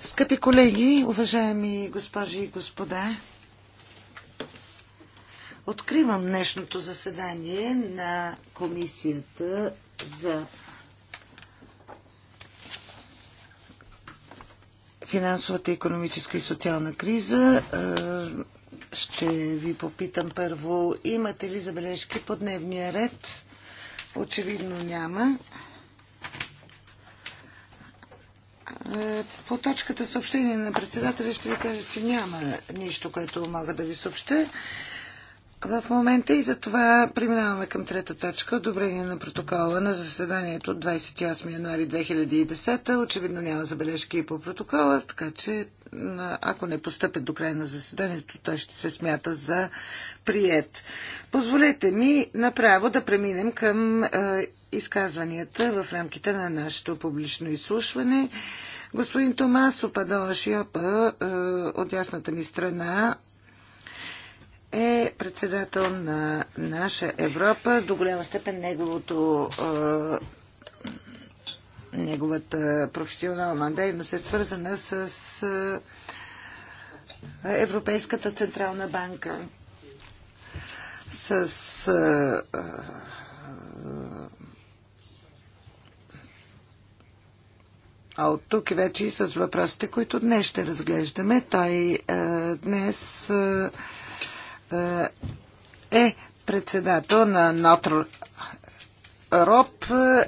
Скъпи колеги, уважаеми госпожи и господа, откривам днешното заседание на Комисията за финансовата, економическа и социална криза. Е, ще ви попитам първо, имате ли забележки по дневния ред? Очевидно няма. Е, по точката съобщение на председателя ще ви кажа, че няма нищо, което мога да ви съобща в момента и затова преминаваме към трета точка. Одобрение на протокола на заседанието от 28 януари 2010. Очевидно няма забележки и по протокола, така че ако не постъпят до края на заседанието, той ще се смята за прият. Позволете ми направо да преминем към е, изказванията в рамките на нашето публично изслушване. Господин Томасо Падала Шиопа е, от ясната ми страна е председател на наша Европа. До голяма степен неговото е, неговата професионална дейност е свързана с е, Европейската Централна банка, с А от тук вече и с въпросите, които днес ще разглеждаме. Той е, днес е, е председател на Нотр Роб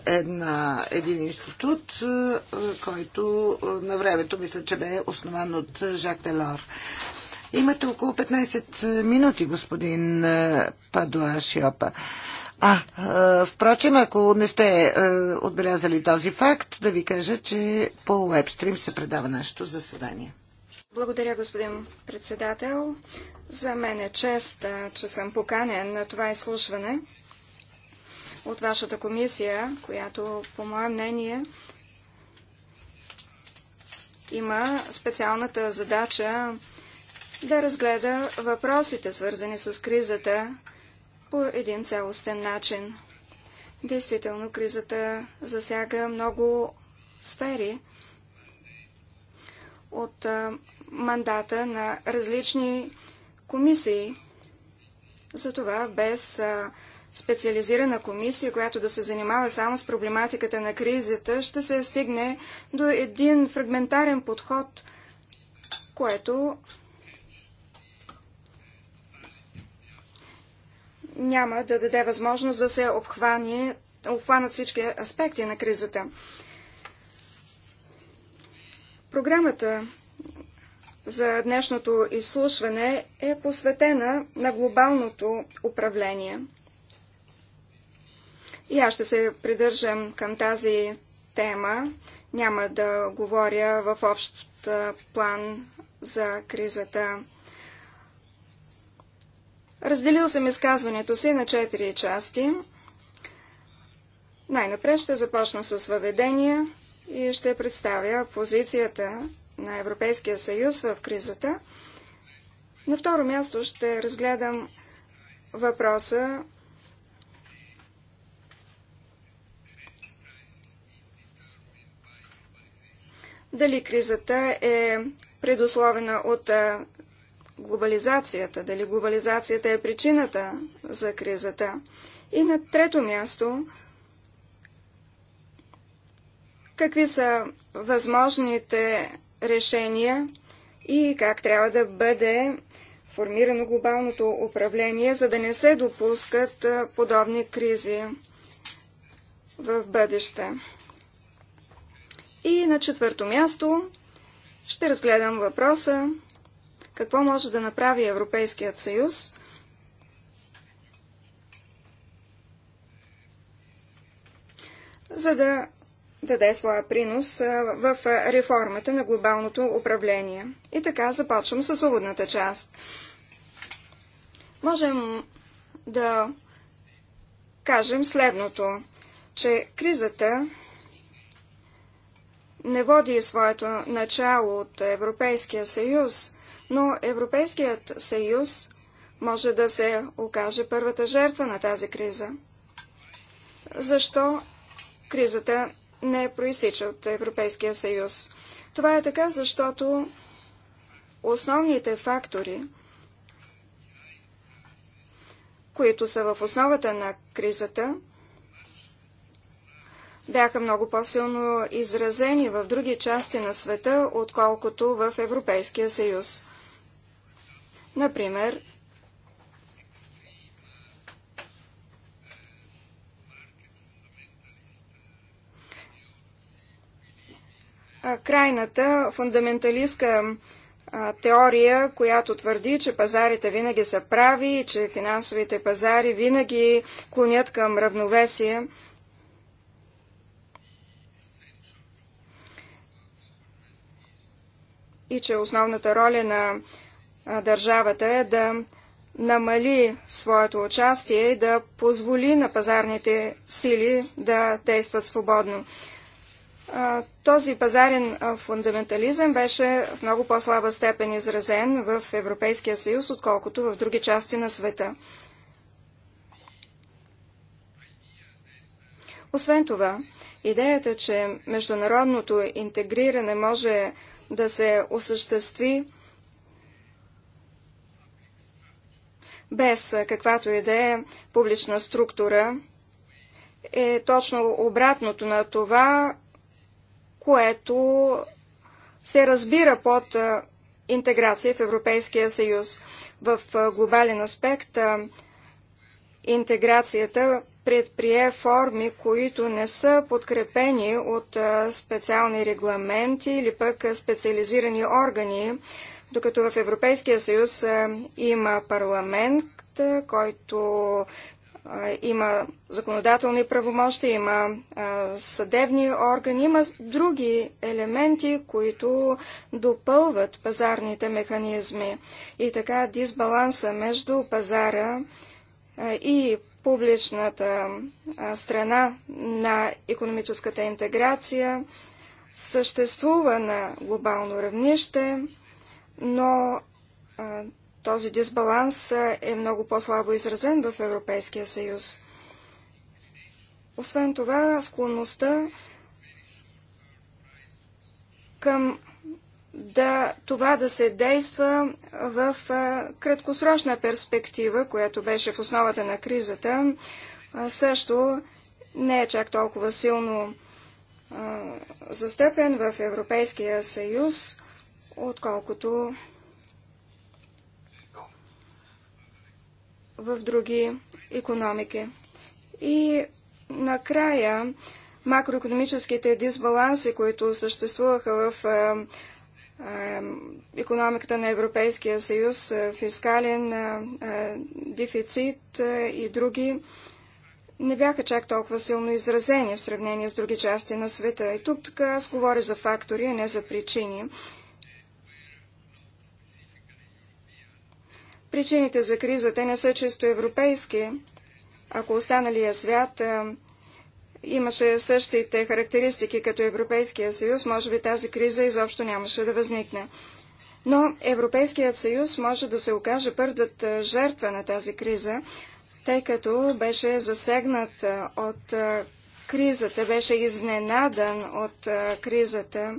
една, един институт, е, който на времето мисля, че бе основан от Жак Делор. Имате около 15 минути, господин е, Падуа Шиопа. А, а, впрочем, ако не сте а, е, отбелязали този факт, да ви кажа, че по вебстрим се предава нашето заседание. Благодаря, господин председател. За мен е чест, е, че съм поканен на това изслушване от вашата комисия, която, по мое мнение, има специалната задача да разгледа въпросите, свързани с кризата по един цялостен начин. Действително, кризата засяга много сфери от мандата на различни комисии. Затова без специализирана комисия, която да се занимава само с проблематиката на кризата, ще се стигне до един фрагментарен подход, което няма да даде възможност да се обхване, обхванат всички аспекти на кризата. Програмата за днешното изслушване е посветена на глобалното управление. И аз ще се придържам към тази тема. Няма да говоря в общ план за кризата Разделил съм изказването си на четири части. Най-напред ще започна с въведения и ще представя позицията на Европейския съюз в кризата. На второ място ще разгледам въпроса дали кризата е предусловена от глобализацията, дали глобализацията е причината за кризата. И на трето място, какви са възможните решения и как трябва да бъде формирано глобалното управление, за да не се допускат подобни кризи в бъдеще. И на четвърто място ще разгледам въпроса какво може да направи Европейският съюз, за да даде своя принос в реформата на глобалното управление. И така започвам с уводната част. Можем да кажем следното, че кризата не води своето начало от Европейския съюз, но Европейският съюз може да се окаже първата жертва на тази криза. Защо кризата не проистича от Европейския съюз? Това е така, защото основните фактори, които са в основата на кризата, бяха много по-силно изразени в други части на света, отколкото в Европейския съюз. Например, крайната фундаменталистка теория, която твърди, че пазарите винаги са прави и че финансовите пазари винаги клонят към равновесие. И че основната роля на държавата е да намали своето участие и да позволи на пазарните сили да действат свободно. Този пазарен фундаментализъм беше в много по-слаба степен изразен в Европейския съюз, отколкото в други части на света. Освен това, идеята, че международното интегриране може да се осъществи без каквато и да е публична структура, е точно обратното на това, което се разбира под интеграция в Европейския съюз. В глобален аспект интеграцията предприе форми, които не са подкрепени от специални регламенти или пък специализирани органи, докато в Европейския съюз има парламент, който има законодателни правомощи, има съдебни органи, има други елементи, които допълват пазарните механизми. И така дисбаланса между пазара и публичната страна на економическата интеграция съществува на глобално равнище – но а, този дисбаланс е много по-слабо изразен в Европейския съюз. Освен това, склонността към да, това да се действа в а, краткосрочна перспектива, която беше в основата на кризата, а, също не е чак толкова силно а, застъпен в Европейския съюз отколкото в други економики. И накрая макроекономическите дисбаланси, които съществуваха в економиката е, на Европейския съюз, е, фискален е, дефицит и други, не бяха чак толкова силно изразени в сравнение с други части на света. И тук така аз говоря за фактори, а не за причини. Причините за кризата не са чисто европейски. Ако останалия свят а, имаше същите характеристики като Европейския съюз, може би тази криза изобщо нямаше да възникне. Но Европейският съюз може да се окаже първата жертва на тази криза, тъй като беше засегнат от кризата, беше изненадан от кризата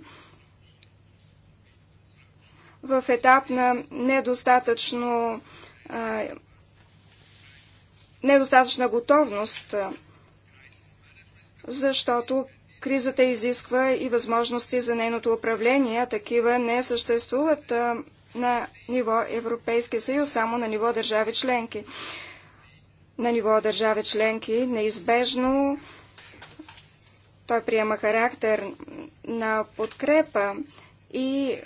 в етап на недостатъчно, а, недостатъчна готовност, защото кризата изисква и възможности за нейното управление. Такива не съществуват а, на ниво Европейския съюз, само на ниво държави членки. На ниво държави членки неизбежно той приема характер на подкрепа и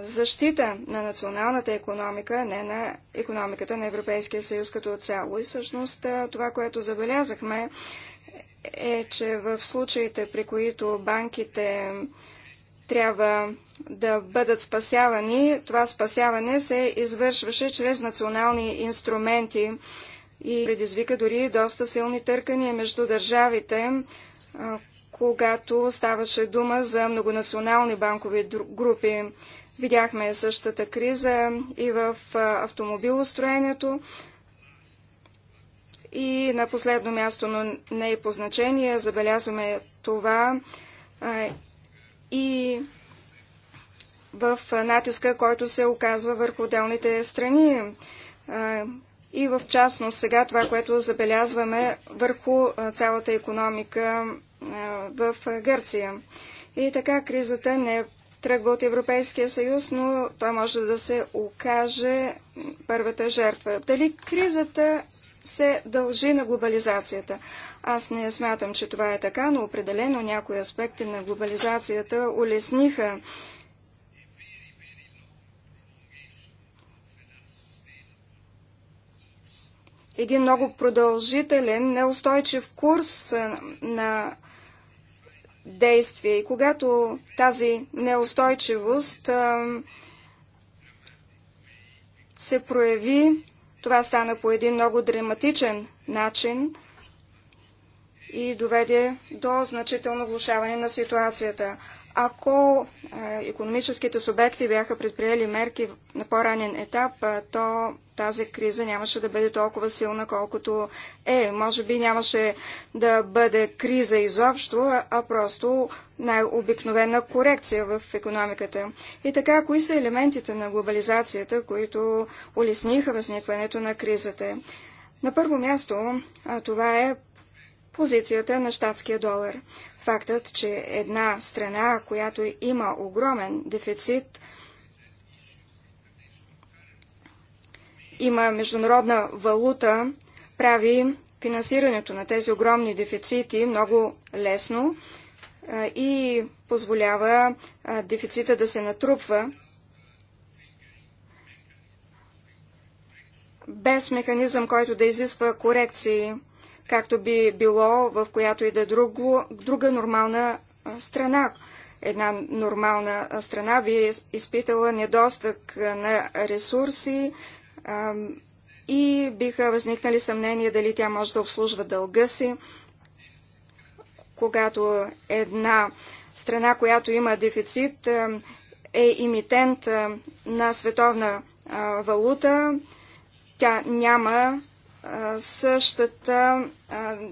защита на националната економика, не на економиката на Европейския съюз като цяло. И всъщност това, което забелязахме, е, че в случаите, при които банките трябва да бъдат спасявани, това спасяване се извършваше чрез национални инструменти и предизвика дори доста силни търкания между държавите, когато ставаше дума за многонационални банкови групи. Видяхме същата криза и в автомобилостроението. И на последно място, но не и по значение, забелязваме това и в натиска, който се оказва върху отделните страни. и в частност сега това, което забелязваме върху цялата економика в Гърция. И така кризата не тръгва от Европейския съюз, но той може да се окаже първата жертва. Дали кризата се дължи на глобализацията? Аз не смятам, че това е така, но определено някои аспекти на глобализацията улесниха един много продължителен, неустойчив курс на действия. И когато тази неустойчивост а, се прояви, това стана по един много драматичен начин и доведе до значително влушаване на ситуацията. Ако економическите субекти бяха предприели мерки на по-ранен етап, то тази криза нямаше да бъде толкова силна, колкото е. Може би нямаше да бъде криза изобщо, а просто най-обикновена корекция в економиката. И така, кои са елементите на глобализацията, които улесниха възникването на кризата? На първо място това е позицията на щатския долар. Фактът, че една страна, която има огромен дефицит, има международна валута, прави финансирането на тези огромни дефицити много лесно и позволява дефицита да се натрупва без механизъм, който да изисква корекции както би било в която и да е друго, друга нормална страна. Една нормална страна би изпитала недостъг на ресурси и биха възникнали съмнения дали тя може да обслужва дълга си. Когато една страна, която има дефицит, е имитент на световна валута, тя няма същата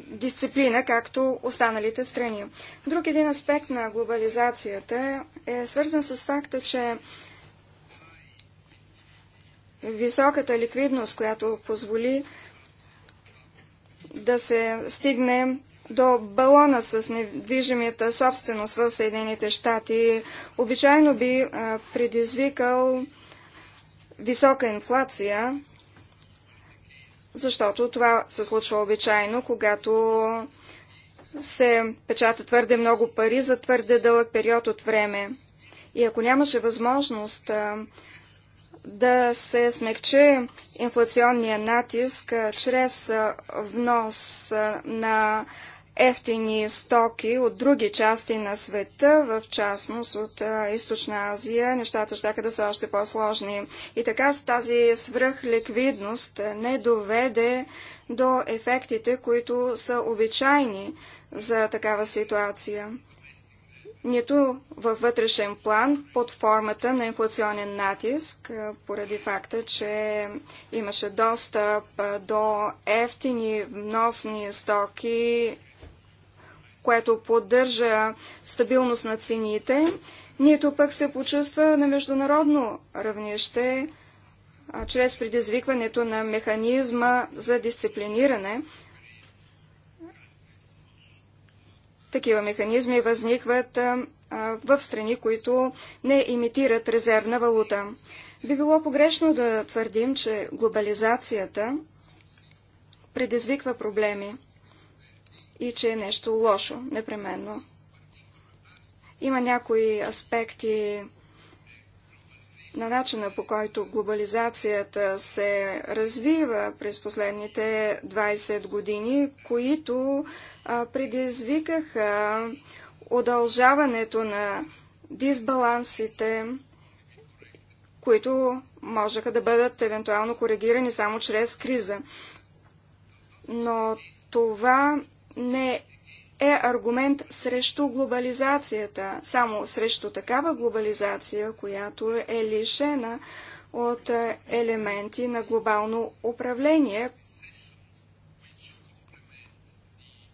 дисциплина, както останалите страни. Друг един аспект на глобализацията е свързан с факта, че високата ликвидност, която позволи да се стигне до балона с недвижимията собственост в Съединените щати, обичайно би предизвикал висока инфлация, защото това се случва обичайно, когато се печата твърде много пари за твърде дълъг период от време. И ако нямаше възможност да се смекче инфлационния натиск чрез внос на ефтини стоки от други части на света, в частност от а, Източна Азия, нещата ще да са още по-сложни. И така с тази свръхликвидност не доведе до ефектите, които са обичайни за такава ситуация. Нито във вътрешен план под формата на инфлационен натиск, поради факта, че имаше достъп до ефтини вносни стоки което поддържа стабилност на цените, нито пък се почувства на международно равнище, а, чрез предизвикването на механизма за дисциплиниране. Такива механизми възникват в страни, които не имитират резервна валута. Би било погрешно да твърдим, че глобализацията предизвиква проблеми и че е нещо лошо, непременно. Има някои аспекти на начина по който глобализацията се развива през последните 20 години, които предизвикаха удължаването на дисбалансите, които можеха да бъдат евентуално коригирани само чрез криза. Но това не е аргумент срещу глобализацията, само срещу такава глобализация, която е лишена от е, елементи на глобално управление.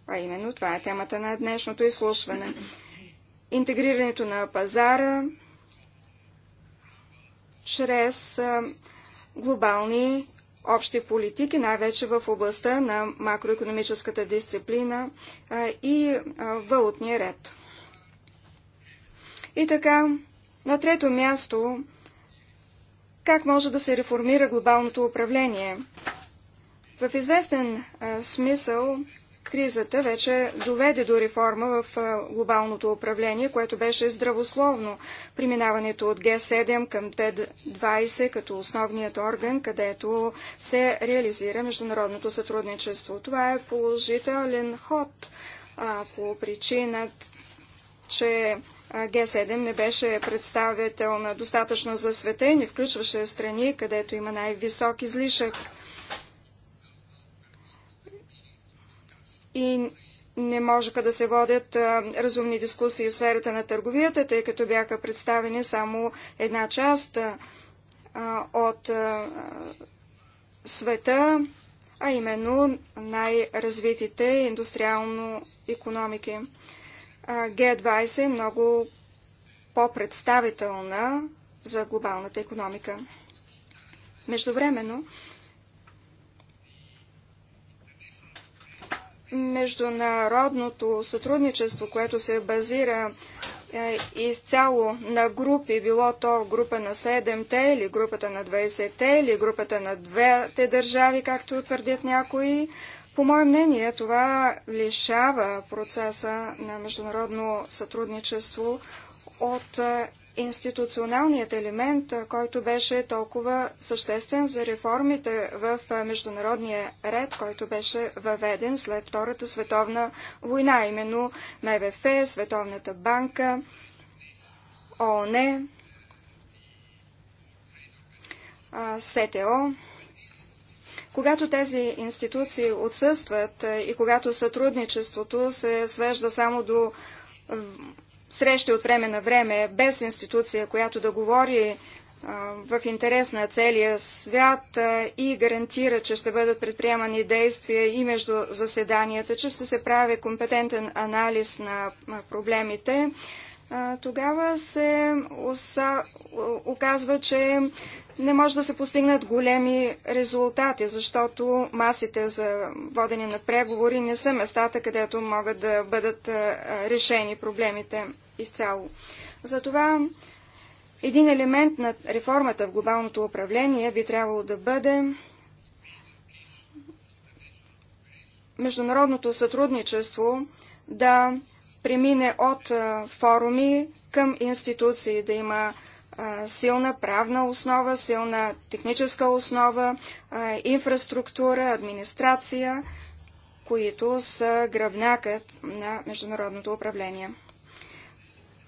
А именно това е темата на днешното изслушване. Интегрирането на пазара чрез е, глобални общи политики, най-вече в областта на макроекономическата дисциплина и валутния ред. И така, на трето място, как може да се реформира глобалното управление? В известен смисъл Кризата вече доведе до реформа в глобалното управление, което беше здравословно. Преминаването от Г7 към 20 като основният орган, където се реализира международното сътрудничество. Това е положителен ход по причина, че Г7 не беше представител на достатъчно за света и не включваше страни, където има най-висок излишък и не можеха да се водят а, разумни дискусии в сферата на търговията, тъй като бяха представени само една част а, от а, света, а именно най-развитите индустриално економики. Г20 е много по-представителна за глобалната економика. Междувременно, международното сътрудничество, което се базира е, изцяло на групи, било то група на 7-те или групата на 20-те или групата на двете държави, както твърдят някои, по мое мнение това лишава процеса на международно сътрудничество от е, институционалният елемент, който беше толкова съществен за реформите в международния ред, който беше въведен след Втората световна война, именно МВФ, Световната банка, ООН, е, СТО. Когато тези институции отсъстват и когато сътрудничеството се свежда само до срещи от време на време, без институция, която да говори в интерес на целия свят и гарантира, че ще бъдат предприемани действия и между заседанията, че ще се прави компетентен анализ на проблемите, тогава се оказва, че не може да се постигнат големи резултати, защото масите за водене на преговори не са местата, където могат да бъдат решени проблемите изцяло. Затова един елемент на реформата в глобалното управление би трябвало да бъде международното сътрудничество да премине от форуми към институции, да има силна правна основа, силна техническа основа, инфраструктура, администрация, които са гръбнакът на международното управление.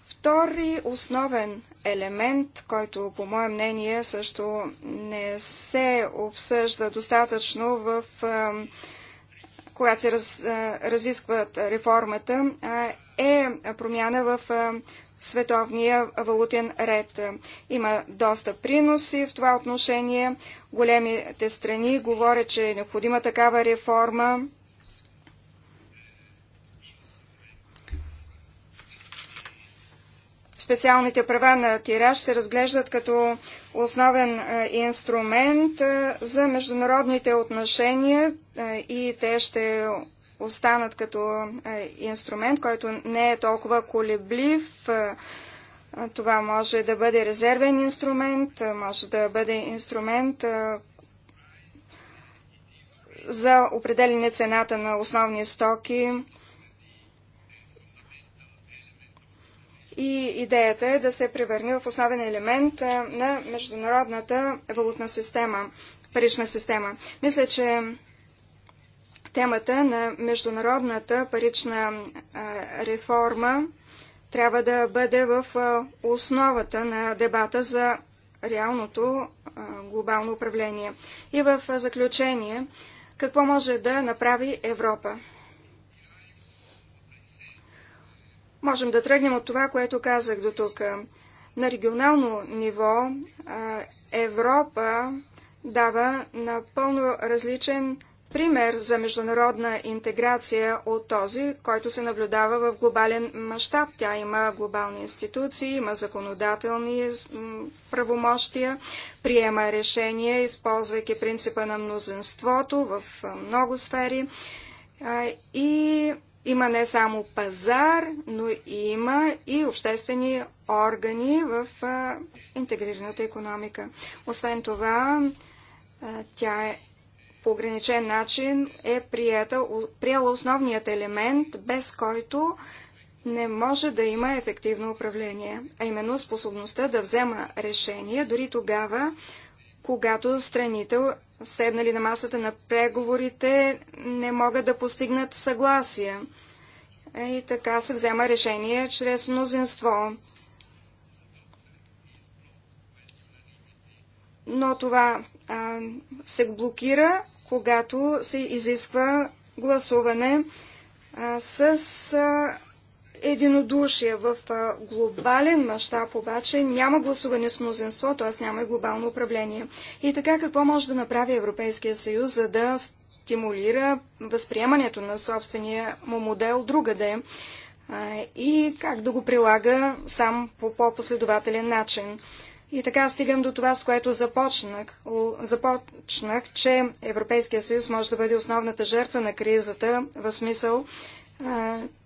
Втори основен елемент, който по мое мнение също не се обсъжда достатъчно в когато се раз, разискват реформата, е промяна в световния валутен ред. Има доста приноси в това отношение. Големите страни говорят, че е необходима такава реформа. Специалните права на тираж се разглеждат като основен е, инструмент е, за международните отношения е, и те ще останат като е, инструмент, който не е толкова колеблив. Е, е, това може да бъде резервен инструмент, може да бъде инструмент за определене цената на основни стоки. И идеята е да се превърне в основен елемент на международната валутна система, парична система. Мисля, че Темата на международната парична реформа трябва да бъде в основата на дебата за реалното глобално управление. И в заключение, какво може да направи Европа? Можем да тръгнем от това, което казах до тук. На регионално ниво Европа дава напълно различен пример за международна интеграция от този, който се наблюдава в глобален мащаб. Тя има глобални институции, има законодателни правомощия, приема решения, използвайки принципа на мнозинството в много сфери. И има не само пазар, но има и обществени органи в интегрираната економика. Освен това, тя е по ограничен начин е приета, приела основният елемент, без който не може да има ефективно управление, а именно способността да взема решение, дори тогава, когато страните, седнали на масата на преговорите, не могат да постигнат съгласие. И така се взема решение чрез мнозинство. Но това а, се блокира, когато се изисква гласуване а, с а, единодушие. В а, глобален мащаб обаче няма гласуване с мнозинство, т.е. няма и глобално управление. И така какво може да направи Европейския съюз, за да стимулира възприемането на собствения му модел другаде и как да го прилага сам по по-последователен начин. И така стигам до това, с което започнах, започнах че Европейския съюз може да бъде основната жертва на кризата, в смисъл,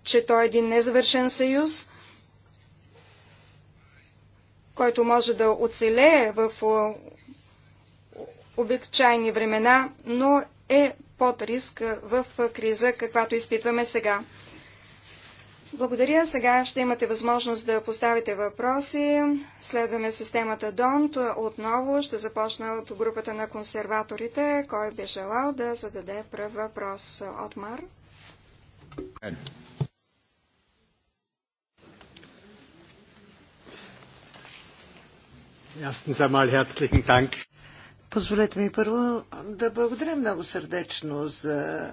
че той е един незавършен съюз, който може да оцелее в обичайни времена, но е под риск в криза, каквато изпитваме сега. Благодаря. Сега ще имате възможност да поставите въпроси. Следваме системата ДОНТ. Отново ще започна от групата на консерваторите. Кой би желал да зададе пръв въпрос? Отмар. Мар. Позволете ми първо да благодаря много сърдечно за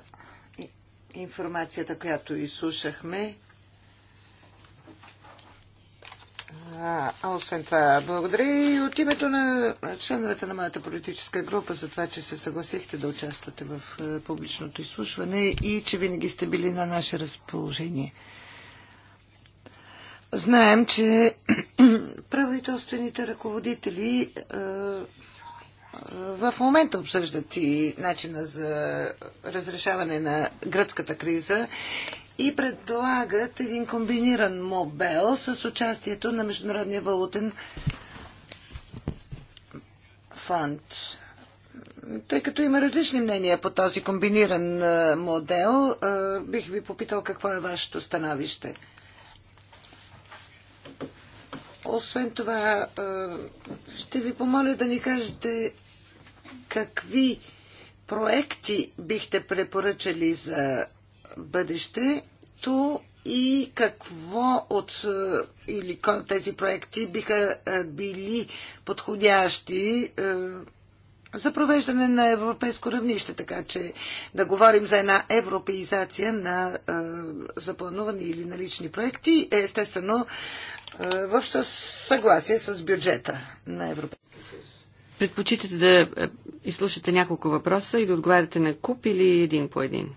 информацията, която изслушахме. А, освен това, благодаря и от името на членовете на моята политическа група за това, че се съгласихте да участвате в публичното изслушване и че винаги сте били на наше разположение. Знаем, че правителствените ръководители в момента обсъждат и начина за разрешаване на гръцката криза и предлагат един комбиниран мобел с участието на Международния валутен фонд. Тъй като има различни мнения по този комбиниран модел, бих ви попитал какво е вашето становище. Освен това, ще ви помоля да ни кажете какви проекти бихте препоръчали за бъдещето и какво от е, или кой от тези проекти биха е, били подходящи е, за провеждане на европейско равнище, така че да говорим за една европеизация на е, запланувани или налични проекти, е естествено е, в съгласие с бюджета на Европейския съюз. Предпочитате да изслушате няколко въпроса и да отговаряте на куп или един по един?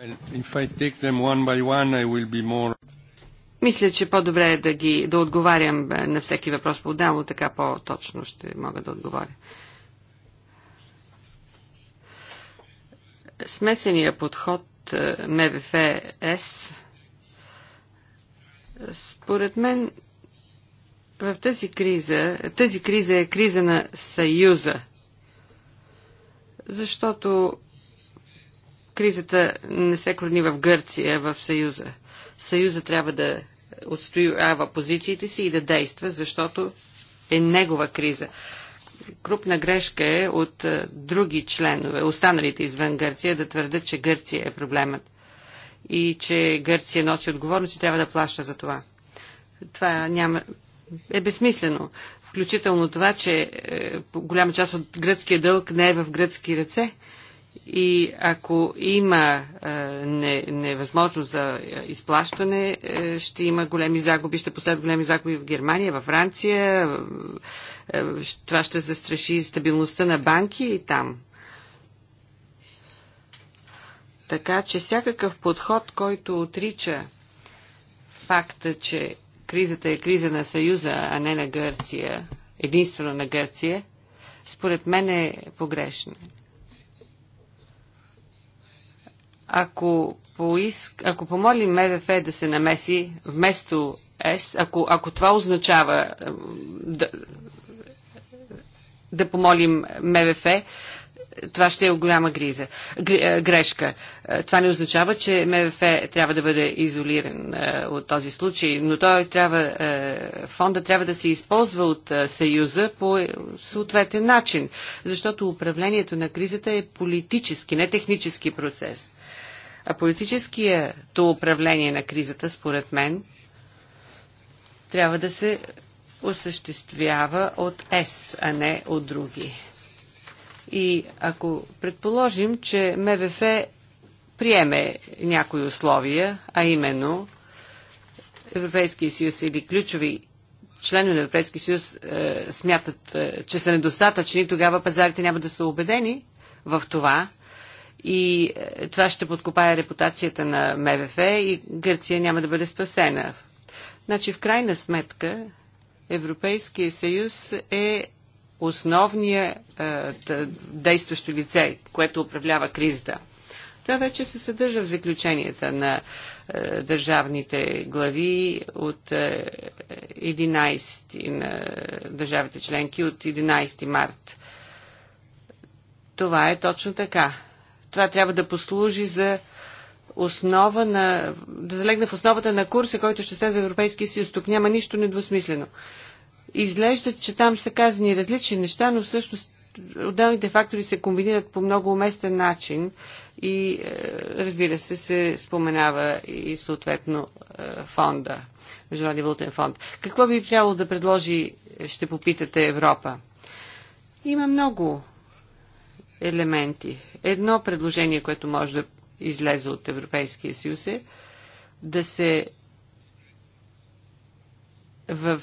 One one, more... Мисля, че по-добре е да, ги, да отговарям е, на всеки въпрос по-отделно, така по-точно ще мога да отговоря. Смесения подход е, МВФ-С според мен в тази криза, тази криза е криза на Съюза, защото кризата не се корени в Гърция, в Съюза. Съюза трябва да отстоява позициите си и да действа, защото е негова криза. Крупна грешка е от други членове, останалите извън Гърция, да твърдят, че Гърция е проблемът и че Гърция носи отговорност и трябва да плаща за това. Това няма... е безсмислено. Включително това, че е, голяма част от гръцкия дълг не е в гръцки ръце и ако има е, не, невъзможност за изплащане, е, ще има големи загуби, ще последват големи загуби в Германия, във Франция. Е, това ще застраши стабилността на банки и там. Така че всякакъв подход, който отрича факта, че кризата е криза на Съюза, а не на Гърция, единствено на Гърция, според мен е погрешен. Ако, поиск, ако помоли МВФ да се намеси вместо ЕС, ако, ако това означава да, да помолим МВФ, това ще е голяма гриза, е, грешка. Е, това не означава, че МВФ трябва да бъде изолиран е, от този случай, но той трябва, фонда трябва да се използва от Съюза по съответен начин, защото управлението на кризата е политически, не технически процес. А политическото управление на кризата, според мен, трябва да се осъществява от ЕС, а не от други. И ако предположим, че МВФ приеме някои условия, а именно Европейския съюз или ключови членове на Европейския съюз е, смятат, е, че са недостатъчни, тогава пазарите няма да са убедени в това и е, това ще подкопае репутацията на МВФ и Гърция няма да бъде спасена. Значи в крайна сметка Европейския съюз е основния е, действащо лице, което управлява кризата. Това вече се съдържа в заключенията на е, държавните глави от е, 11 на държавите членки от 11 март. Това е точно така това трябва да послужи за основа на, да залегне в основата на курса, който ще следва Европейския съюз. Тук няма нищо недвусмислено. Изглежда, че там са казани различни неща, но всъщност отделните фактори се комбинират по много уместен начин и е, разбира се се споменава и съответно е, фонда, Международния валутен фонд. Какво би трябвало да предложи, ще попитате Европа? Има много елементи. Едно предложение, което може да излезе от Европейския съюз е да се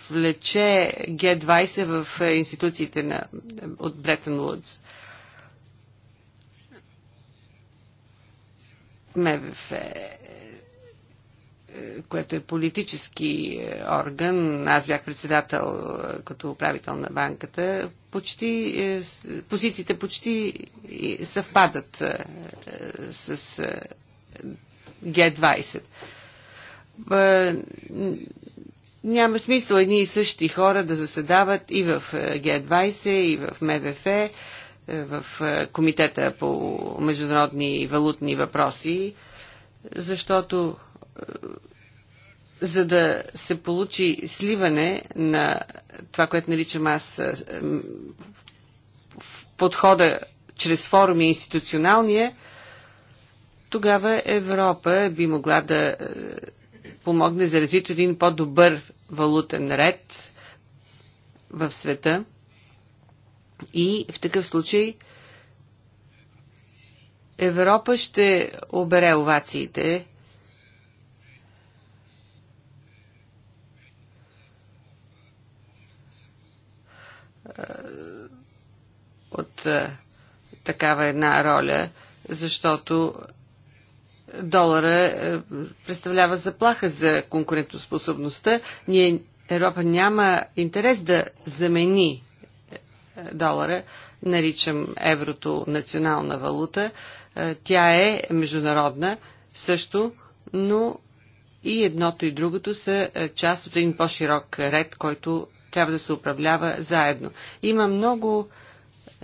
влече Г-20 в институциите на, от Бреттон Вудс. МВФ, което е политически е, орган, аз бях председател е, като управител на банката, почти, е, позициите почти съвпадат с Г-20 няма смисъл едни и същи хора да заседават и в Г20, и в МВФ, в Комитета по международни и валутни въпроси, защото за да се получи сливане на това, което наричам аз подхода чрез форуми институционалния, тогава Европа би могла да помогне за развитие един по-добър валутен ред в света. И в такъв случай Европа ще обере овациите Е, от е, такава една роля, защото долара е, представлява заплаха за конкурентоспособността. Ние, Европа няма интерес да замени долара, наричам еврото национална валута. Тя е международна също, но и едното и другото са част от един по-широк ред, който трябва да се управлява заедно. Има много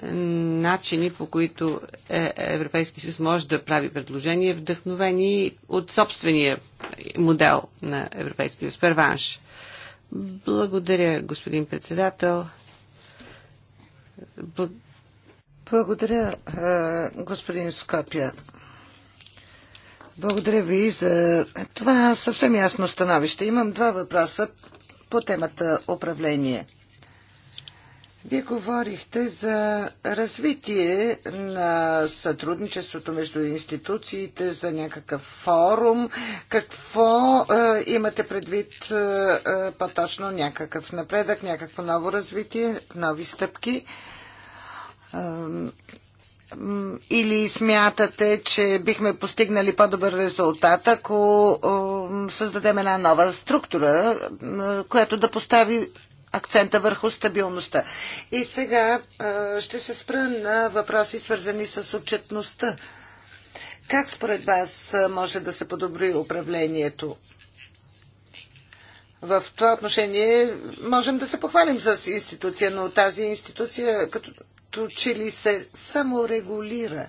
е, начини, по които е, Европейски съюз може да прави предложения, вдъхновени от собствения модел на Европейския съюз. Перванш. Благодаря, господин председател. Благодаря, е, господин Скопия. Благодаря ви за това съвсем ясно становище. Имам два въпроса по темата управление. Вие говорихте за развитие на сътрудничеството между институциите, за някакъв форум. Какво е, имате предвид е, е по-точно? Някакъв напредък, някакво ново развитие, нови стъпки? или смятате, че бихме постигнали по-добър резултат, ако създадем една нова структура, която да постави акцента върху стабилността. И сега ще се спра на въпроси, свързани с отчетността. Как според вас може да се подобри управлението? В това отношение можем да се похвалим с институция, но тази институция като като че ли се саморегулира.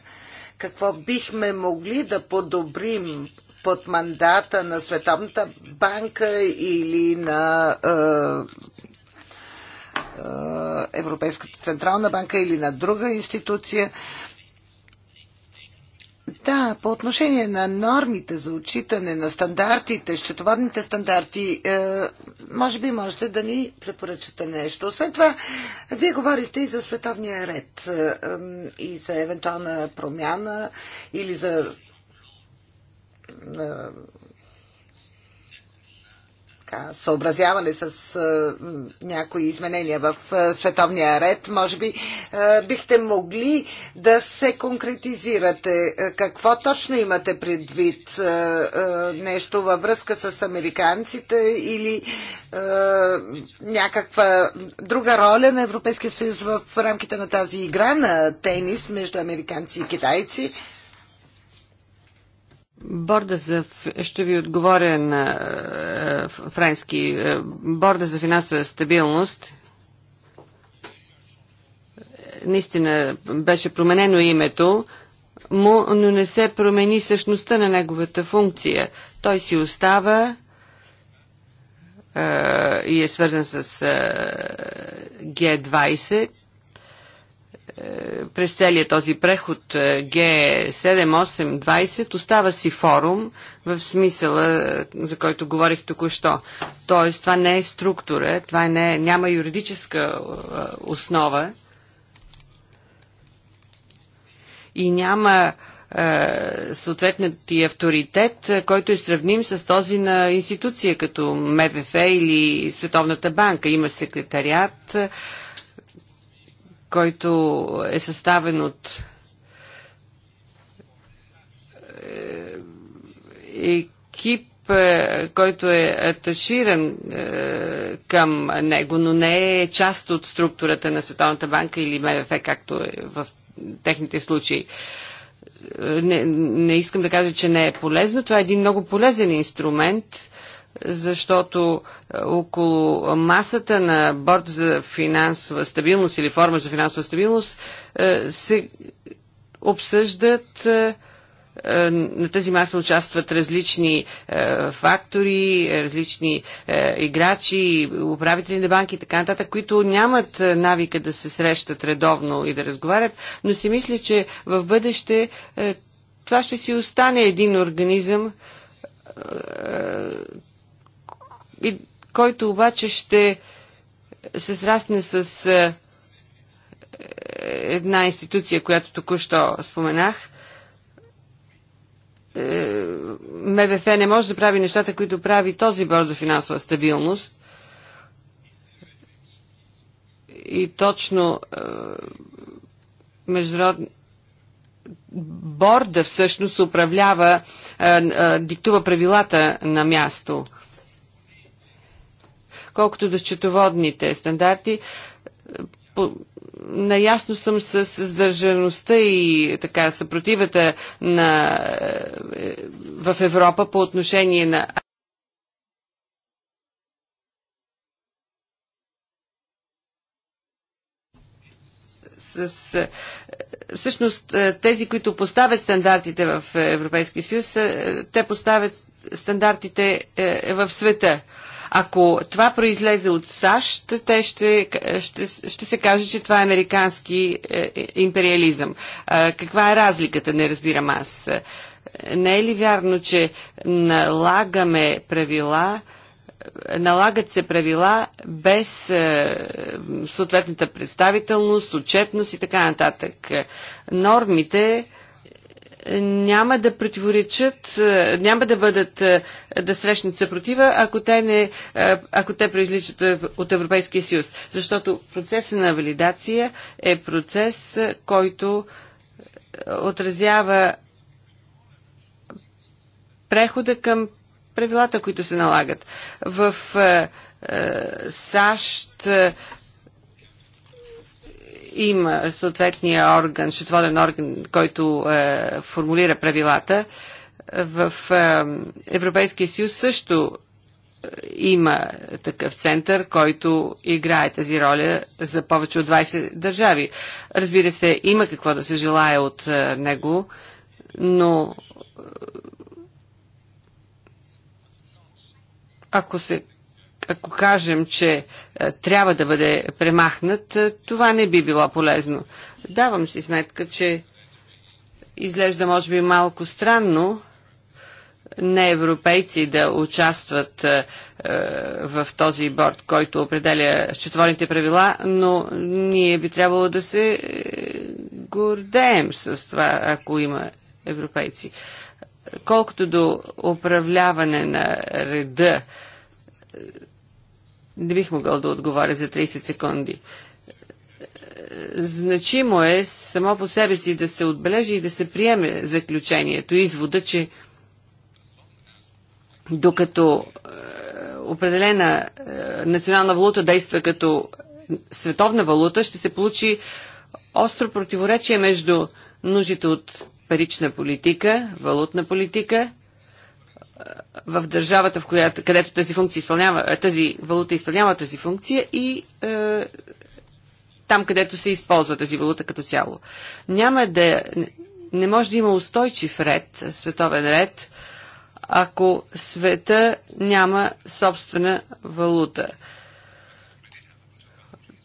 Какво бихме могли да подобрим под мандата на Световната банка или на е, е, Европейската централна банка или на друга институция. Да, по отношение на нормите за отчитане, на стандартите, счетоводните стандарти, е, може би можете да ни препоръчате нещо. Освен това, вие говорихте и за световния ред, е, е, и за евентуална промяна, или за е, така, съобразяване с а, някои изменения в а, световния ред, може би а, бихте могли да се конкретизирате. А, какво точно имате предвид? А, а, нещо във връзка с американците или а, някаква друга роля на Европейския съюз в рамките на тази игра на тенис между американци и китайци? Борда за... Ще ви отговоря на е, френски. Е, Борда за финансова стабилност наистина беше променено името му, но не се промени същността на неговата функция. Той си остава е, и е свързан с G20 през целият този преход Г7, 8, 20 остава си форум в смисъла, е, за който говорих току-що. Тоест, това не е структура, това е не е, няма юридическа е, основа и няма съответният авторитет, който е сравним с този на институция като МВФ или Световната банка. Има секретариат, който е съставен от е, екип, е, който е аташиран е, към него, но не е част от структурата на Световната банка или МВФ, както е в техните случаи. Не, не искам да кажа, че не е полезно. Това е един много полезен инструмент, защото е, около масата на борт за финансова стабилност или форма за финансова стабилност е, се обсъждат е, на тази маса участват различни фактори, различни играчи, управители на банки и така нататък, които нямат навика да се срещат редовно и да разговарят, но си мисля, че в бъдеще това ще си остане един организъм, и който обаче ще се срасне с е, е, една институция, която току-що споменах. Е, МВФ не може да прави нещата, които прави този борд за финансова стабилност. И точно международни борда всъщност управлява, диктува правилата на място – Колкото до счетоводните стандарти, по, наясно съм с сдържаността и така съпротивата на, е, в Европа по отношение на с е, всъщност е, тези, които поставят стандартите в Европейския съюз, те поставят стандартите в света. Ако това произлезе от САЩ, те ще, ще, ще се каже, че това е американски е, е, империализъм. Каква е разликата, не разбирам аз. Не е ли вярно, че налагаме правила, налагат се правила без е, съответната представителност, отчетност и така нататък. Нормите няма да противоречат, е, няма да бъдат е, да срещнат съпротива, ако те, не, е, ако те произличат от Европейския съюз. Защото процесът на валидация е процес, който отразява прехода към правилата, които се налагат. В САЩ има съответния орган, счетоводен орган, който е, формулира правилата. В е, Европейския съюз също е, има такъв център, който играе тази роля за повече от 20 държави. Разбира се, има какво да се желая от е, него, но е, ако се ако кажем, че е, трябва да бъде премахнат, е, това не би било полезно. Давам си сметка, че изглежда може би малко странно не европейци да участват е, в този борт, който определя счетоводните правила, но ние би трябвало да се гордеем с това, ако има европейци. Колкото до управляване на реда, не бих могъл да отговаря за 30 секунди. Е, значимо е само по себе си да се отбележи и да се приеме заключението, извода, че докато е, определена е, национална валута действа като световна валута, ще се получи остро противоречие между нуждите от парична политика, валутна политика в държавата, в която, където тази, функция изпълнява, тази валута изпълнява тази функция и е, там, където се използва тази валута като цяло. Няма да. Не може да има устойчив ред, световен ред, ако света няма собствена валута. Е,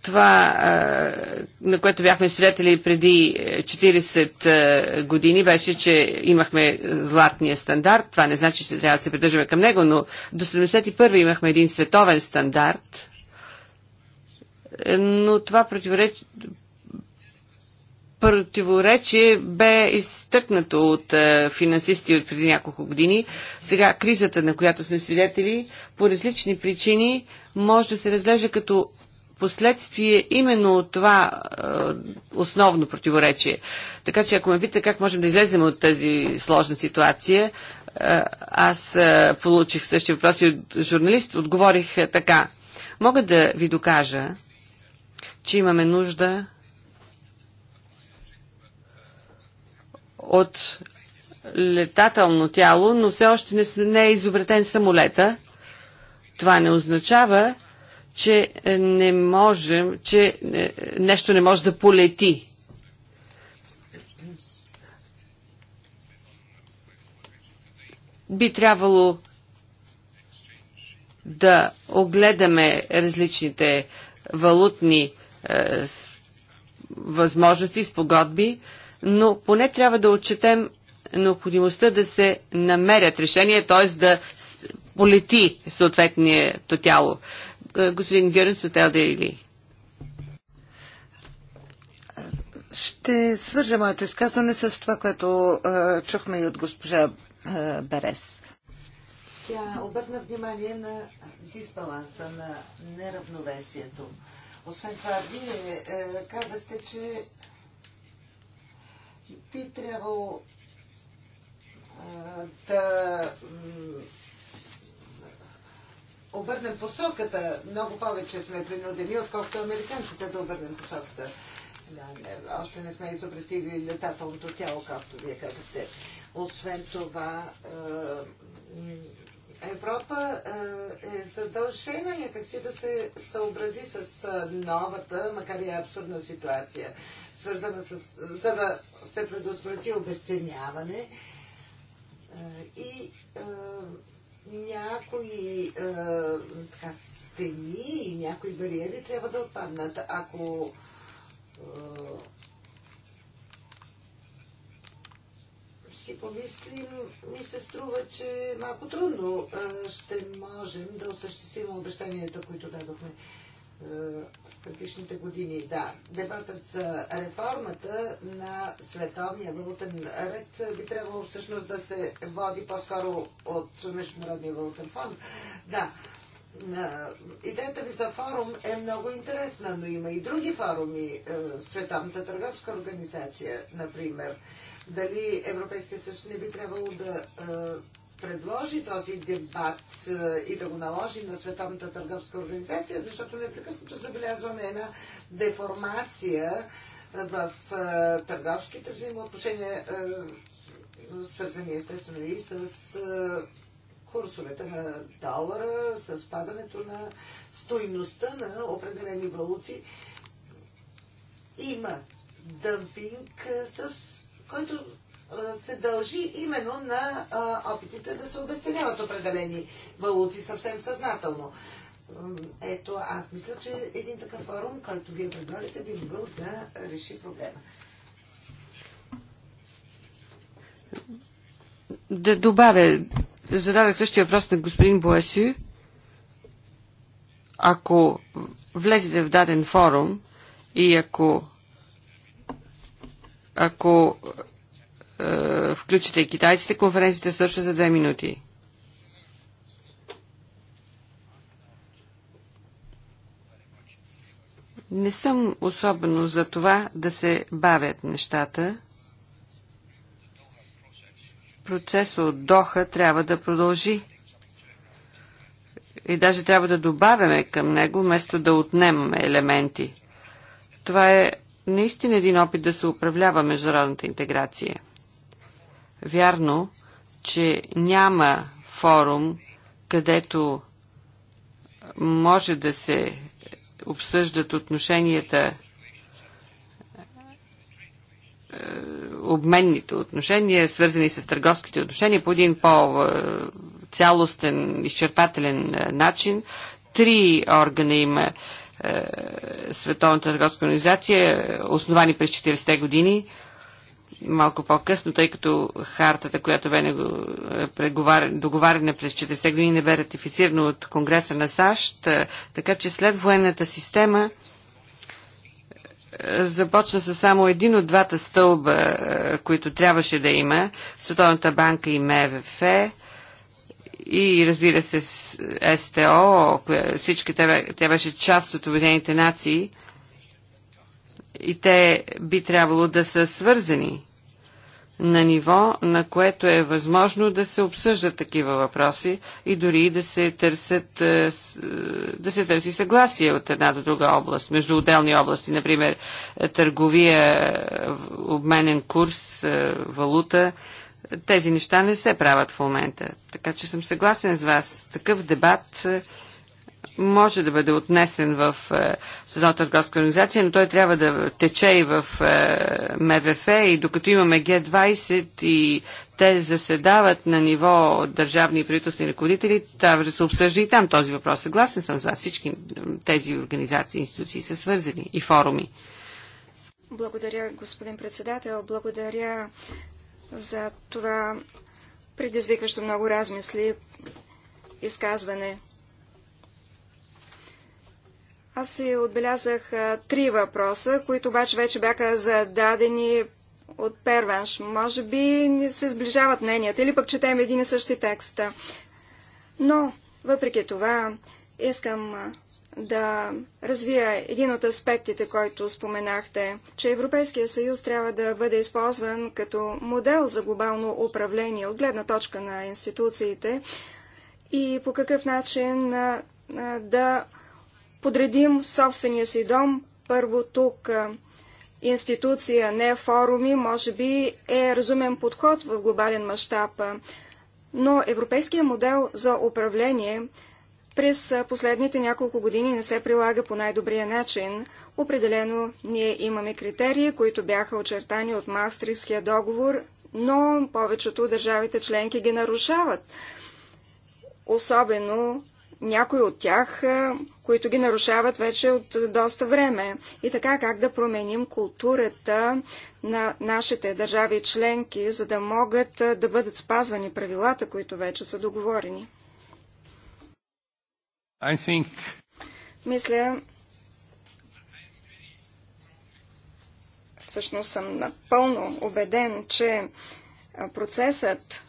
това, на което бяхме свидетели преди 40 е, години, беше, че имахме златния стандарт. Това не значи, че трябва да се придържаме към него, но до 71 имахме един световен стандарт. Е, но това противореч... противоречие бе изтъкнато от е, финансисти от преди няколко години. Сега кризата, на която сме свидетели, по различни причини може да се разглежда като последствие именно от това основно противоречие. Така че ако ме питате как можем да излезем от тази сложна ситуация, аз получих същия въпрос и от журналист, отговорих така. Мога да ви докажа, че имаме нужда от летателно тяло, но все още не е изобретен самолета. Това не означава, че е, не можем, че е, нещо не може да полети. Би трябвало да огледаме различните валутни е, възможности, спогодби, но поне трябва да отчетем необходимостта да се намерят решения, т.е. да полети съответното тяло господин Гернс от Елдерили. Ще свържа моето изказване с това, което чухме и от госпожа Берес. Тя обърна внимание на дисбаланса, на неравновесието. Освен това, вие е, казахте, че би трябвало да обърнем посоката. Много повече сме принудени, отколкото американците да обърнем посоката. Да, не, още не сме изобретили летателното тяло, както вие казахте. Освен това, е, Европа е, е задължена някакси да се съобрази с е, новата, макар и абсурдна ситуация, свързана с... за да се предотврати обесценяване и някои е, така, стени и някои бариери трябва да отпаднат. Ако е, си помислим, ми се струва, че малко трудно е, ще можем да осъществим обещанията, които дадохме предишните години. Да, дебатът за реформата на световния валутен ред би трябвало всъщност да се води по-скоро от Международния валутен фонд. Да, идеята ви за форум е много интересна, но има и други форуми. Е, Световната търговска организация, например. Дали Европейския съюз не би трябвало да е, предложи този дебат и да го наложи на Световната търговска организация, защото непрекъснато забелязваме една деформация в търговските взаимоотношения, свързани естествено и с курсовете на долара, с падането на стойността на определени валути. Има дъмпинг, с който се дължи именно на опитите да се обесценяват определени валути съвсем съзнателно. Ето, аз мисля, че един такъв форум, който вие предлагате, би могъл да реши проблема. Да добавя, зададах същия въпрос на господин Боеси. Ако влезете в даден форум и ако ако е, включите и китайците, конференцията свършва за две минути. Не съм особено за това да се бавят нещата. Процесът от Доха трябва да продължи. И даже трябва да добавяме към него, вместо да отнемаме елементи. Това е наистина един опит да се управлява международната интеграция вярно, че няма форум, където може да се обсъждат отношенията е, обменните отношения, свързани с търговските отношения по един по-цялостен, изчерпателен е, начин. Три органа има е, Световната търговска организация, основани през 40-те години – малко по-късно, тъй като хартата, която бе е, договарена през 40 години, не бе ратифицирана от Конгреса на САЩ, е, така че след военната система е, започна са само един от двата стълба, които трябваше да има, Световната банка и МВФ и разбира се СТО, всички те беше част от Обединените нации и те би трябвало да са свързани на ниво, на което е възможно да се обсъждат такива въпроси и дори да се, търсят, е, е, да се търси съгласие от една до друга област, между отделни области, например е, търговия, обменен курс, валута. Тези неща не се правят в момента. Така че съм съгласен с вас. Такъв дебат може да бъде отнесен в е, Съдната търговска организация, но той трябва да тече и в е, МВФ и докато имаме Г-20 и те заседават на ниво държавни и правителствени ръководители, трябва да се обсъжда и там този въпрос. Съгласен съм с вас, всички тези организации и институции са свързани и форуми. Благодаря, господин председател. Благодаря за това предизвикващо много размисли изказване. Аз си отбелязах три въпроса, които обаче вече бяха зададени от перванш. Може би се сближават мненията или пък четем един и същи текст. Но, въпреки това, искам да развия един от аспектите, който споменахте, че Европейския съюз трябва да бъде използван като модел за глобално управление от гледна точка на институциите и по какъв начин да подредим собствения си дом, първо тук институция, не форуми, може би е разумен подход в глобален мащаб, но европейския модел за управление през последните няколко години не се прилага по най-добрия начин. Определено ние имаме критерии, които бяха очертани от Мастрихския договор, но повечето държавите членки ги нарушават. Особено някои от тях, е, които ги нарушават вече от е, доста време. И така как да променим културата на нашите държави членки, за да могат е, да бъдат спазвани правилата, които вече са договорени. I think... Мисля, всъщност съм напълно убеден, че процесът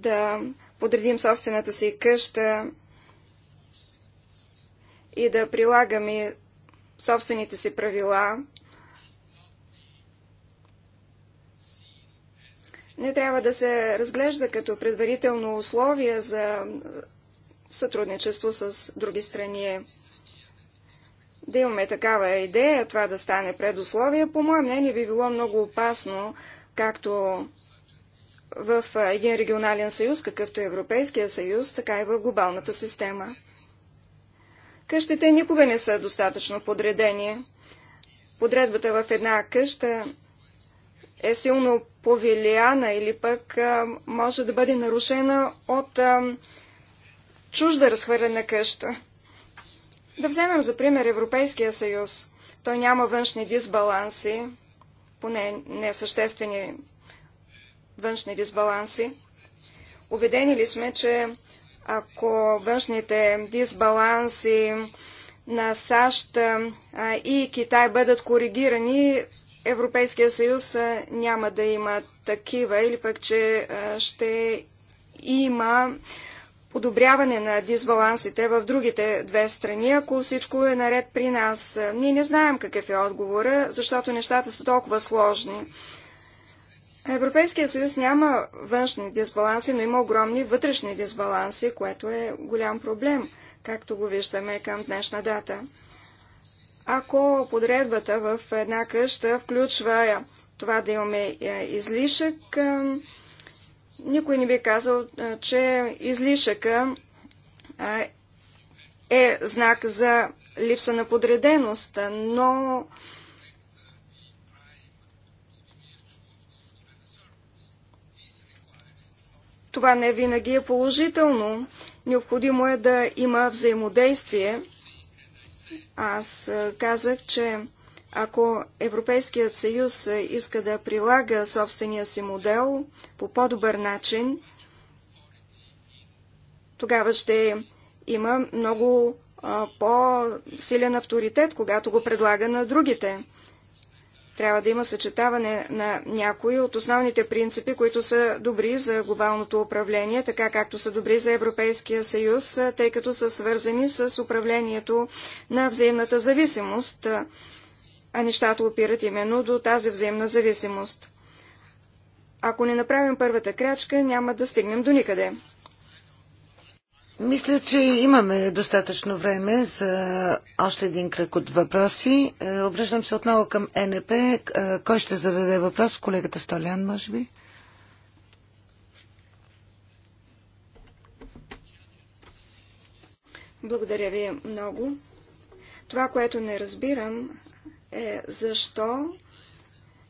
да подредим собствената си къща и да прилагаме собствените си правила. Не трябва да се разглежда като предварително условие за сътрудничество с други страни. Да имаме такава идея, това да стане предусловие, по мое мнение би било много опасно, както в един регионален съюз, какъвто е Европейския съюз, така и в глобалната система. Къщите никога не са достатъчно подредени. Подредбата в една къща е силно повелияна или пък може да бъде нарушена от чужда разхвърлена къща. Да вземем за пример Европейския съюз. Той няма външни дисбаланси, поне несъществени външни дисбаланси. Убедени ли сме, че ако външните дисбаланси на САЩ и Китай бъдат коригирани, Европейския съюз няма да има такива или пък, че ще има подобряване на дисбалансите в другите две страни, ако всичко е наред при нас. Ние не знаем какъв е отговора, защото нещата са толкова сложни. Европейския съюз няма външни дисбаланси, но има огромни вътрешни дисбаланси, което е голям проблем, както го виждаме към днешна дата. Ако подредбата в една къща включва това да имаме е, излишък, е, никой не би казал, е, че излишъка е знак за липса на подреденост, но Това не винаги е положително. Необходимо е да има взаимодействие. Аз казах, че ако Европейският съюз иска да прилага собствения си модел по по-добър начин, тогава ще има много по-силен авторитет, когато го предлага на другите. Трябва да има съчетаване на някои от основните принципи, които са добри за глобалното управление, така както са добри за Европейския съюз, тъй като са свързани с управлението на взаимната зависимост, а нещата опират именно до тази взаимна зависимост. Ако не направим първата крачка, няма да стигнем до никъде. Мисля, че имаме достатъчно време за още един кръг от въпроси. Е, обръщам се отново към НП. Е, кой ще зададе въпрос? Колегата Столян, може би? Благодаря ви много. Това, което не разбирам, е защо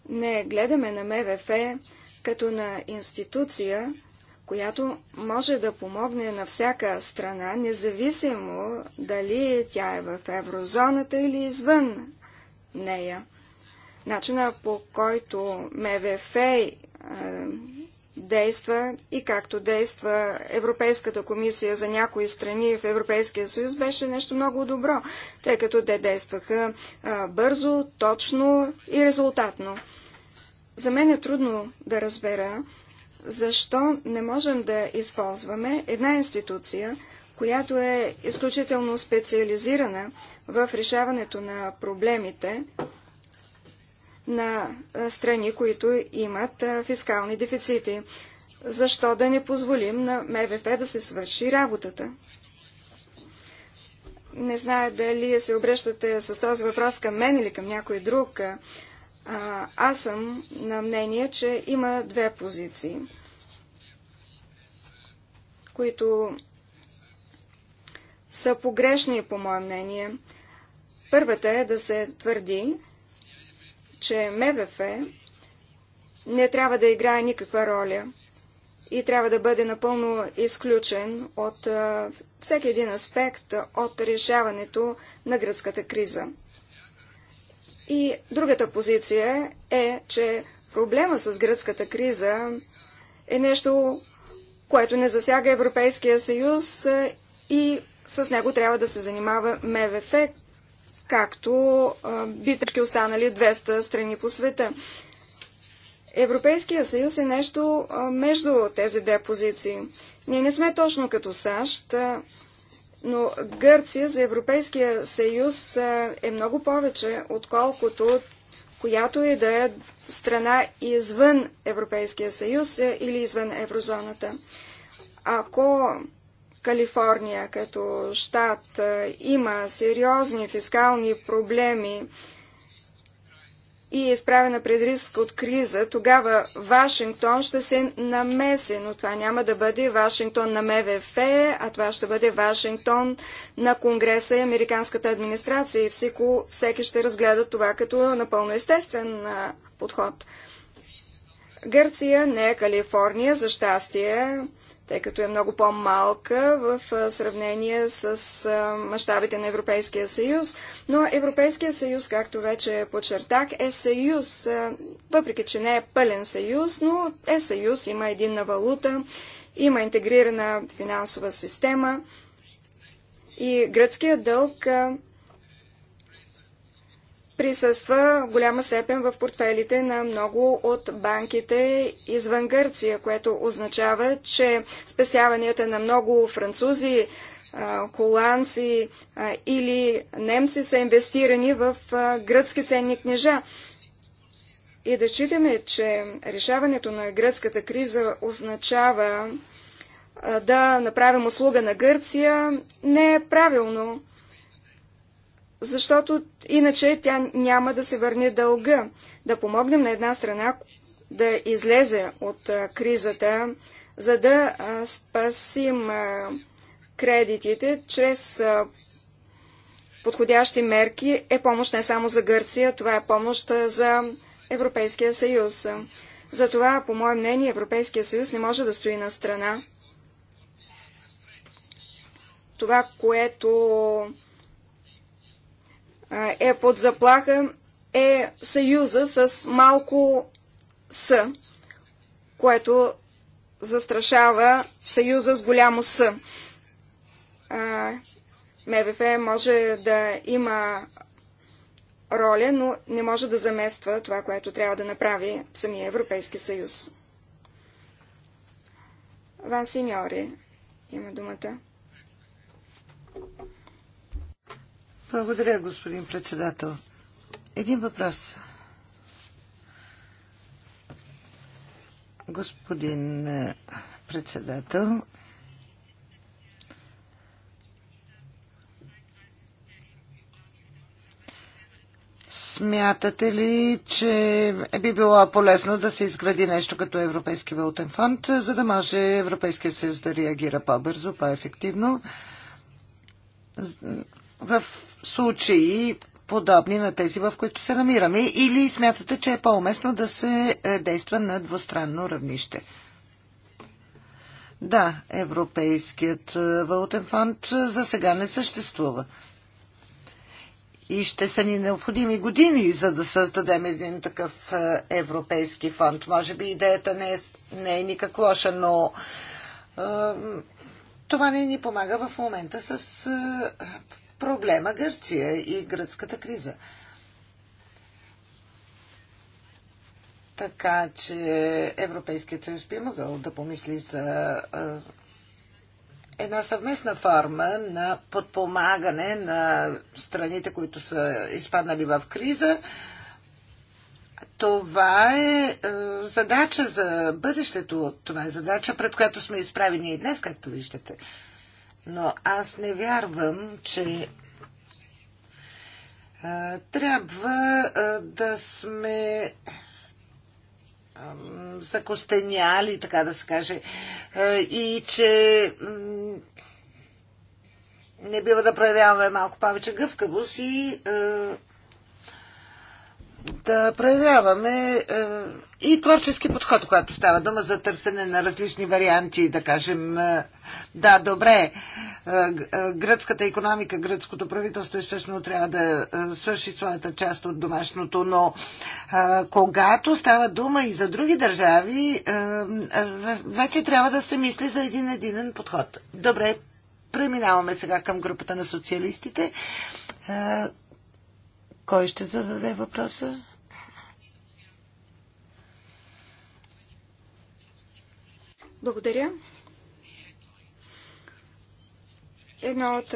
не гледаме на МВФ като на институция, която може да помогне на всяка страна, независимо дали тя е в еврозоната или извън нея. Начина по който МВФ е, действа и както действа Европейската комисия за някои страни в Европейския съюз беше нещо много добро, тъй като те действаха е, бързо, точно и резултатно. За мен е трудно да разбера защо не можем да използваме една институция, която е изключително специализирана в решаването на проблемите на страни, които имат фискални дефицити. Защо да не позволим на МВФ да се свърши работата? Не зная дали се обръщате с този въпрос към мен или към някой друг аз съм на мнение, че има две позиции, които са погрешни, по мое мнение. Първата е да се твърди, че МВФ не трябва да играе никаква роля и трябва да бъде напълно изключен от всеки един аспект от решаването на гръцката криза. И другата позиция е, че проблема с гръцката криза е нещо, което не засяга Европейския съюз и с него трябва да се занимава МВФ, както битъчки останали 200 страни по света. Европейския съюз е нещо между тези две позиции. Ние не сме точно като САЩ но Гърция за Европейския съюз е много повече, отколкото която и да е страна извън Европейския съюз е, или извън еврозоната. Ако Калифорния като щат има сериозни фискални проблеми, и е изправена пред риск от криза, тогава Вашингтон ще се намеси, но това няма да бъде Вашингтон на МВФ, а това ще бъде Вашингтон на Конгреса и Американската администрация и всеко, всеки ще разгледа това като напълно естествен подход. Гърция не е Калифорния, за щастие тъй като е много по-малка в сравнение с мащабите на Европейския съюз. Но Европейския съюз, както вече подчертах, е съюз, въпреки че не е пълен съюз, но е съюз, има единна валута, има интегрирана финансова система. И гръцкият дълг присъства в голяма степен в портфелите на много от банките извън Гърция, което означава, че спестяванията на много французи, холандци или немци са инвестирани в гръцки ценни книжа. И да считаме, че решаването на гръцката криза означава да направим услуга на Гърция, не е правилно защото иначе тя няма да се върне дълга. Да помогнем на една страна да излезе от кризата, за да спасим кредитите чрез подходящи мерки е помощ не само за Гърция, това е помощ за Европейския съюз. Затова, по мое мнение, Европейския съюз не може да стои на страна. Това, което е под заплаха, е съюза с малко С, което застрашава съюза с голямо С. МВФ може да има роля, но не може да замества това, което трябва да направи самия Европейски съюз. Ван Синьори има думата. Благодаря, господин председател. Един въпрос. Господин е, председател, Смятате ли, че би било полезно да се изгради нещо като Европейски валутен фонд, за да може Европейския съюз да реагира по-бързо, по-ефективно? в случаи подобни на тези, в които се намираме? Или смятате, че е по-уместно да се е, действа на двустранно равнище? Да, Европейският е, валутен фонд е, за сега не съществува. И ще са ни необходими години, за да създадем един такъв европейски фонд. Може би идеята не е, не е никак лоша, но е, това не ни помага в момента с е, проблема Гърция и гръцката криза. Така че Европейският съюз би могъл да помисли за една съвместна форма на подпомагане на страните, които са изпаднали в криза. Това е, задача за бъдещето. Това е задача, пред която сме изправени и днес, както виждате но аз не вярвам, че а, трябва а, да сме а, закостеняли, така да се каже, а, и че не бива да проявяваме малко повече гъвкавост и а, да проявяваме е, и творчески подход, когато става дума за търсене на различни варианти, да кажем, е, да, добре, е, гръцката економика, гръцкото правителство естествено трябва да свърши своята част от домашното, но когато става дума и за други държави, вече трябва да се мисли за един единен подход. Добре, преминаваме сега към групата на социалистите кой ще зададе въпроса? Благодаря. Едно от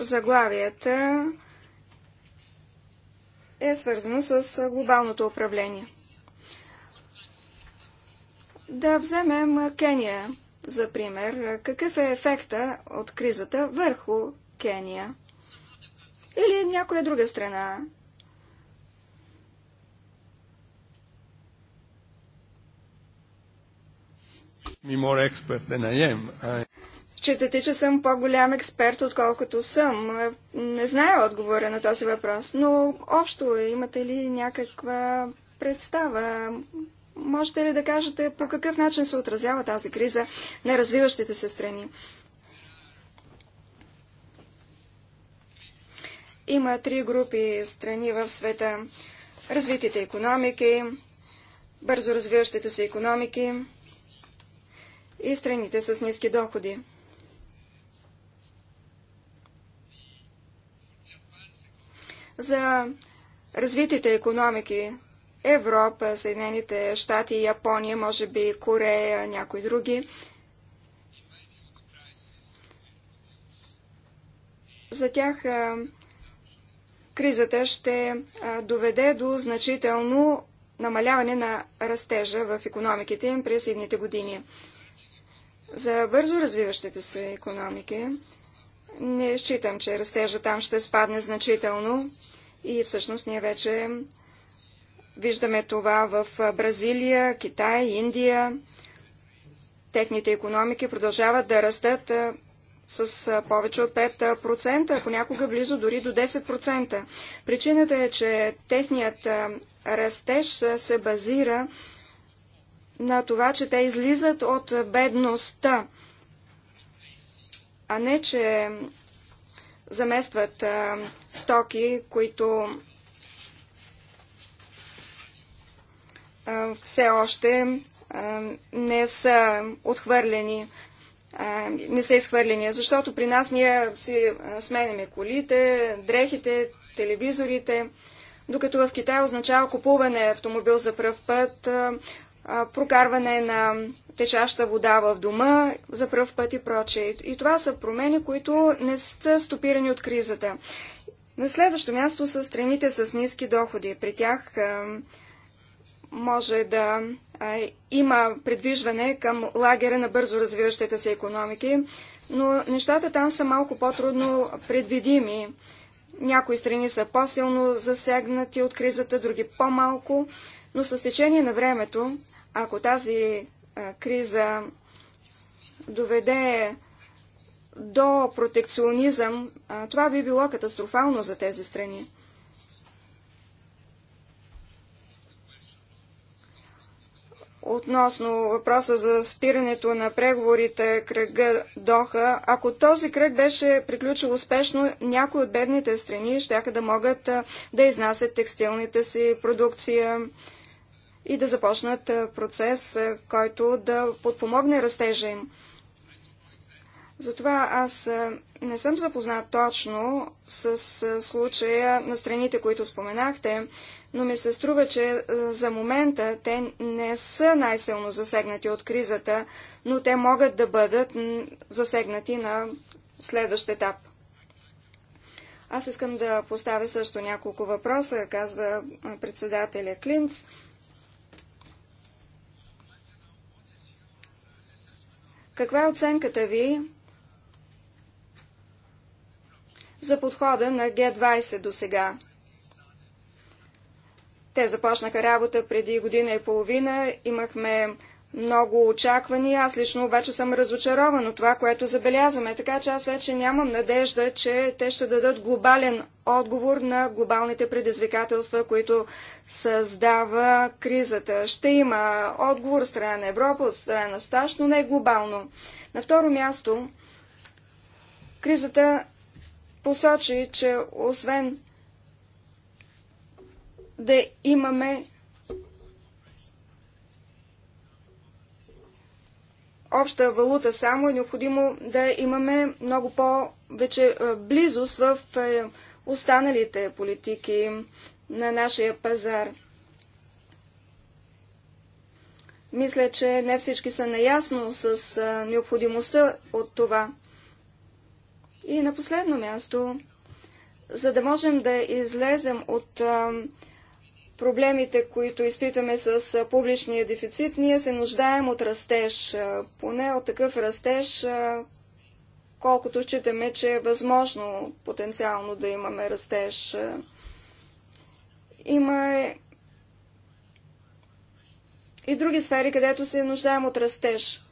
заглавията е свързано с глобалното управление. Да вземем Кения за пример. Какъв е ефекта от кризата върху Кения? или някоя друга страна. I... че съм по-голям експерт, отколкото съм. Не зная отговора на този въпрос, но общо имате ли някаква представа? Можете ли да кажете по какъв начин се отразява тази криза на развиващите се страни? Има три групи страни в света. Развитите економики, бързо развиващите се економики и страните с ниски доходи. За развитите економики Европа, Съединените щати, Япония, може би Корея, някои други. За тях кризата ще доведе до значително намаляване на растежа в економиките им през едните години. За бързо развиващите се економики не считам, че растежа там ще спадне значително и всъщност ние вече виждаме това в Бразилия, Китай, Индия. Техните економики продължават да растат с повече от 5%, а понякога близо дори до 10%. Причината е, че техният растеж се базира на това, че те излизат от бедността, а не, че заместват стоки, които все още не са отхвърлени не са изхвърлени, защото при нас ние си сменяме колите, дрехите, телевизорите, докато в Китай означава купуване автомобил за пръв път, прокарване на течаща вода в дома за пръв път и прочее. И това са промени, които не са стопирани от кризата. На следващо място са страните с ниски доходи. При тях може да има предвижване към лагера на бързо развиващите се економики, но нещата там са малко по-трудно предвидими. Някои страни са по-силно засегнати от кризата, други по-малко, но с течение на времето, ако тази а, криза доведе до протекционизъм, а, това би било катастрофално за тези страни. относно въпроса за спирането на преговорите кръга Доха, ако този кръг беше приключил успешно, някои от бедните страни ще да могат да изнасят текстилните си продукция и да започнат процес, който да подпомогне растежа им. Затова аз не съм запознат точно с случая на страните, които споменахте, но ми се струва, че е, за момента те не са най-силно засегнати от кризата, но те могат да бъдат засегнати на следващ етап. Аз искам да поставя също няколко въпроса, казва е, председателя Клинц. Каква е оценката ви за подхода на Г-20 до сега? Те започнаха работа преди година и половина, имахме много очаквания, аз лично обаче съм разочарован от това, което забелязваме, така че аз вече нямам надежда, че те ще дадат глобален отговор на глобалните предизвикателства, които създава кризата. Ще има отговор от страна на Европа, от страна на САЩ, но не глобално. На второ място, кризата посочи, че освен да имаме обща валута само е необходимо да имаме много по-вече близост в останалите политики на нашия пазар. Мисля, че не всички са наясно с необходимостта от това. И на последно място, за да можем да излезем от проблемите, които изпитаме с публичния дефицит, ние се нуждаем от растеж, поне от такъв растеж, колкото считаме, че е възможно потенциално да имаме растеж. Има е и други сфери, където се нуждаем от растеж.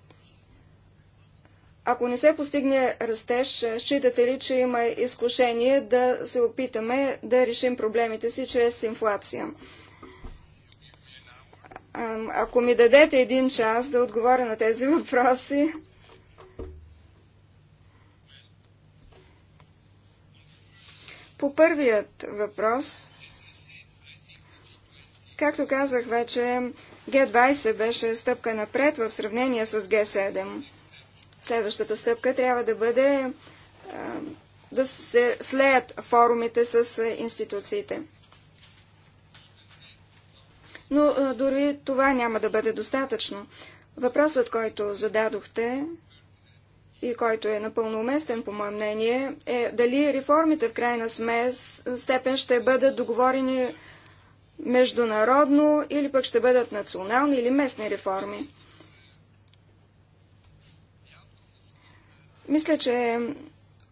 Ако не се постигне растеж, считате ли, че има изкушение да се опитаме да решим проблемите си чрез инфлация? Ако ми дадете един час да отговоря на тези въпроси, По първият въпрос, както казах вече, Г20 беше стъпка напред в сравнение с Г7. Следващата стъпка трябва да бъде да се слеят форумите с институциите но дори това няма да бъде достатъчно. Въпросът, който зададохте и който е напълно уместен, по мое мнение, е дали реформите в крайна смес, степен ще бъдат договорени международно или пък ще бъдат национални или местни реформи. Мисля, че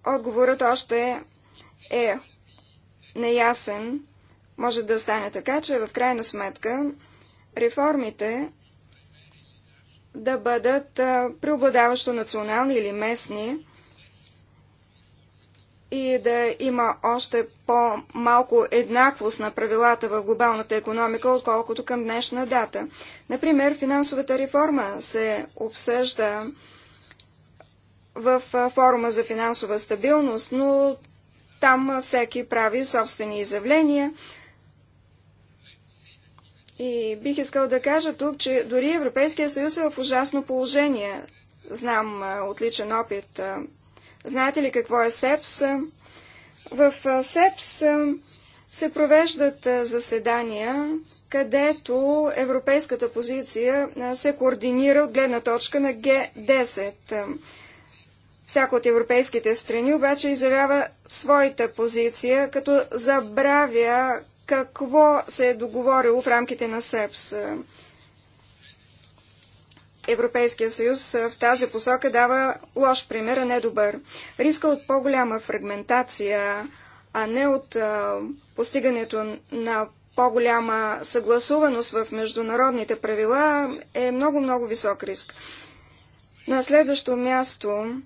отговорът още е неясен. Може да стане така, че в крайна сметка реформите да бъдат преобладаващо национални или местни и да има още по-малко еднаквост на правилата в глобалната економика, отколкото към днешна дата. Например, финансовата реформа се обсъжда в форума за финансова стабилност, но там всеки прави собствени изявления. И бих искал да кажа тук, че дори Европейския съюз е в ужасно положение. Знам отличен опит. Знаете ли какво е СЕПС? В СЕПС се провеждат заседания, където европейската позиция се координира от гледна точка на Г10. Всяко от европейските страни обаче изявява своята позиция, като забравя какво се е договорило в рамките на СЕПС. Европейския съюз в тази посока дава лош пример, а не добър. Риска от по-голяма фрагментация, а не от постигането на по-голяма съгласуваност в международните правила е много-много висок риск. На следващо място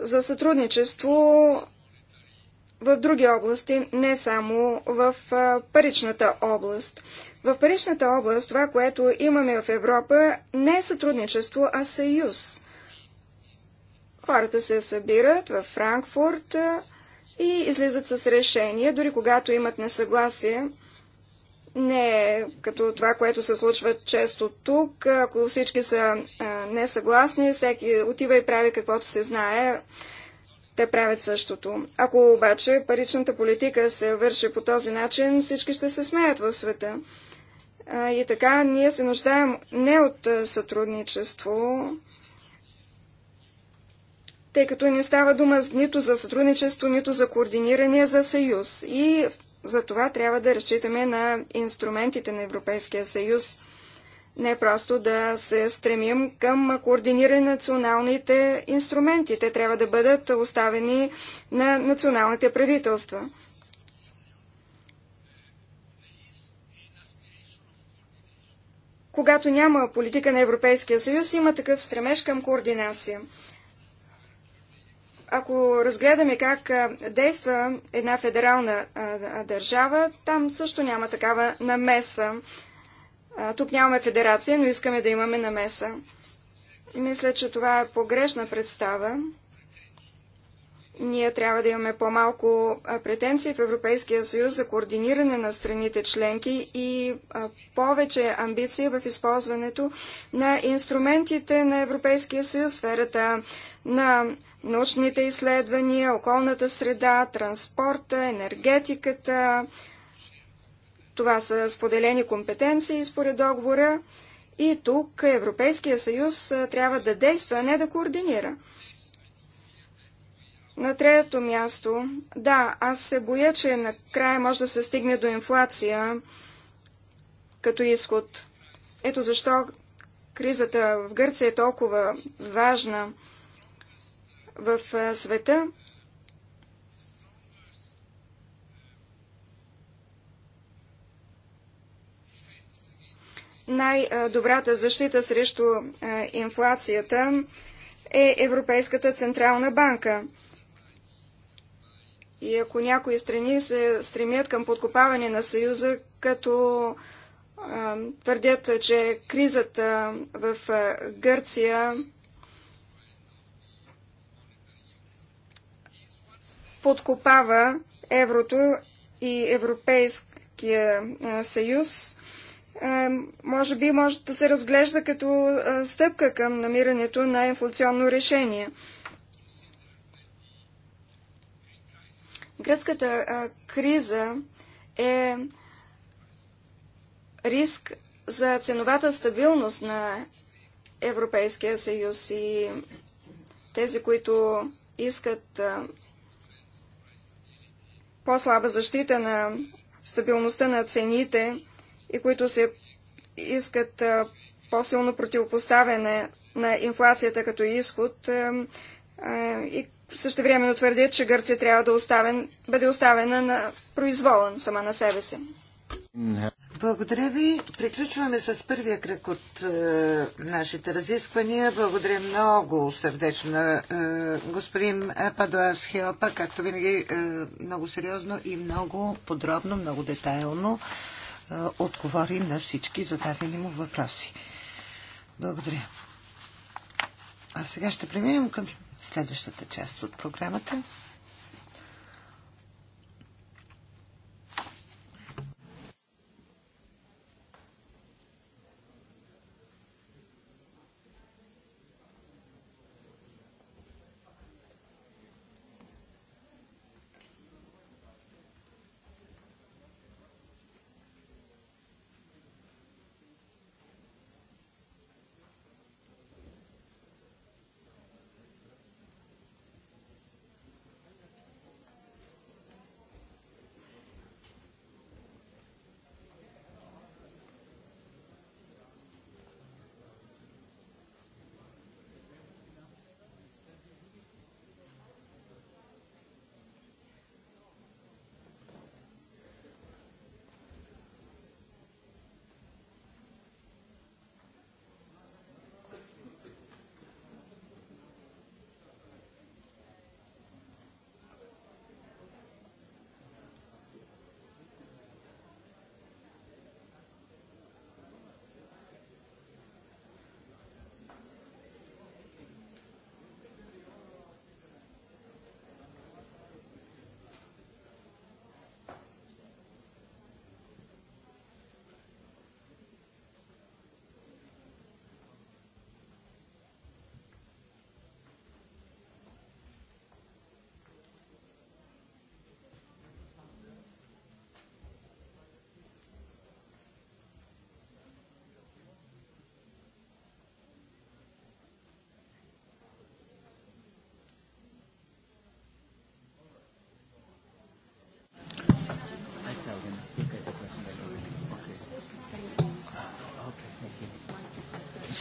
за сътрудничество в други области, не само в паричната област. В паричната област това, което имаме в Европа, не е сътрудничество, а съюз. Хората се събират в Франкфурт и излизат с решение, дори когато имат несъгласие. Не е като това, което се случва често тук. Ако всички са несъгласни, всеки отива и прави каквото се знае те правят същото. Ако обаче паричната политика се върши по този начин, всички ще се смеят в света. И така ние се нуждаем не от сътрудничество, тъй като не става дума нито за сътрудничество, нито за координиране за съюз. И за това трябва да разчитаме на инструментите на Европейския съюз не просто да се стремим към координиране на националните инструменти. Те трябва да бъдат оставени на националните правителства. Когато няма политика на Европейския съюз, има такъв стремеж към координация. Ако разгледаме как действа една федерална държава, там също няма такава намеса а, тук нямаме федерация, но искаме да имаме намеса. Мисля, че това е погрешна представа. Ние трябва да имаме по-малко претенции в Европейския съюз за координиране на страните членки и а, повече амбиции в използването на инструментите на Европейския съюз, сферата на научните изследвания, околната среда, транспорта, енергетиката, това са споделени компетенции според договора и тук Европейския съюз трябва да действа, а не да координира. На трето място, да, аз се боя, че накрая може да се стигне до инфлация като изход. Ето защо кризата в Гърция е толкова важна в света. най-добрата защита срещу е, инфлацията е Европейската централна банка. И ако някои страни се стремят към подкопаване на Съюза, като е, твърдят, че кризата е, в Гърция подкопава еврото и Европейския съюз, е, може би може да се разглежда като е, стъпка към намирането на инфлационно решение. Гръцката е, криза е риск за ценовата стабилност на Европейския съюз и тези, които искат по-слаба защита на стабилността на цените, и които се искат по-силно противопоставяне на инфлацията като изход и също времено твърдят, че Гърция трябва да оставен, бъде оставена на произвола сама на себе си. Благодаря ви. Приключваме с първия кръг от е, нашите разисквания. Благодаря много сърдечно на е, господин Падуас Хиопа, както винаги е, много сериозно и много подробно, много детайлно отговори на всички зададени му въпроси. Благодаря. А сега ще преминем към следващата част от програмата.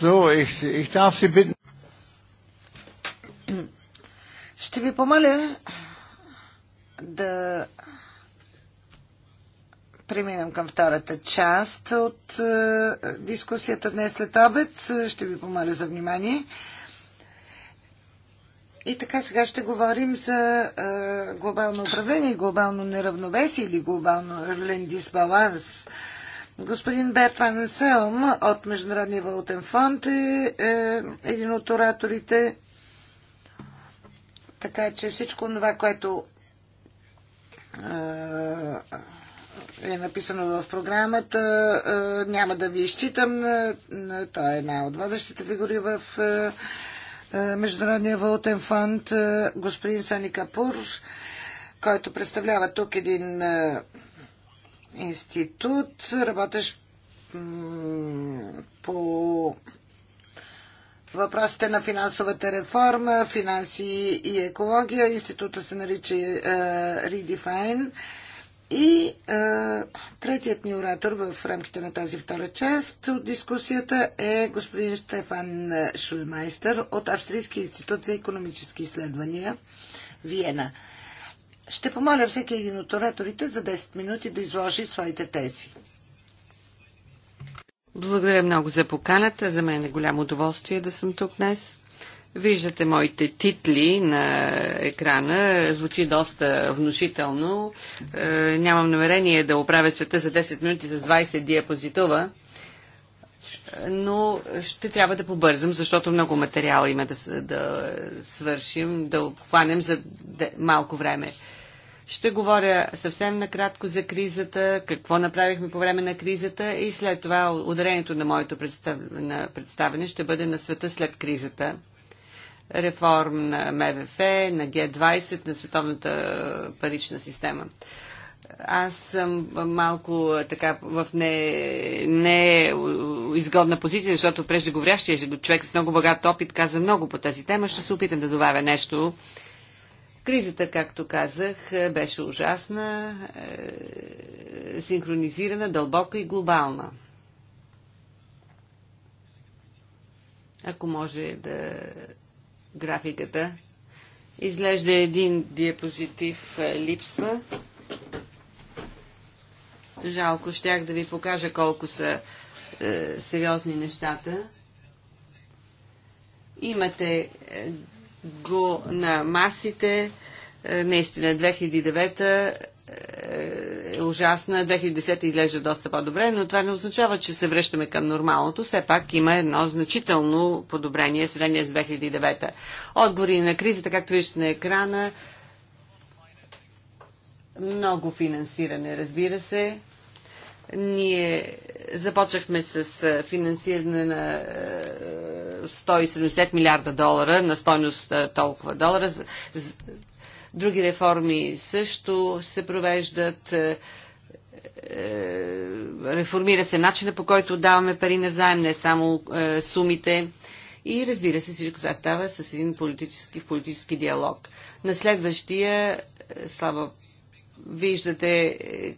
So, ich, ich darf Sie bitten. Ще ви помоля да преминем към втората част от е, дискусията днес след обед. Ще ви помоля за внимание. И така сега ще говорим за е, глобално управление, глобално неравновесие или глобално дисбаланс. баланс Господин Берт Ван Селм от Международния валутен фонд е, е един от ораторите. Така че всичко това, което е, е написано в програмата, е, няма да ви изчитам. Е, той е една от водещите фигури в Международния валутен фонд, господин Сони Капур, който представлява тук един институт, работещ по въпросите на финансовата реформа, финанси и екология. Института се нарича е, Redefine. И е, третият ни оратор в рамките на тази втора част от дискусията е господин Штефан Шульмайстър от Австрийски институт за економически изследвания, Виена. Ще помоля всеки един от ораторите за 10 минути да изложи своите тези. Благодаря много за поканата. За мен е голямо удоволствие да съм тук днес. Виждате моите титли на екрана. Звучи доста внушително. Е, нямам намерение да оправя света за 10 минути с 20 диапозитова. Но ще трябва да побързам, защото много материал има да, да свършим, да обхванем за малко време. Ще говоря съвсем накратко за кризата, какво направихме по време на кризата и след това ударението на моето представ... представене ще бъде на света след кризата. Реформ на МВФ, на Г20, на Световната парична система. Аз съм малко така в не, не изгодна позиция, защото преждеговорящия е човек с много богат опит каза много по тази тема. Ще се опитам да добавя нещо Кризата, както казах, е, беше ужасна, е, синхронизирана, дълбока и глобална. Ако може да графиката. Изглежда един диапозитив е, липсва. Жалко, щях да ви покажа колко са е, сериозни нещата. Имате го на масите. Е, наистина 2009 е, е ужасна, 2010 изглежда доста по-добре, но това не означава, че се връщаме към нормалното. Все пак има едно значително подобрение средния с 2009. Отговори на кризата, както виждате на екрана, много финансиране, разбира се, ние започнахме с финансиране на 170 милиарда долара, на стойност толкова долара. Други реформи също се провеждат. Е, е, реформира се начина по който даваме пари на заем, не само е, сумите. И разбира се, всичко това става с един политически, в политически диалог. На следващия, слава виждате е,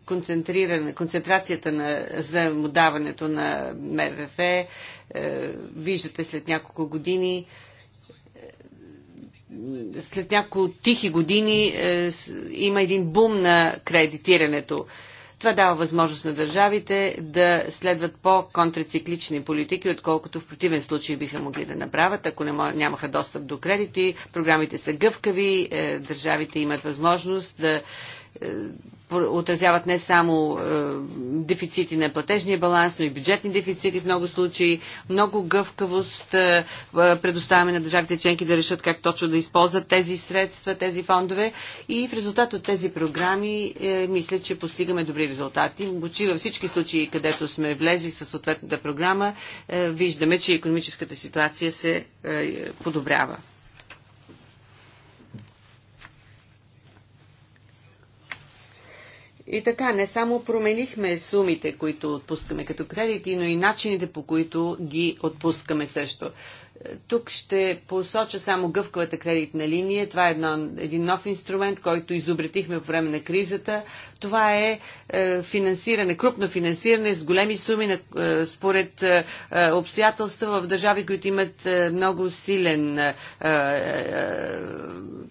концентрацията на заемодаването на МВФ, е, виждате след няколко години, е, след няколко тихи години има един бум на кредитирането. Това дава възможност на държавите да следват по-контрациклични политики, отколкото в противен случай биха могли да направят, ако нямаха достъп до кредити. Програмите са гъвкави, държавите имат възможност да е, е, отразяват не само е, дефицити на платежния баланс, но и бюджетни дефицити в много случаи. Много гъвкавост предоставяме на държавите членки да решат как точно да използват тези средства, тези фондове. И в резултат от тези програми мисля, че постигаме добри резултати. Мочи във всички случаи, където сме влезли с съответната програма, виждаме, че економическата ситуация се подобрява. И така, не само променихме сумите, които отпускаме като кредити, но и начините по които ги отпускаме също. Тук ще посоча само гъвкавата кредитна линия. Това е едно, един нов инструмент, който изобретихме по време на кризата. Това е, е финансиране, крупно финансиране с големи суми на, е, според е, е обстоятелства в държави, които имат е, много силен е, е, е,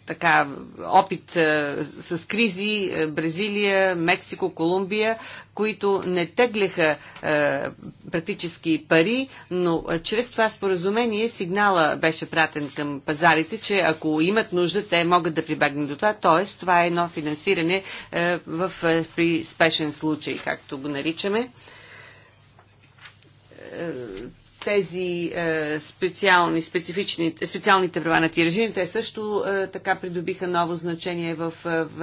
така, опит е, с кризи. Е, Бразилия, Мексико, Колумбия които не теглеха е, практически пари, но е, чрез това споразумение сигнала беше пратен към пазарите, че ако имат нужда, те могат да прибегнат до това. Тоест, това е едно финансиране е, в, е, при спешен случай, както го наричаме. Е, тези е, специални, специфични, специалните права на режими, те също е, така придобиха ново значение в,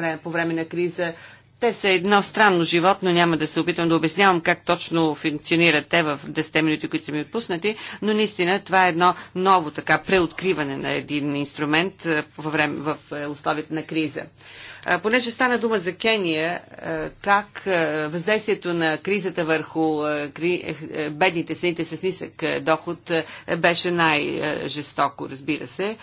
е, по време на криза. Те са едно странно животно, няма да се опитам да обяснявам как точно функционират те в 10 минути, които са ми отпуснати, но наистина това е едно ново така преоткриване на един инструмент във време, в е, условията на криза. Понеже стана дума за Кения, как въздействието на кризата върху е, е, бедните страните с нисък доход беше най-жестоко, разбира се.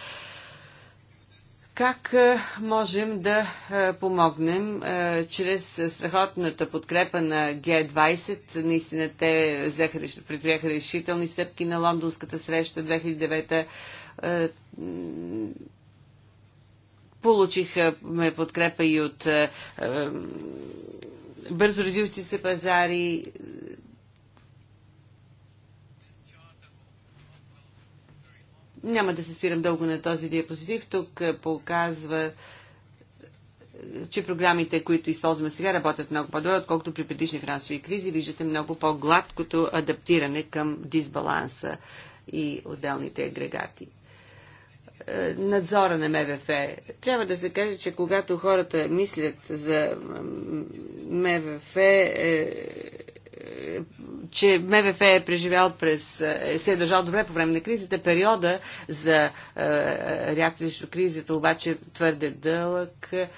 Как е, можем да е, помогнем е, чрез страхотната подкрепа на Г-20? Наистина те взеха, предприеха решителни стъпки на лондонската среща 2009 Получихме подкрепа и от бързо развиващи се пазари, Няма да се спирам дълго на този диапозитив. Тук е, показва е, че програмите, които използваме сега, работят много по-добре, отколкото при предишни финансови кризи. Виждате много по-гладкото адаптиране към дисбаланса и отделните агрегати. Е, надзора на МВФ. Трябва да се каже, че когато хората мислят за МВФ, че МВФ е преживял през, е, се е държал добре по време на кризата. Периода за е, реакция срещу кризата обаче е твърде дълъг. Е,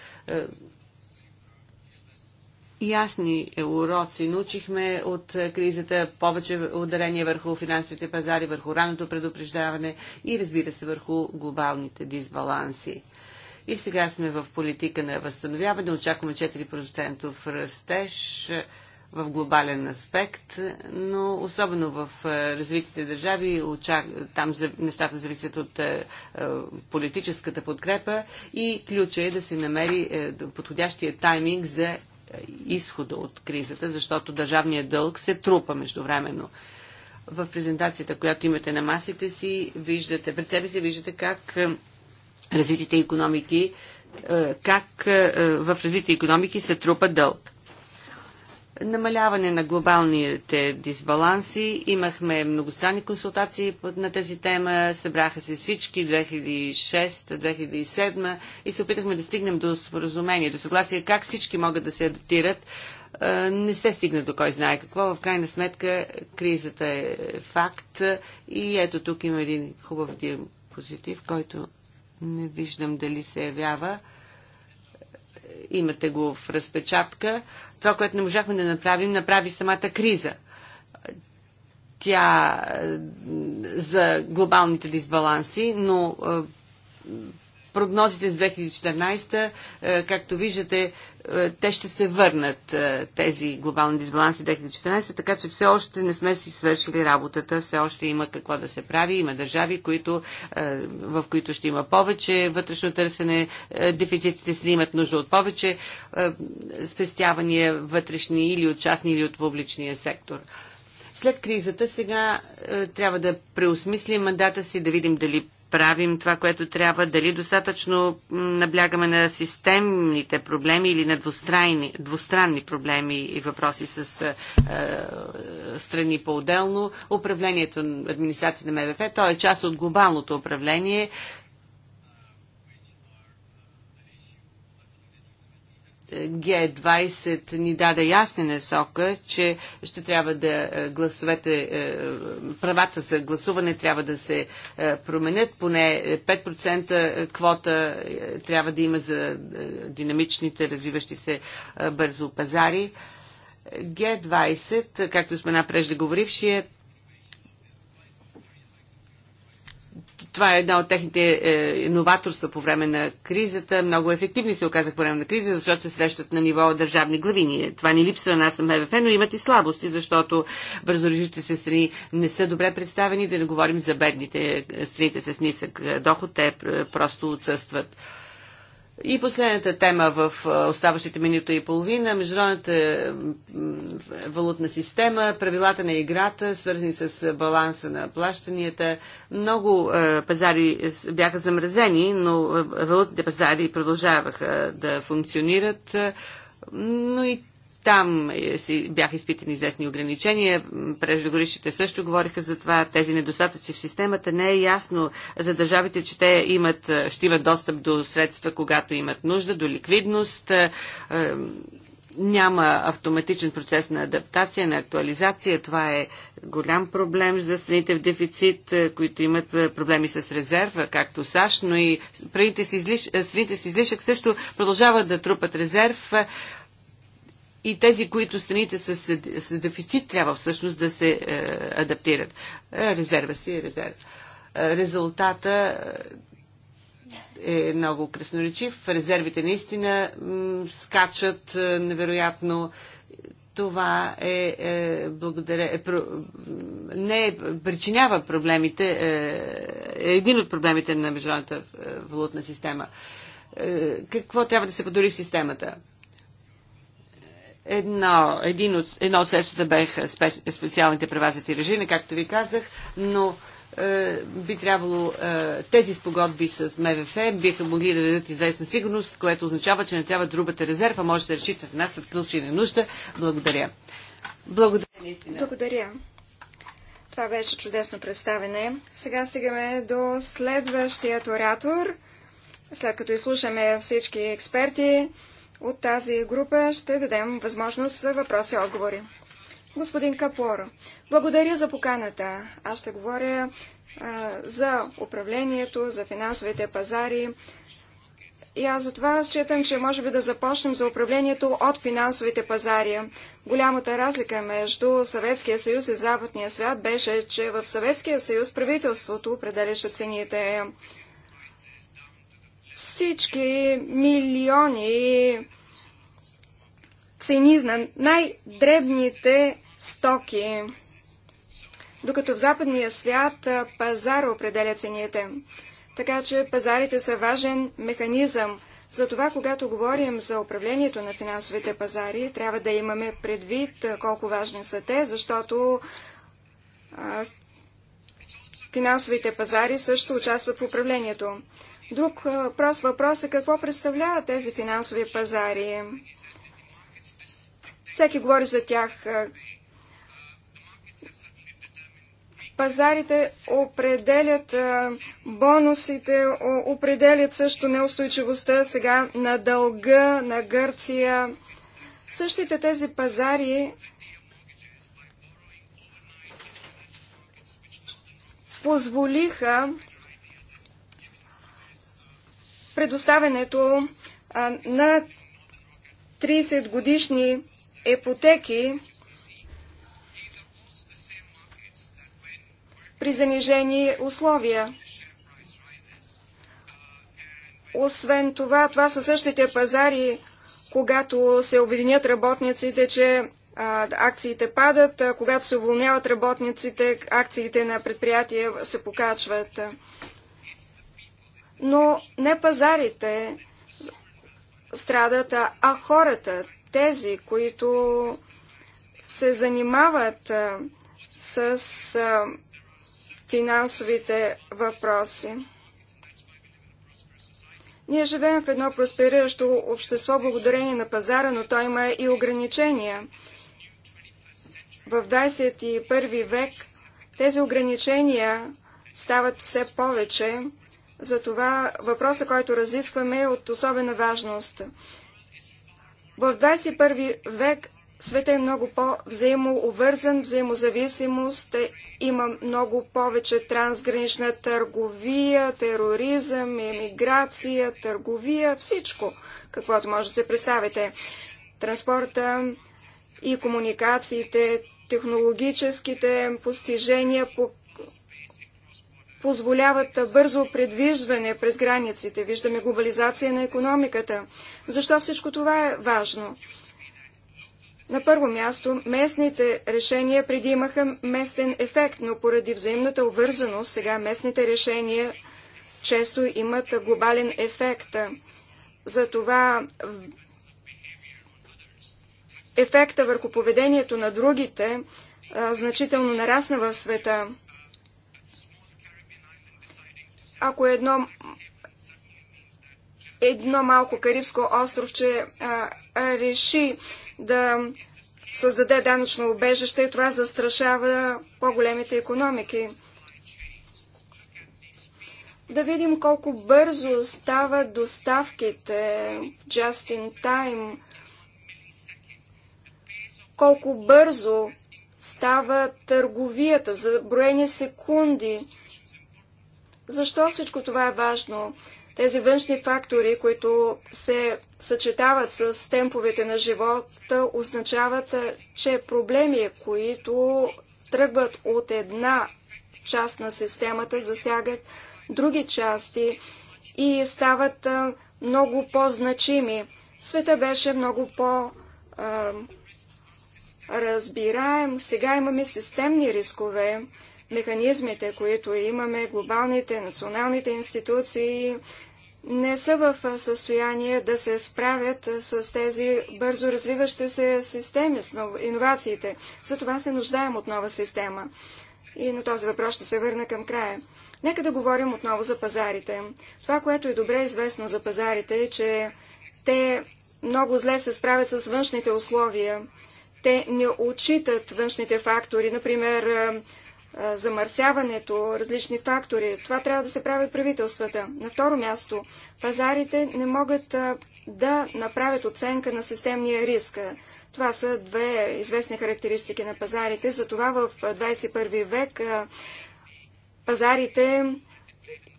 ясни уроци научихме от кризата, повече ударение върху финансовите пазари, върху раното предупреждаване и разбира се върху глобалните дисбаланси. И сега сме в политика на възстановяване. Очакваме 4% растеж в глобален аспект, но особено в е, развитите държави, там нещата зависят от е, е, политическата подкрепа и ключа е да се намери подходящия тайминг за изхода от кризата, защото държавният дълг се трупа междувременно. В презентацията, която имате на масите си, виждате, пред себе си виждате как развитите економики, как в развитите економики се трупа дълг. Намаляване на глобалните дисбаланси. Имахме многостранни консултации на тази тема. Събраха се всички 2006-2007 и се опитахме да стигнем до споразумение, до съгласие как всички могат да се адаптират. Не се стигна до кой знае какво. В крайна сметка кризата е факт и ето тук има един хубав диапозитив, който не виждам дали се явява. Имате го в разпечатка това, което не можахме да направим, направи самата криза. Тя е, за глобалните дисбаланси, но е, прогнозите за 2014, е, както виждате, е, те ще се върнат е, тези глобални дисбаланси 2014, така че все още не сме си свършили работата, все още има какво да се прави, има държави, които, в които ще има повече вътрешно търсене, дефицитите си имат нужда от повече спестявания вътрешни или от частни или от публичния сектор. След кризата сега трябва да преосмислим мандата си, да видим дали правим това, което трябва, дали достатъчно наблягаме на системните проблеми или на двустранни, двустранни проблеми и въпроси с е, страни по-отделно. Управлението на администрацията на МВФ, то е част от глобалното управление. Г20 ни даде ясни насока, че ще трябва да е, гласовете, е, правата за гласуване трябва да се е, променят, поне 5% квота трябва да има за динамичните, развиващи се бързо пазари. Г20, както спомена преждеговорившият, Това е една от техните е, новаторства по време на кризата. Много ефективни се оказах по време на криза, защото се срещат на ниво държавни главини. Това ни липсва нас на МВФ, но имат и слабости, защото бързорежущите се страни не са добре представени, да не говорим за бедните страните с нисък е, доход, те е, просто отсъстват. И последната тема в оставащите минута и половина международната валутна система, правилата на играта, свързани с баланса на плащанията. Много пазари бяха замразени, но валутните пазари продължаваха да функционират. Но и там е, бяха изпитани известни ограничения. Преждогорищите също говориха за това. Тези недостатъци в системата не е ясно за държавите, че те имат, е, ще имат достъп до средства, когато имат нужда, до ликвидност. Е, няма автоматичен процес на адаптация, на актуализация. Това е голям проблем за страните в дефицит, които имат проблеми с резерва, както САЩ, но и страните с излишък, страните с излишък също продължават да трупат резерв и тези, които страните с, с дефицит трябва всъщност да се е, адаптират. Е, резерва си е, е Резултата е, е много красноречив. Резервите наистина скачат невероятно. Това е, е, благодаря, е, про, не е, причинява проблемите, е, е един от проблемите на международната валутна система. Е, какво трябва да се подори в системата? Едно, един от, едно от средствата беха специалните права за тиражиране, както ви казах, но е, би трябвало е, тези спогодби с МВФ биха могли да дадат известна сигурност, което означава, че не трябва да рубате резерва, може да разчитате нас в на нужда. Благодаря. Благодаря наистина. Благодаря. Това беше чудесно представене. Сега стигаме до следващият оратор. След като изслушаме всички експерти, от тази група ще дадем възможност за въпроси и отговори. Господин Капоро, благодаря за поканата. Аз ще говоря а, за управлението, за финансовите пазари. И аз за това считам, че може би да започнем за управлението от финансовите пазари. Голямата разлика между Съветския съюз и Западния свят беше, че в Съветския съюз правителството определяше цените всички милиони цени на най-дребните стоки, докато в западния свят пазар определя цените. Така че пазарите са важен механизъм. Затова, когато говорим за управлението на финансовите пазари, трябва да имаме предвид колко важни са те, защото а, финансовите пазари също участват в управлението. Друг прост въпрос е какво представляват тези финансови пазари. Всеки говори за тях. Пазарите определят бонусите, определят също неустойчивостта сега на дълга, на Гърция. Същите тези пазари позволиха предоставянето на 30 годишни епотеки при занижени условия. Освен това, това са същите пазари, когато се объединят работниците, че акциите падат, когато се уволняват работниците, акциите на предприятия се покачват но не пазарите страдат, а хората, тези, които се занимават с финансовите въпроси. Ние живеем в едно проспериращо общество благодарение на пазара, но той има и ограничения. В 21 век тези ограничения стават все повече затова въпросът, който разискваме е от особена важност. В 21 век света е много по-взаимоувързан, взаимозависимост, е, има много повече трансгранична търговия, тероризъм, емиграция, търговия, всичко, каквото може да се представите. Транспорта и комуникациите, технологическите постижения по позволяват бързо предвижване през границите. Виждаме глобализация на економиката. Защо всичко това е важно? На първо място, местните решения преди имаха местен ефект, но поради взаимната обвързаност сега местните решения често имат глобален ефект. Затова ефекта върху поведението на другите а, значително нарасна в света ако е едно, едно малко карибско островче а, а, реши да създаде данъчно убежище и това застрашава по-големите економики. Да видим колко бързо стават доставките just in time, колко бързо става търговията за броени секунди. Защо всичко това е важно? Тези външни фактори, които се съчетават с темповете на живота, означават, че проблеми, които тръгват от една част на системата, засягат други части и стават много по-значими. Света беше много по- разбираем. Сега имаме системни рискове механизмите, които имаме, глобалните, националните институции, не са в състояние да се справят с тези бързо развиващи се системи, с иновациите. За това се нуждаем от нова система. И на този въпрос ще се върна към края. Нека да говорим отново за пазарите. Това, което е добре известно за пазарите е, че те много зле се справят с външните условия. Те не отчитат външните фактори, например замърсяването, различни фактори. Това трябва да се прави от правителствата. На второ място, пазарите не могат да направят оценка на системния риск. Това са две известни характеристики на пазарите. Затова в 21 век пазарите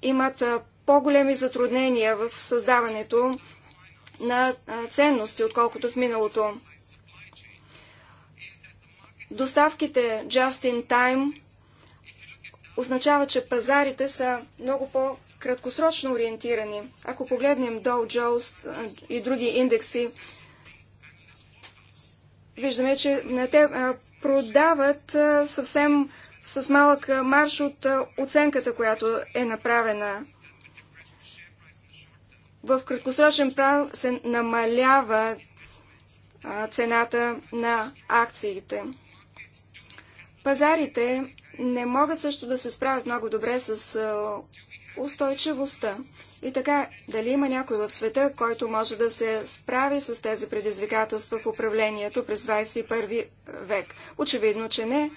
имат по-големи затруднения в създаването на ценности, отколкото в миналото. Доставките just in time означава, че пазарите са много по-краткосрочно ориентирани. Ако погледнем Dow Jones и други индекси, виждаме, че те продават съвсем с малък марш от оценката, която е направена. В краткосрочен план се намалява цената на акциите. Пазарите не могат също да се справят много добре с устойчивостта. И така, дали има някой в света, който може да се справи с тези предизвикателства в управлението през 21 век? Очевидно, че не.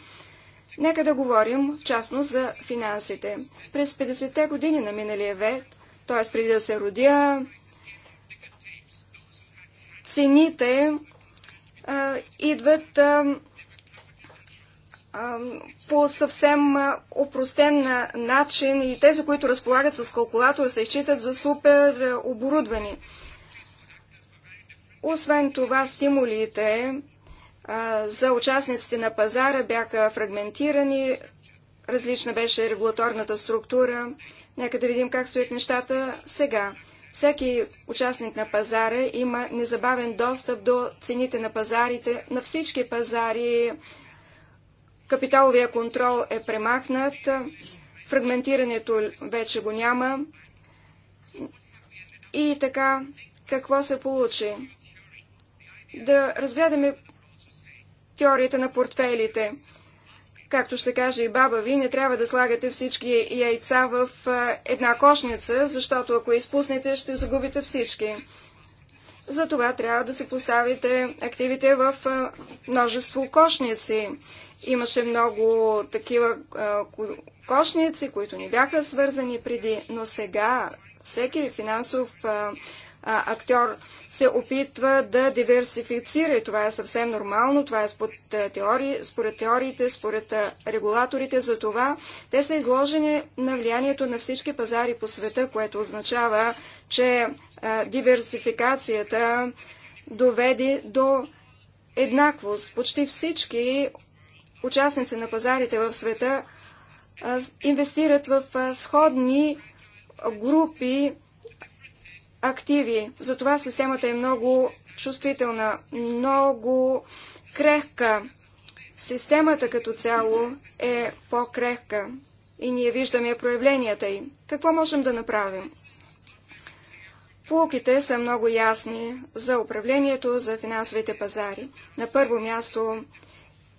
Нека да говорим, частно за финансите. През 50-те години на миналия век, т.е. преди да се родя, цените а, идват а, по съвсем опростен начин и тези, които разполагат с калкулатор, се изчитат за супер оборудвани. Освен това, стимулите за участниците на пазара бяха фрагментирани, различна беше регулаторната структура. Нека да видим как стоят нещата сега. Всеки участник на пазара има незабавен достъп до цените на пазарите, на всички пазари, Капиталовия контрол е премахнат, фрагментирането вече го няма. И така, какво се получи? Да разгледаме теорията на портфелите. Както ще каже и баба ви, не трябва да слагате всички яйца в една кошница, защото ако изпуснете, ще загубите всички. Затова трябва да се поставите активите в множество кошници. Имаше много такива кошници, които не бяха свързани преди, но сега всеки финансов актьор се опитва да диверсифицира. И това е съвсем нормално, това е според, според теориите, според регулаторите. За това те са изложени на влиянието на всички пазари по света, което означава, че диверсификацията доведе до еднаквост. Почти всички участници на пазарите в света инвестират в сходни групи активи. Затова системата е много чувствителна, много крехка. Системата като цяло е по-крехка и ние виждаме проявленията й. Какво можем да направим? Полуките са много ясни за управлението, за финансовите пазари. На първо място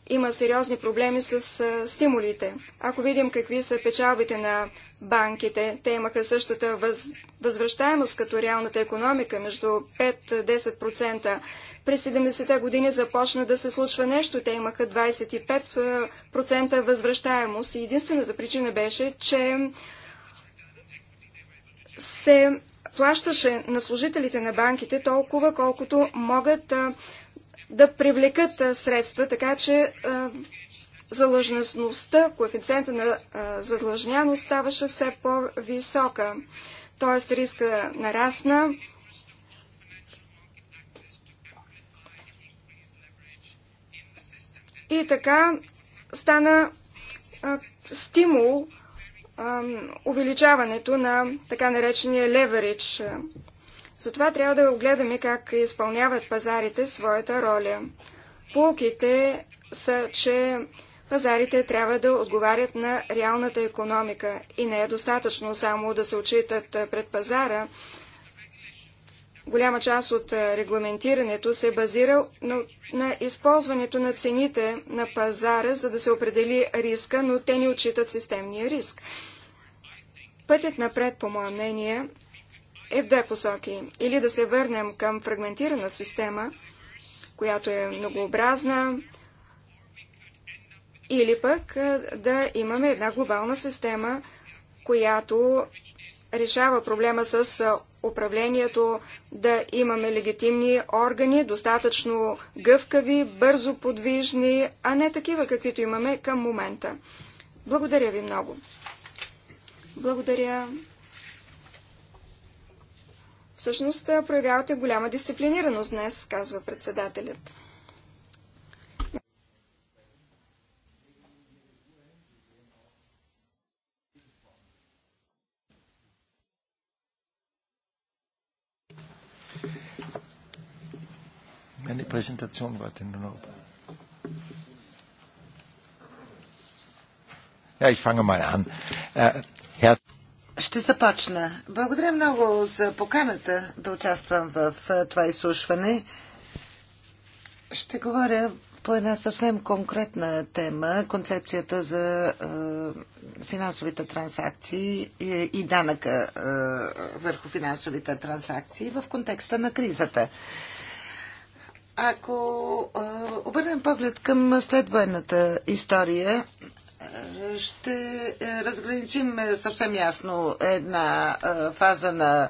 има сериозни проблеми с стимулите. Ако видим какви са печалбите на банките, те имаха същата въз, възвръщаемост като реалната економика, между 5-10%. През 70-те години започна да се случва нещо. Те имаха 25% възвръщаемост и единствената причина беше, че се плащаше на служителите на банките толкова, колкото могат да привлекат средства, така че задлъжностността, коефициента на задлъжняност ставаше все по-висока. т.е. риска нарасна. И така стана а, стимул а, увеличаването на така наречения леверидж, затова трябва да огледаме как изпълняват пазарите своята роля. Полките са, че пазарите трябва да отговарят на реалната економика и не е достатъчно само да се отчитат пред пазара. Голяма част от регламентирането се базира на, на използването на цените на пазара, за да се определи риска, но те не отчитат системния риск. Пътят напред, по мое мнение, е в две посоки. Или да се върнем към фрагментирана система, която е многообразна, или пък е, да имаме една глобална система, която решава проблема с е, управлението, да имаме легитимни органи, достатъчно гъвкави, бързо подвижни, а не такива, каквито имаме към момента. Благодаря ви много. Благодаря. Всъщност проявявате голяма дисциплинираност днес, казва председателят. Meine Präsentation wartet nur Ja, ich eh, fange mal an. Äh, eh, Herr ще започна. Благодаря много за поканата да участвам в това изслушване. Ще говоря по една съвсем конкретна тема концепцията за е, финансовите транзакции и, и данъка е, върху финансовите транзакции в контекста на кризата. Ако е, обърнем поглед към следвоенната история, ще е, разграничим е, съвсем ясно една е, фаза на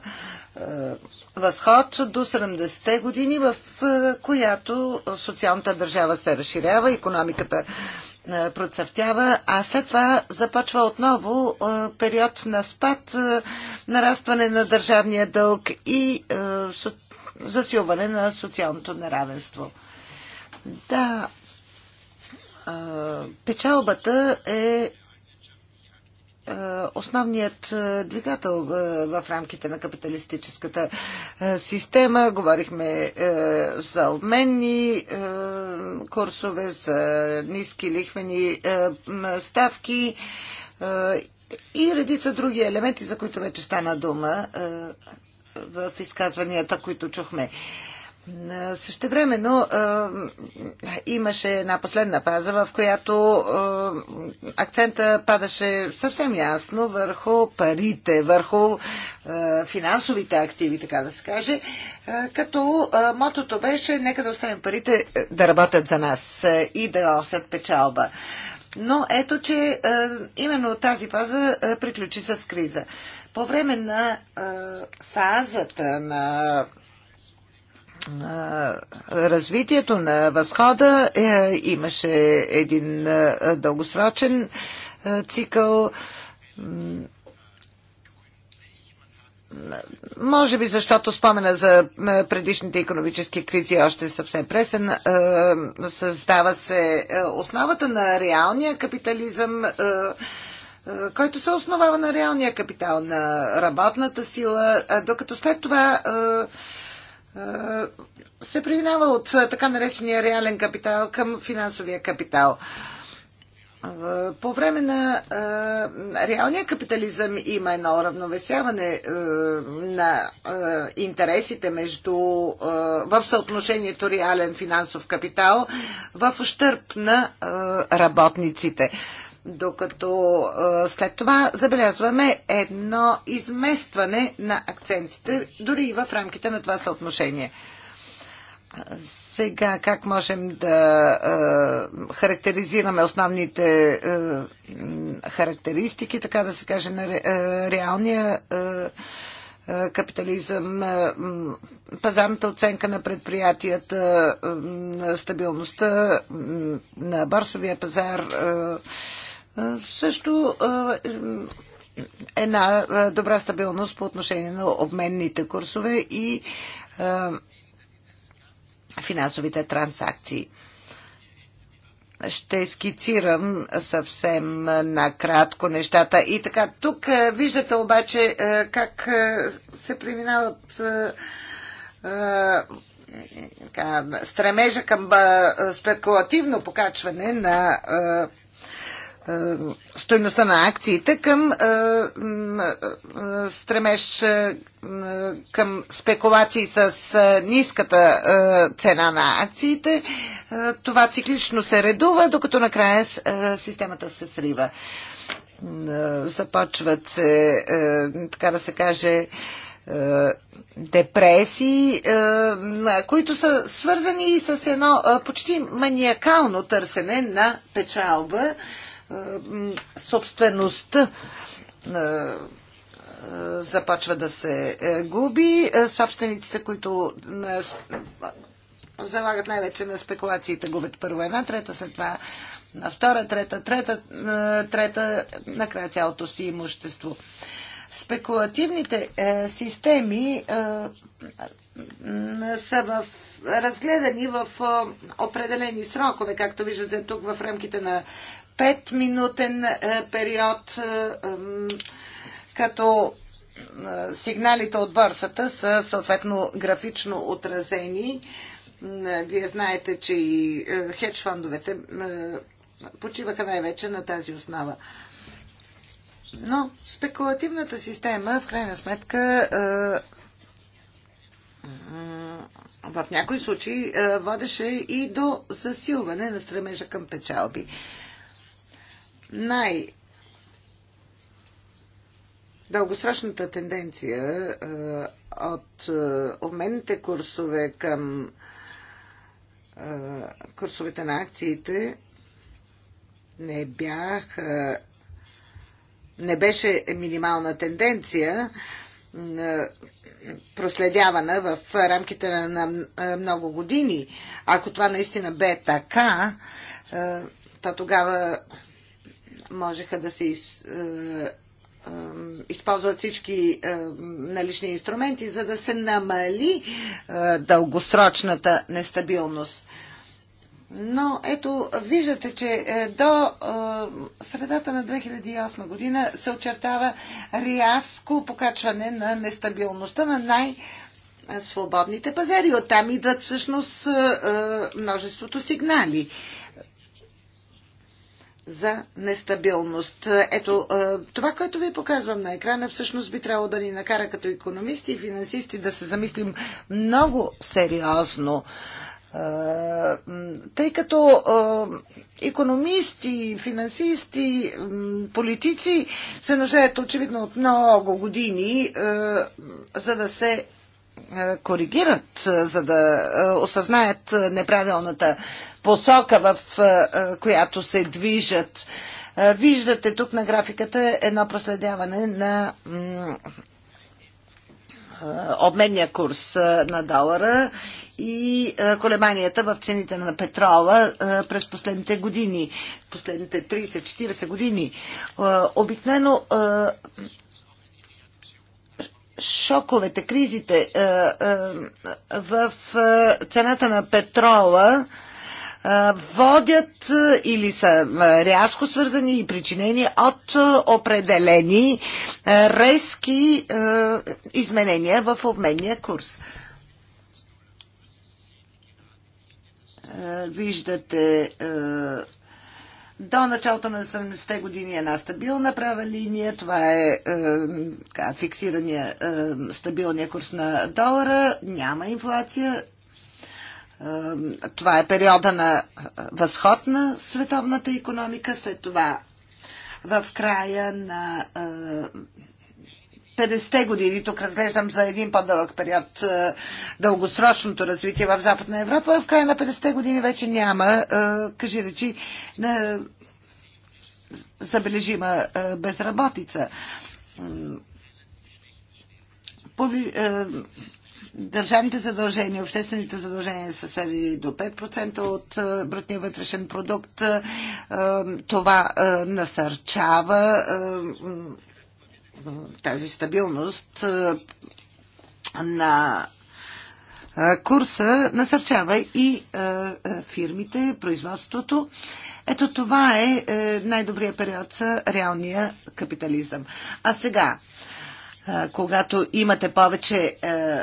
възход до 70-те години, в която социалната държава се разширява, економиката процъфтява, а след това започва отново период на спад, нарастване на държавния дълг и засилване на социалното неравенство. Да, Печалбата е основният двигател в рамките на капиталистическата система. Говорихме за обменни курсове, за ниски лихвени ставки и редица други елементи, за които вече стана дума в изказванията, които чухме. Е, същевременно е, имаше една последна фаза, в която е, акцента падаше съвсем ясно върху парите, върху финансовите активи, така да се каже, като мотото беше нека да оставим парите да работят за нас и да осят печалба. Но ето, че именно тази фаза приключи с криза. По време на фазата на развитието на възхода е, имаше един е, дългосрочен е, цикъл. Може би защото спомена за предишните економически кризи е още съвсем пресен. Създава се основата на реалния капитализъм който се основава на реалния капитал, на работната сила, докато след това е, се преминава от е, така наречения реален капитал към финансовия капитал. Е, по време на а, реалния капитализъм има едно равновесяване а, на а, интересите между а, в съотношението реален финансов капитал в ощърп на а, работниците. Докато след това забелязваме едно изместване на акцентите, дори и в рамките на това съотношение. Сега как можем да е, характеризираме основните е, характеристики, така да се каже, на ре, е, реалния е, е, капитализъм, е, пазарната оценка на предприятията, е, стабилността е, на борсовия пазар. Е, също една добра стабилност по отношение на обменните курсове и финансовите транзакции. Ще скицирам съвсем накратко нещата. И така, тук виждате обаче как се преминават стремежа към спекулативно покачване на е, стоеността на акциите към е, е, стремеж към спекулации с ниската цена на акциите. Това циклично се редува, докато накрая системата се срива. Започват се, така да се каже, депресии, които са свързани и с едно почти маниакално търсене на печалба е, собствеността е, е, започва да се губи. Собствениците, които залагат най-вече на спекулациите, губят първо една трета, след това на втора, трета, трета, трета, накрая цялото си имущество. Спекулативните системи са в, разгледани в определени срокове, както виждате тук в рамките на Петминутен е, период, е, като е, сигналите от борсата са съответно графично отразени. Вие знаете, че и хедж фондовете почиваха най-вече на тази основа. Но спекулативната система, в крайна сметка, в някои случаи водеше и до засилване на стремежа към печалби най- дългосрочната тенденция от обменните курсове към курсовете на акциите не бяха не беше минимална тенденция проследявана в рамките на много години. Ако това наистина бе така, то тогава можеха да се из, е, е, използват всички е, налични инструменти, за да се намали дългосрочната нестабилност. Но ето, виждате, че до средата на 2008 година се очертава рязко покачване на нестабилността на най- свободните пазари. Оттам идват всъщност множеството сигнали за нестабилност. Ето, това, което ви показвам на екрана, всъщност би трябвало да ни накара като економисти и финансисти да се замислим много сериозно. Тъй като економисти, финансисти, политици се нуждаят очевидно от много години, за да се е, коригират, е, за да е, осъзнаят неправилната посока, в която се движат. Виждате тук на графиката едно проследяване на обменния курс на долара и колебанията в цените на петрола през последните години, последните 30-40 години. Обикновено шоковете, кризите е, е, в е, цената на петрола водят или са рязко свързани и причинени от определени резки изменения в обменния курс. Виждате до началото на 70-те години една стабилна права линия. Това е, е фиксирания е, стабилния курс на долара. Няма инфлация. Е, това е периода на е, възход на световната економика. След това в края на е, 50-те години, тук разглеждам за един по-дълъг период е, дългосрочното развитие в Западна Европа, в края на 50-те години вече няма, е, кажи речи, е, забележима безработица. Държавните задължения, обществените задължения са сведени до 5% от брутния вътрешен продукт. Това насърчава тази стабилност на курса насърчава и фирмите, производството. Ето това е, е най-добрият период за реалния капитализъм. А сега, когато имате повече е, е,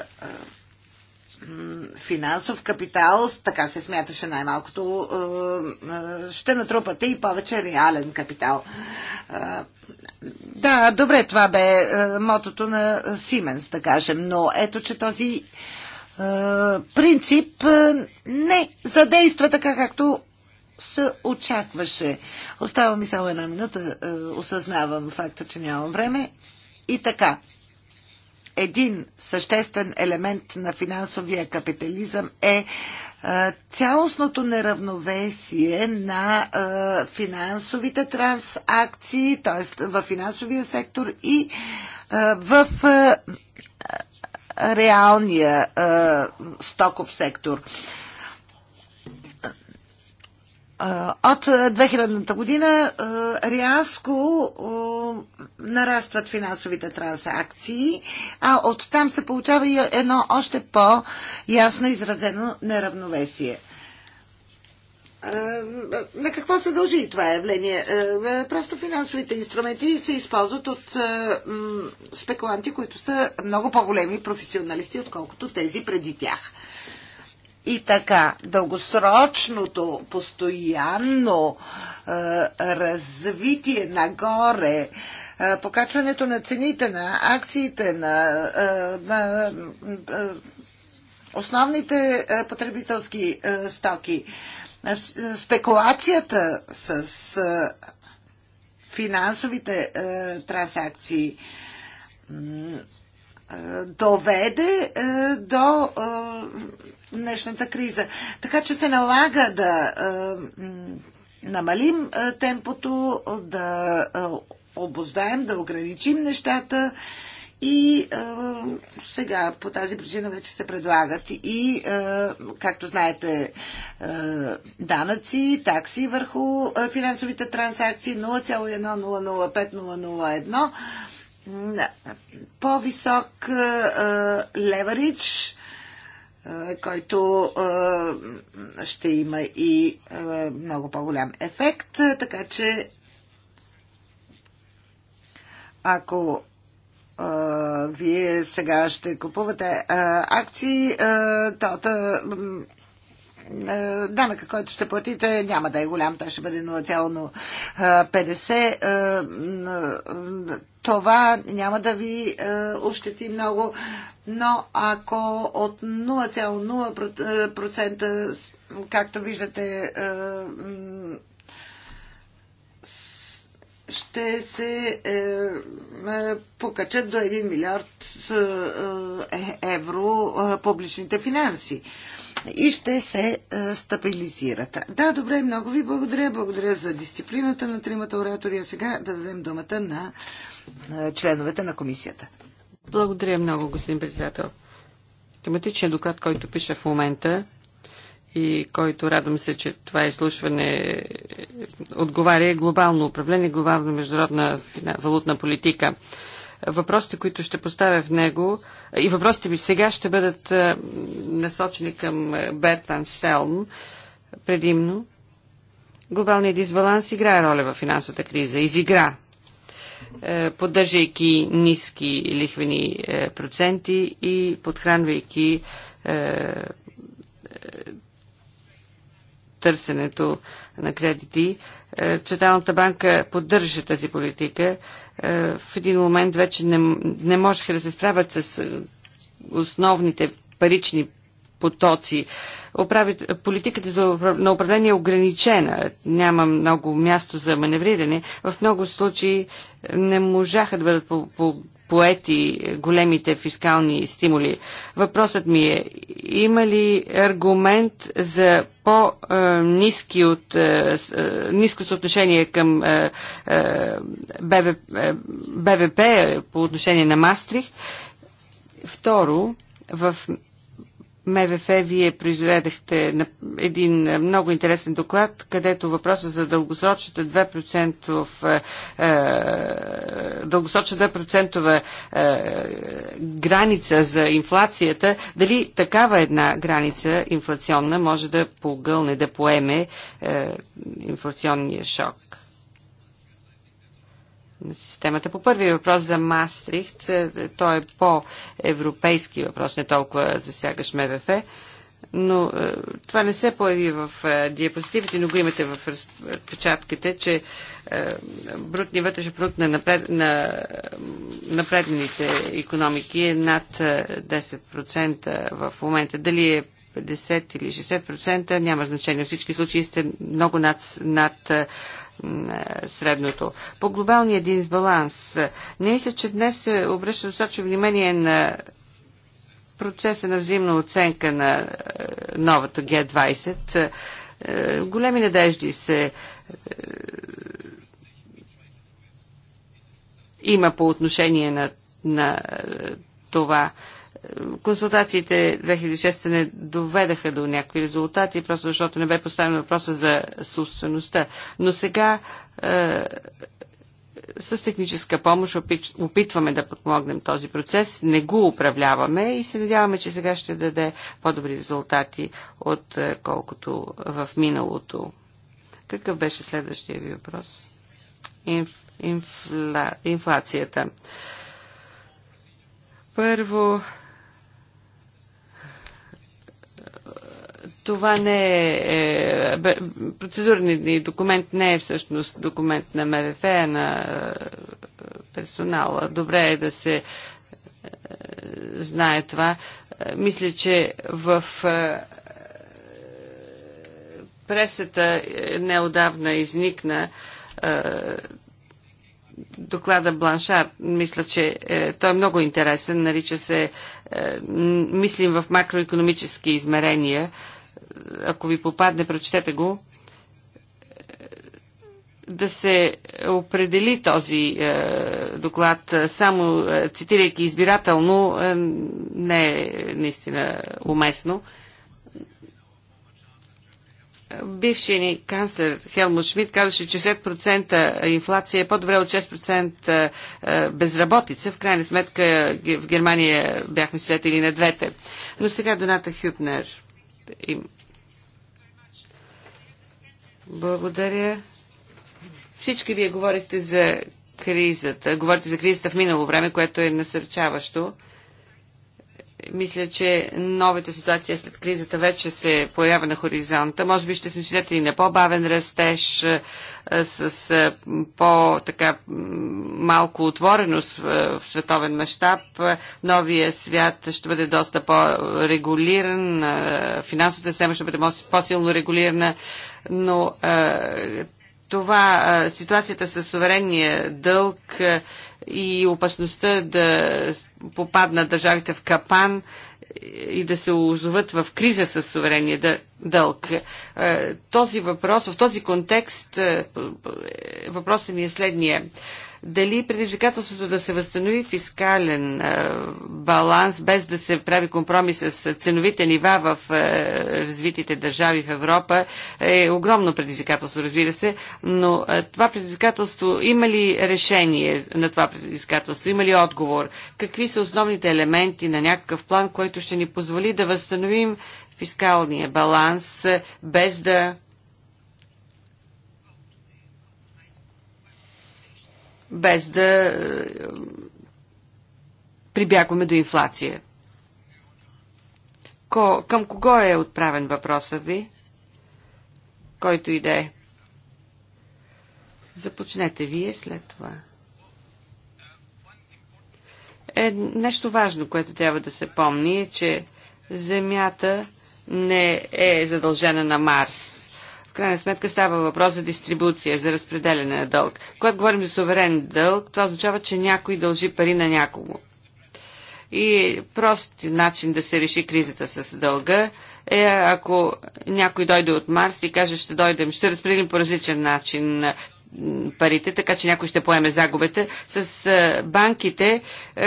финансов капитал, така се смяташе най-малкото, е, е, ще натрупате и повече реален капитал. Е, да, добре, това бе мотото на Сименс, да кажем, но ето, че този принцип не задейства така, както се очакваше. Остава ми само една минута, осъзнавам факта, че нямам време. И така, един съществен елемент на финансовия капитализъм е, е цялостното неравновесие на е, финансовите трансакции, т.е. в финансовия сектор и е, в реалния стоков сектор. От 2000-та година рязко нарастват финансовите трансакции, а от там се получава и едно още по-ясно изразено неравновесие. На какво се дължи това явление? Просто финансовите инструменти се използват от спекуланти, които са много по-големи професионалисти, отколкото тези преди тях. И така, дългосрочното, постоянно е, развитие нагоре, е, покачването на цените на акциите, на, е, на е, основните е, потребителски е, стоки, е, е спекулацията с е, финансовите е, трансакции, е, доведе е, до днешната криза. Така че се налага да е, намалим е, темпото, да е, обоздаем, да ограничим нещата. И е, сега по тази причина вече се предлагат и, е, както знаете, е, данъци, такси върху е, финансовите транзакции 0,1005001 по-висок леверидж е, който е, ще има и е, много по-голям ефект, така че ако вие сега ще купувате акции, то е, данъка, който ще платите, няма да е голям, той ще бъде 0,50. Е, това няма да ви е, ощети много, но ако от 0,0%, както виждате, ще се е, е, покачат до 1 милиард е, евро е, публичните финанси. Е, и ще се е, стабилизират. Да, добре, много ви благодаря. Благодаря за дисциплината на тримата оратори. А сега да дадем думата на е, членовете на комисията. Благодаря много, господин председател. Тематичният доклад, който пиша в момента и който радвам се, че това изслушване отговаря е глобално управление, глобална международна валутна политика въпросите, които ще поставя в него, и въпросите ми сега ще бъдат е, насочени към е, Бертан Селм предимно. Глобалният дисбаланс играе роля в финансовата криза. Изигра е, поддържайки ниски лихвени проценти и подхранвайки търсенето на кредити. Централната банка поддържа тази политика е, в един момент вече не, не можеха да се справят с е, основните парични потоци. Политиката за, на управление е ограничена. Няма много място за маневриране. В много случаи не можаха да бъдат по, по, поети големите фискални стимули. Въпросът ми е, има ли аргумент за по-низки от е, е, ниско съотношение към е, БВП, по отношение на Мастрихт? Второ, в МВФ вие произведахте един е, много интересен доклад, където въпроса за дългосрочната 2%, е, е, дългосрочна 2% граница за инфлацията, дали такава една граница инфлационна може да погълне, да поеме инфлационния шок? системата. По първи въпрос за Мастрихт, е, той е по-европейски въпрос, не толкова засягаш МВФ, но е, това не се появи в е, диапозитивите, но го имате в разпечатките, че е, брутният вътрешен продукт на, напред, на напредните економики е над 10% в момента. Дали е 50 или 60%, няма значение. В всички случаи сте много над, над средното. По глобалния дисбаланс, не мисля, че днес се обръща достатъчно внимание на процеса на взаимна оценка на новата Г-20. Големи надежди се има по отношение на, на това консултациите 2006 не доведаха до някакви резултати, просто защото не бе поставен въпроса за собствеността. Но сега е, с техническа помощ опитваме да подмогнем този процес, не го управляваме и се надяваме, че сега ще даде по-добри резултати, отколкото е, в миналото. Какъв беше следващия ви въпрос? Инф, инфла, инфлацията. Първо, Това не е, е процедурни документ не е всъщност документ на МВФ, а на е, персонала. Добре е да се е, знае това. Мисля, че в е, пресата неодавна изникна доклада Бланшар. Мисля, че той е много интересен. Нарича се Мислим в макроекономически измерения ако ви попадне, прочетете го, да се определи този е, доклад, е, само е, цитирайки избирателно, е, не е наистина уместно. Бившият ни канцлер Хелмут Шмидт казаше, че 6% инфлация е по-добре от 6% е, безработица. В крайна сметка в Германия бяхме свидетели на двете. Но сега Доната Хюпнер благодаря. Всички вие говорихте за кризата. Говорите за кризата в минало време, което е насърчаващо. Мисля, че новата ситуация след кризата вече се появява на хоризонта. Може би ще сме свидетели на по-бавен растеж, с по-така малко отвореност в световен мащаб. Новия свят ще бъде доста по-регулиран, финансовата система ще бъде по-силно регулирана, но това ситуацията с суверенния дълг и опасността да попаднат държавите в капан и да се озоват в криза с суверения дълг. Този въпрос, в този контекст, въпросът ми е следния дали предизвикателството да се възстанови фискален баланс, без да се прави компромис с ценовите нива в развитите държави в Европа, е огромно предизвикателство, разбира се, но това предизвикателство има ли решение на това предизвикателство? Има ли отговор? Какви са основните елементи на някакъв план, който ще ни позволи да възстановим фискалния баланс, без да без да е, прибягваме до инфлация. Ко, към кого е отправен въпроса ви? Който и да е. Започнете вие след това. Е, нещо важно, което трябва да се помни е, че Земята не е задължена на Марс в крайна сметка става въпрос за дистрибуция, за разпределяне на дълг. Когато говорим за суверен дълг, това означава, че някой дължи пари на някого. И прост начин да се реши кризата с дълга е ако някой дойде от Марс и каже ще дойдем, ще разпределим по различен начин парите, така че някой ще поеме загубите. С банките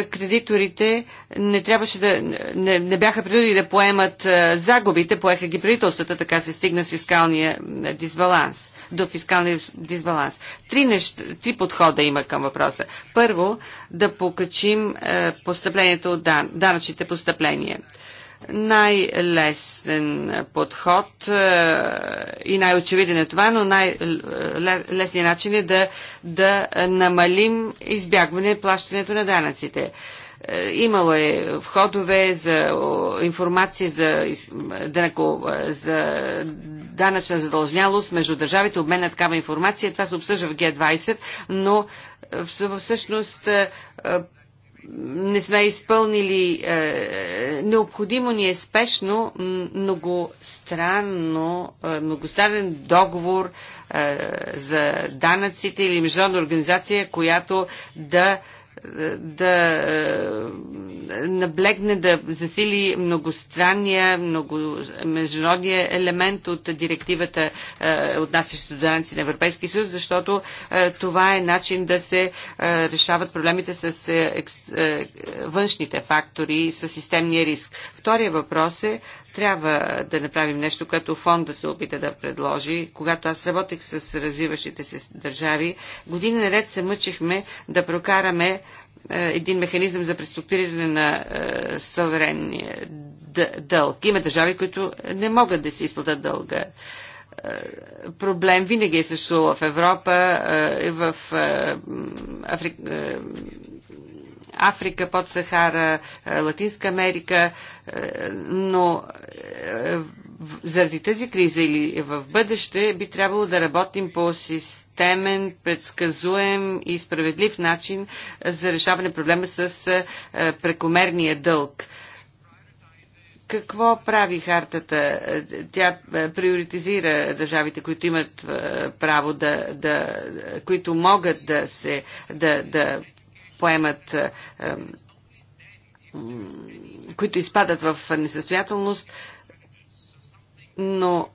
кредиторите не трябваше да не, не бяха принудени да поемат загубите, поеха ги правителствата, така се стигна с фискалния дисбаланс до фискалния дисбаланс. Три, неща, три подхода има към въпроса. Първо, да покачим е, постъплението от дан, данъчните постъпления най-лесен подход е, и най-очевиден е това, но най-лесният начин е да, да намалим избягване плащането на данъците. Е, имало е входове за информация за, данъко, за данъчна задължнялост между държавите, обмен на такава информация. Това се обсъжда в Г20, но всъщност е, не сме изпълнили. Е, необходимо ни е спешно странно, е, странен договор е, за данъците или международна организация, която да да е, наблегне, да засили многостранния, много международния елемент от директивата е, нас до данъци на Европейския съюз, защото е, това е начин да се решават проблемите с външните фактори и с системния риск. Втория въпрос е трябва да направим нещо, като фонда се опита да предложи. Когато аз работех с развиващите се държави, години наред се мъчихме да прокараме е, един механизъм за преструктуриране на е, суверенния дълг. Има държави, които не могат да си изплатят дълга. Е, проблем винаги е съществувал в Европа, е, в е, Африка. Е, Африка, под Сахара, е, Латинска Америка, е, но е, заради тази криза или в бъдеще би трябвало да работим по системен, предсказуем и справедлив начин за решаване проблема с прекомерния дълг какво прави хартата? Тя приоритизира държавите, които имат право да, да които могат да се да, да поемат е, които изпадат в несъстоятелност, но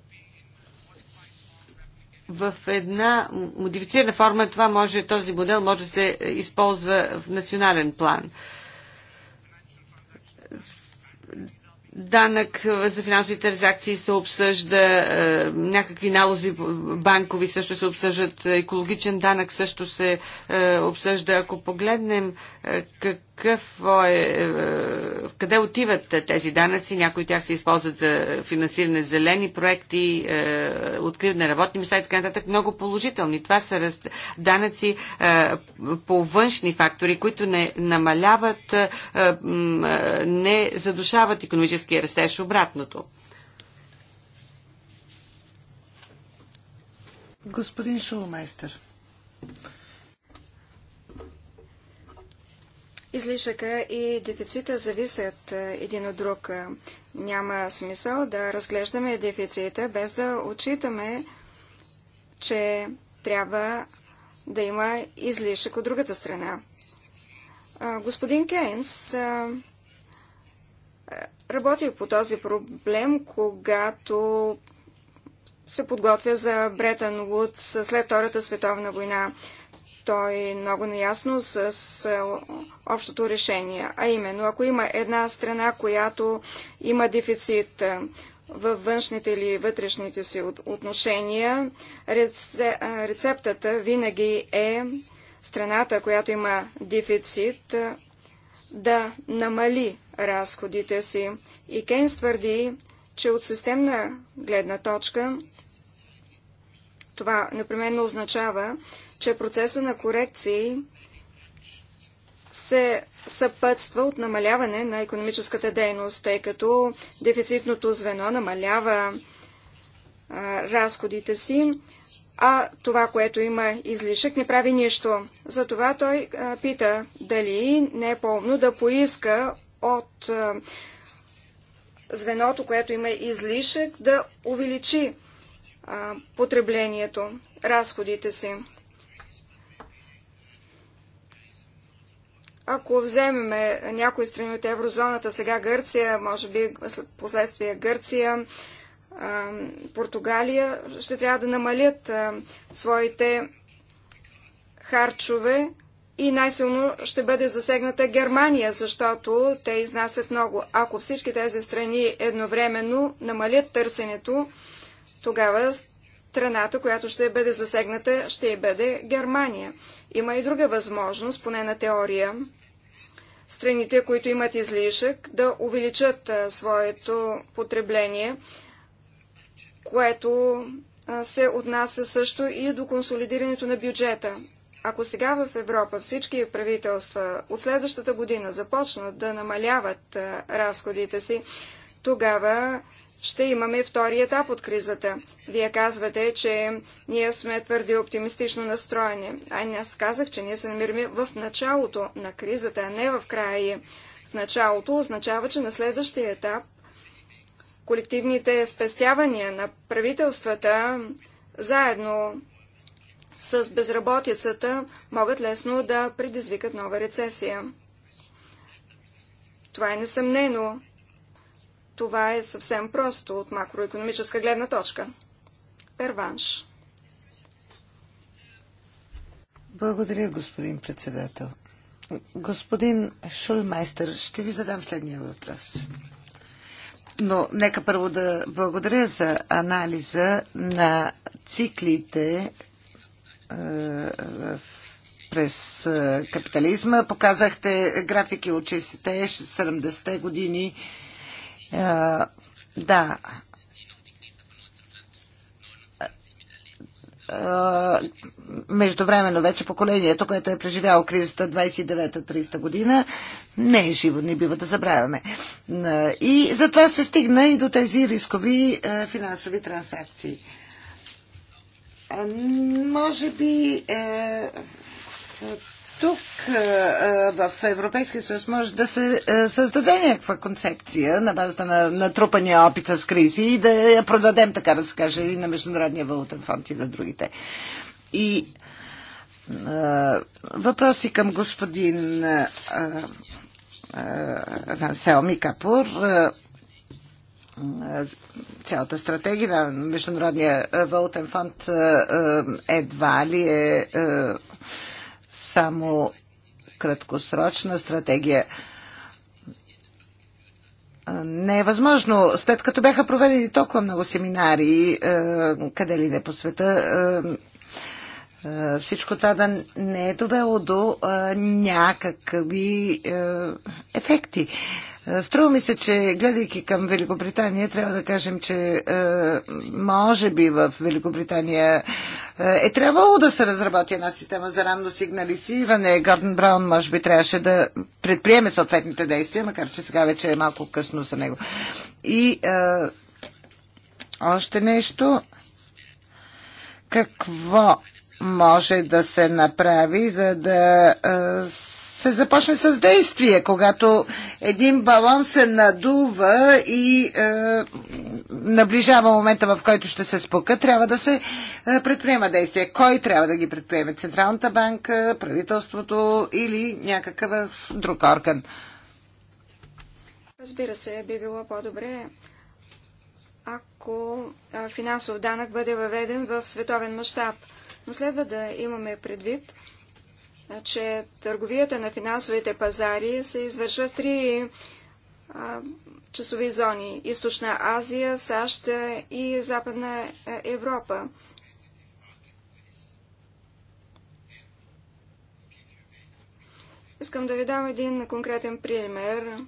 в една модифицирана форма това може, този модел може да се използва в национален план данък за финансови транзакции се обсъжда, някакви налози банкови също се обсъждат, екологичен данък също се обсъжда. Ако погледнем как какво е, е, къде отиват тези данъци. Някои от тях се използват за финансиране зелени проекти, е, откриване на работни места и така нататък. Много положителни. Това са данъци е, по външни фактори, които не намаляват, не задушават економическия растеж, обратното. Господин Шулмайстер, Излишъка и дефицита зависят е, един от друг. Е, няма смисъл да разглеждаме дефицита без да отчитаме, че трябва да има излишък от другата страна. Е, господин Кейнс работи по този проблем, когато се подготвя за Бретън Вудс след Втората световна война. Той много наясно с общото решение. А именно, ако има една страна, която има дефицит е, във външните или вътрешните си отношения, е, рецептата винаги е страната, която има дефицит, е, да намали разходите си. И Кейнс твърди, че от системна гледна точка това непременно означава, че процеса на корекции се съпътства от намаляване на економическата дейност, тъй като дефицитното звено намалява разходите си, а това, което има излишък, не прави нищо. Затова той пита дали не е по-умно да поиска от звеното, което има излишък, да увеличи потреблението, разходите си. Ако вземем някои страни от еврозоната, сега Гърция, може би последствие Гърция, Португалия, ще трябва да намалят своите харчове и най-силно ще бъде засегната Германия, защото те изнасят много. Ако всички тези страни едновременно намалят търсенето, тогава страната, която ще бъде засегната, ще бъде Германия. Има и друга възможност, поне на теория, страните, които имат излишък, да увеличат своето потребление, което се отнася също и до консолидирането на бюджета. Ако сега в Европа всички правителства от следващата година започнат да намаляват разходите си, тогава ще имаме втори етап от кризата. Вие казвате, че ние сме твърде оптимистично настроени. А аз казах, че ние се намираме в началото на кризата, а не в края. В началото означава, че на следващия етап колективните спестявания на правителствата заедно с безработицата могат лесно да предизвикат нова рецесия. Това е несъмнено. Това е съвсем просто от макроекономическа гледна точка. Перванш. Благодаря, господин председател. Господин Шулмайстер, ще ви задам следния въпрос. Но нека първо да благодаря за анализа на циклите е, в през е, капитализма. Показахте графики от 60-те, 70-те години е, да. Е, междувременно вече поколението, което е преживяло кризата 29-30 година, не е живо, не бива да забравяме. Е, и затова се стигна и до тези рискови финансови транзакции. Може би тук е, е, в Европейския съюз може да се е, създаде някаква концепция на базата на натрупания опит с кризи и да я продадем, така да се каже, и на Международния валутен фонд и на другите. И въпроси към господин Селми Капур цялата стратегия на Международния валутен фонд едва ли е само краткосрочна стратегия. Не е възможно, след като бяха проведени толкова много семинари, е, къде ли не по света, е, е, всичко това да не е довело до някакви ефекти. Е, струва ми се, че гледайки към Великобритания, трябва да кажем, че е, може би в Великобритания е, е трябвало да се разработи една система за ранно сигнализиране. Гордон Браун може би трябваше да предприеме съответните действия, макар че сега вече е малко късно за него. И още нещо. Какво може да се направи, за да се започне с действие, когато един балон се надува и е, наближава момента, в който ще се спука, трябва да се е, предприема действие. Кой трябва да ги предприеме? Централната банка, правителството или някакъв друг орган? Разбира се, би било по-добре, ако финансов данък бъде въведен в световен мащаб. Но следва да имаме предвид, че значи, търговията на финансовите пазари се извършва в три часови зони – Източна Азия, САЩ и Западна Европа. Искам да ви дам един конкретен пример.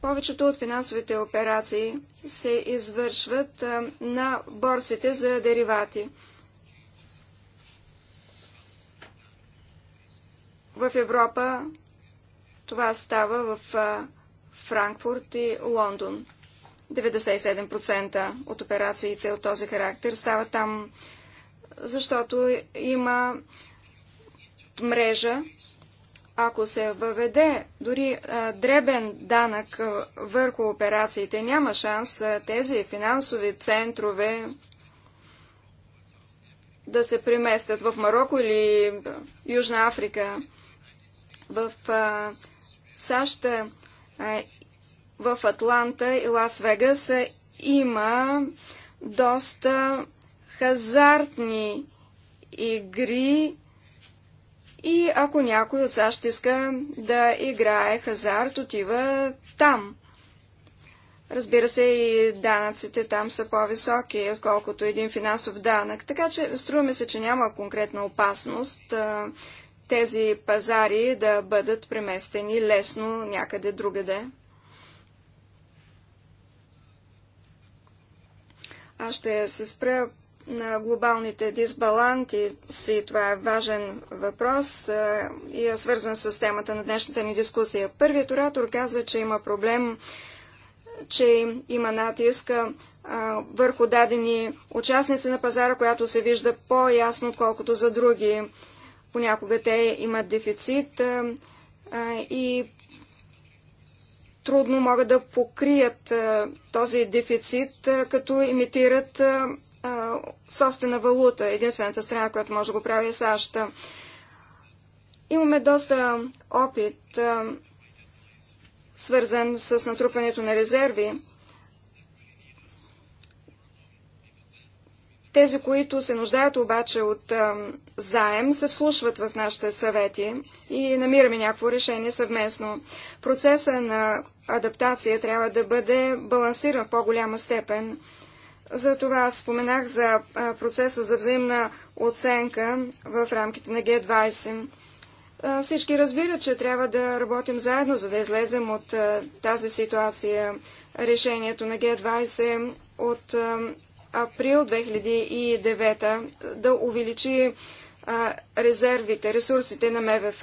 Повечето от финансовите операции се извършват на борсите за деривати – В Европа това става в Франкфурт и Лондон. 97% от операциите от този характер стават там, защото има мрежа. Ако се въведе дори дребен данък върху операциите, няма шанс тези финансови центрове да се преместят в Марокко или Южна Африка в а, САЩ, а, в Атланта и Лас-Вегас има доста хазартни игри и ако някой от САЩ иска да играе хазарт, отива там. Разбира се, и данъците там са по-високи, отколкото един финансов данък. Така че струваме се, че няма конкретна опасност а, тези пазари да бъдат преместени лесно някъде другаде. Аз ще се спра на глобалните дисбаланти си. Това е важен въпрос и е свързан с темата на днешната ни дискусия. Първият оратор каза, че има проблем, че има натиска а, върху дадени участници на пазара, която се вижда по-ясно, отколкото за други. Понякога те имат дефицит и трудно могат да покрият този дефицит, като имитират собствена валута. Единствената страна, която може да го прави е САЩ. Имаме доста опит, свързан с натрупването на резерви. Тези, които се нуждаят обаче от а, заем, се вслушват в нашите съвети и намираме някакво решение съвместно. Процеса на адаптация трябва да бъде балансиран в по-голяма степен. Затова споменах за а, процеса за взаимна оценка в рамките на Г20. всички разбират, че трябва да работим заедно, за да излезем от тази ситуация. Решението на Г20 от април 2009 да увеличи резервите, ресурсите на МВФ.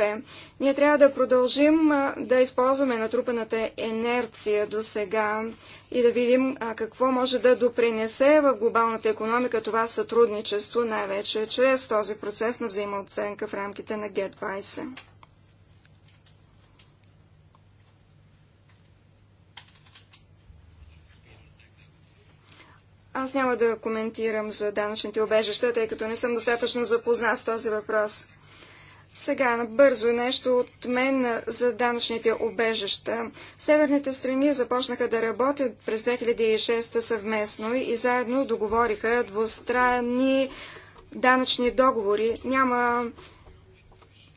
Ние трябва да продължим да използваме натрупаната енерция до сега и да видим какво може да допринесе в глобалната економика това сътрудничество, най-вече чрез този процес на взаимооценка в рамките на Г-20. Аз няма да коментирам за данъчните обежища, тъй като не съм достатъчно запознат с този въпрос. Сега набързо нещо от мен за данъчните обежища. Северните страни започнаха да работят през 2006 съвместно и заедно договориха двустранни данъчни договори. Няма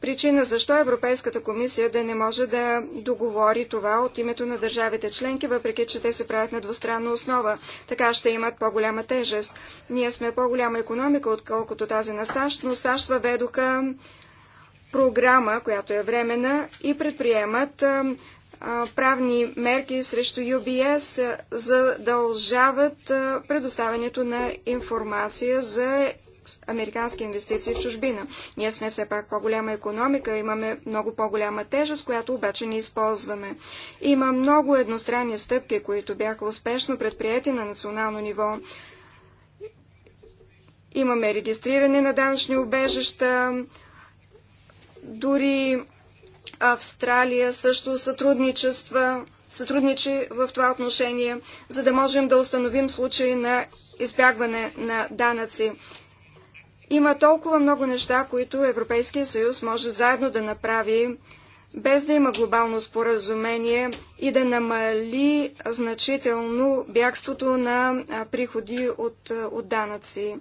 причина защо Европейската комисия да не може да договори това от името на държавите членки, въпреки че те се правят на двустранна основа. Така ще имат по-голяма тежест. Ние сме по-голяма економика, отколкото тази на САЩ, но САЩ въведоха програма, която е времена и предприемат правни мерки срещу UBS, задължават предоставянето на информация за американски инвестиции в чужбина. Ние сме все пак по-голяма економика, имаме много по-голяма тежест, която обаче не използваме. Има много едностранни стъпки, които бяха успешно предприяти на национално ниво. Имаме регистриране на данъчни убежища, дори Австралия също сътрудничества сътрудничи в това отношение, за да можем да установим случаи на избягване на данъци. Има толкова много неща, които Европейския съюз може заедно да направи, без да има глобално споразумение и да намали значително бягството на приходи от, от данъци.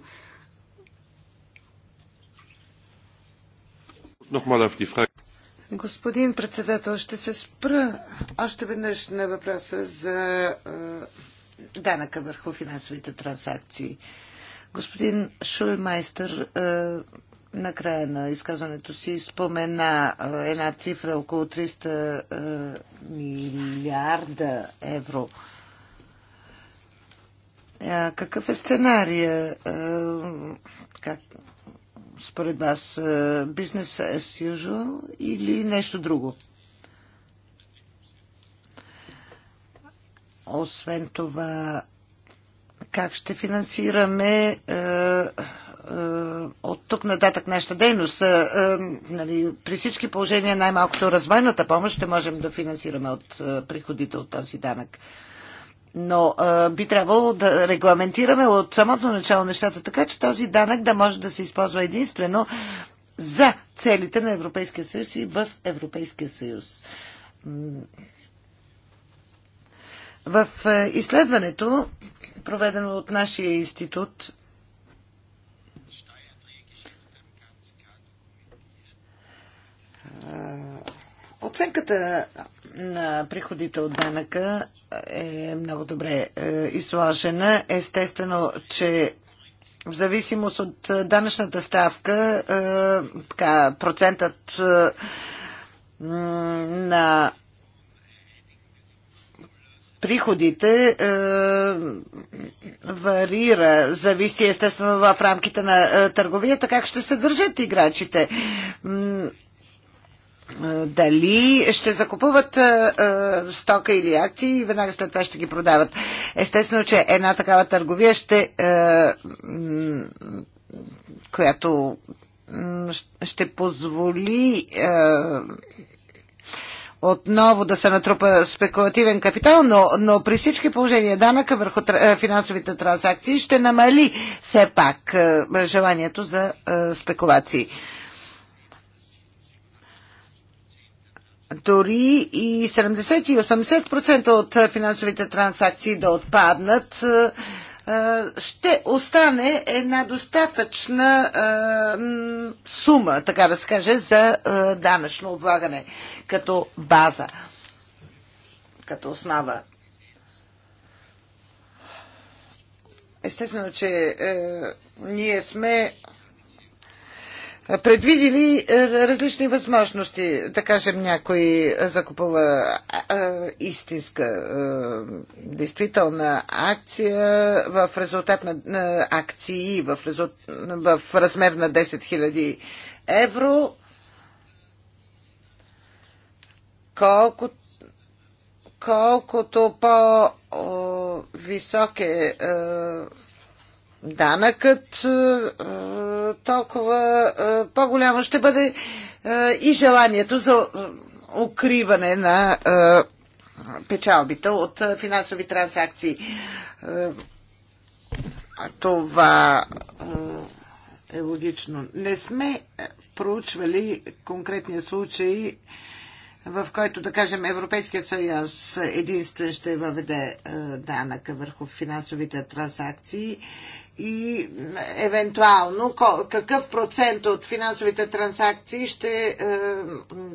Господин председател, ще се спра още веднъж на въпроса за данъка върху финансовите транзакции. Господин Шульмайстър е, на края на изказването си спомена е, една цифра около 300 е, милиарда евро. Какъв е сценария? Как, според вас бизнес as usual или нещо друго? Освен това, как ще финансираме е, е, от тук нататък нашата дейност. Е, е, нали, при всички положения най-малкото развойната помощ ще можем да финансираме от е, приходите от този данък. Но е, би трябвало да регламентираме от самото начало нещата така, че този данък да може да се използва единствено за целите на Европейския съюз и в Европейския съюз в е, изследването, проведено от нашия институт, е, Оценката на приходите от данъка е много добре е, изложена. Естествено, че в зависимост от данъчната ставка, така, процентът на приходите е, варира, зависи естествено в рамките на е, търговията, как ще се държат играчите е, дали ще закупуват а, стока или акции и веднага след това ще ги продават. Естествено, че една такава търговия ще а, която ще позволи отново да се натрупа спекулативен капитал, но, но при всички положения данъка върху е, финансовите транзакции ще намали все пак е, желанието за е, спекулации. Дори и 70 и 80% от финансовите транзакции да отпаднат, ще остане една достатъчна сума, така да се каже, за данъчно облагане като база, като основа. Естествено, че е, ние сме предвидили е, различни възможности. Да кажем, някой е, закупува е, истинска, действителна акция в резултат на акции в, резулт... в размер на 10 000 евро. Колко... Колкото по-висок е данъкът е, е, толкова е, по-голямо ще бъде и желанието за укриване на печалбите от финансови транзакции. Това е логично. Не сме проучвали конкретния случай, в който, да кажем, Европейския съюз единствен ще въведе данъка върху финансовите транзакции и евентуално какъв процент от финансовите транзакции ще е,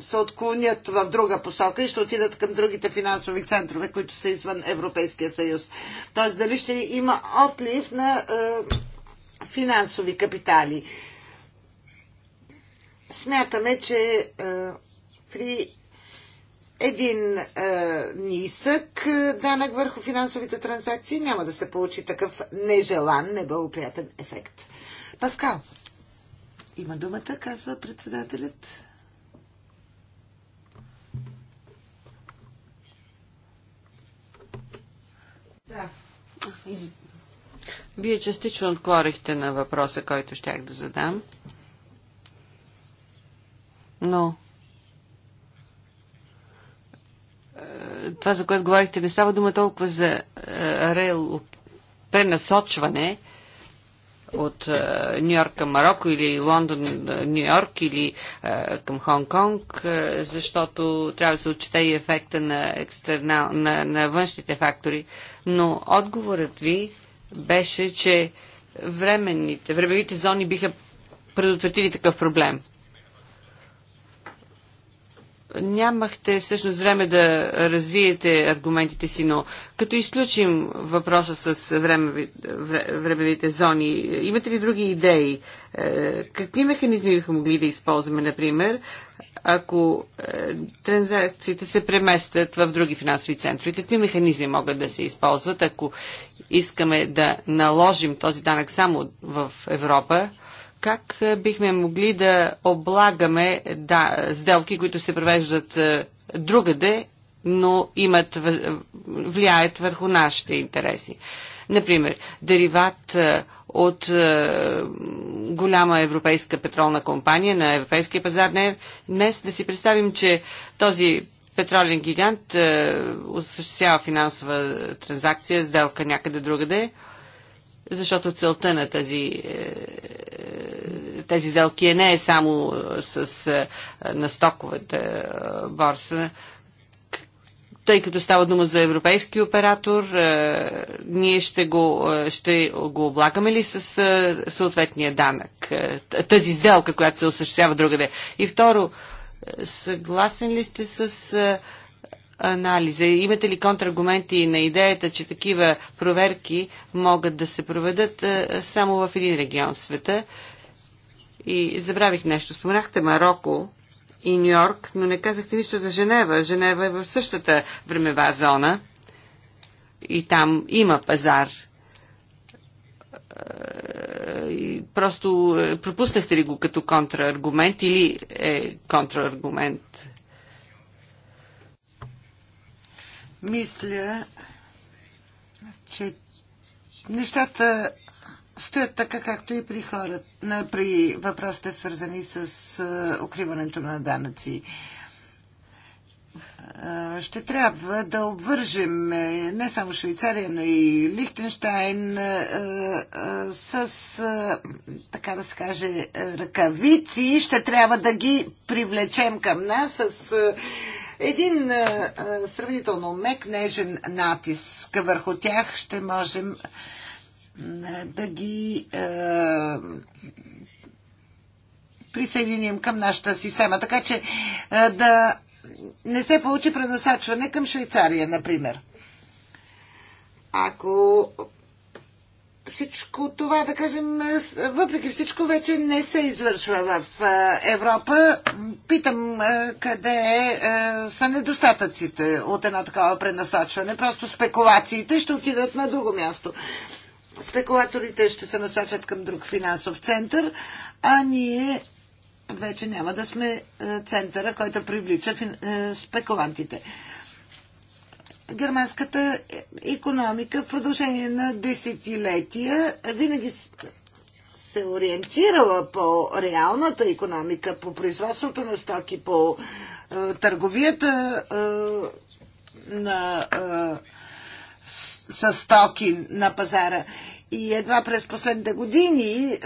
се отклонят в друга посока и ще отидат към другите финансови центрове, които са извън Европейския съюз. Тоест дали ще има отлив на е, финансови капитали. Смятаме, че е, при един е, нисък е, данък върху финансовите транзакции, няма да се получи такъв нежелан, неблагоприятен ефект. Паскал, има думата, казва председателят. Да. Вие частично отговорихте на въпроса, който щях да задам. Но това, за което говорихте, не става дума толкова за е, рейл пренасочване от е, Нью Йорк към Марокко или Лондон е, Нью Йорк или към Хонг Конг, защото трябва да се отчете и ефекта на, екстернал, на, на външните фактори. Но отговорът ви беше, че временните, времевите зони биха предотвратили такъв проблем нямахте всъщност време да развиете аргументите си, но като изключим въпроса с времевите зони, имате ли други идеи? Е, какви механизми биха могли да използваме, например, ако е, транзакциите се преместят в други финансови центрови? Какви механизми могат да се използват, ако искаме да наложим този данък само в Европа? Как е, бихме могли да облагаме да, сделки, които се превеждат е, другаде, но имат, влияят върху нашите интереси? Например, дериват е, от голяма европейска петролна компания на европейския пазар. днес да си представим, че този петролен гигант осъществява финансова транзакция, сделка някъде другаде защото целта на тези, е, е, тези сделки е не е само с, на стоковата борса, тъй като става дума за европейски оператор, ние ще го, ще го облагаме ли с съответния данък, тази сделка, която се осъществява другаде. И второ, съгласен ли сте с анализа? Имате ли контраргументи на идеята, че такива проверки могат да се проведат само в един регион в света? И забравих нещо. Споменахте Марокко и Нью Йорк, но не казахте нищо за Женева. Женева е в същата времева зона и там има пазар. просто е, пропуснахте ли го като контраргумент или е контраргумент? Мисля, че нещата стоят така, както и при хората, при въпросите свързани с укриването на данъци. Ще трябва да обвържем не само Швейцария, но и Лихтенштайн с, така да се каже, ръкавици. Ще трябва да ги привлечем към нас с един а, а, сравнително мек, нежен натиск върху тях ще можем а, да ги а, присъединим към нашата система. Така че а, да не се получи пренасачване към Швейцария, например. Ако всичко това, да кажем, въпреки всичко, вече не се извършва в Европа. Питам къде е, са недостатъците от едно такова пренасочване. Просто спекулациите ще отидат на друго място. Спекулаторите ще се насочат към друг финансов център, а ние вече няма да сме центъра, който привлича спекулантите германската економика в продължение на десетилетия винаги се ориентирала по реалната економика, по производството на стоки, по е, търговията е, на, е, с, с стоки на пазара. И едва през последните години е,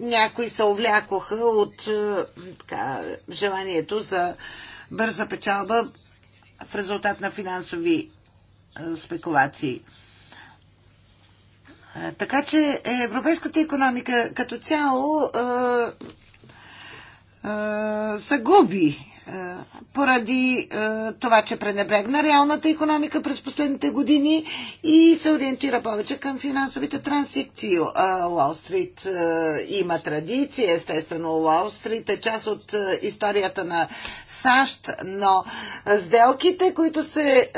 някои се овлякоха от е, така, желанието за бърза печалба в резултат на финансови спекулации. Така че европейската економика като цяло загуби е, поради е, това, че пренебрегна реалната економика през последните години и се ориентира повече към финансовите транзакции. Е, Уолл Стрит има традиция, естествено Уолл Стрит е част от историята на САЩ, но сделките, които се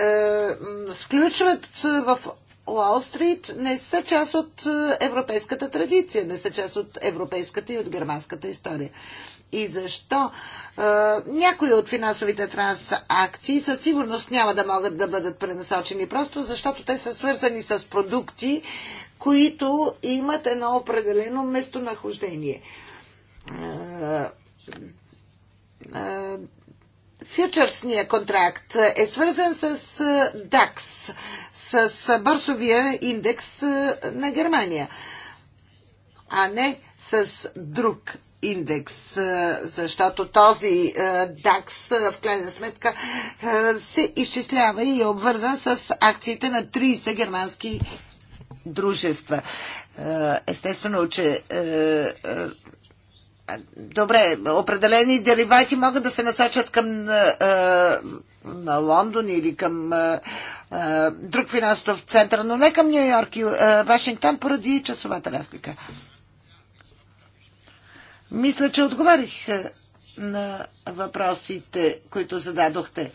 сключват в Уолл Стрит не са част от европейската традиция, не са част от европейската и от германската история и защо е, някои от финансовите трансакции със сигурност няма да могат да бъдат пренасочени, просто защото те са свързани с продукти, които имат едно определено местонахождение. Фьючерсния контракт е свързан с DAX, с бърсовия индекс на Германия, а не с друг индекс, защото този DAX в крайна сметка се изчислява и е обвързан с акциите на 30 германски дружества. Естествено, че добре, определени деривати могат да се насочат към на Лондон или към а, а, друг финансов център, но не към Нью Йорк и а, Вашингтон поради часовата разлика. Мисля, че отговорих е, на въпросите, които зададохте.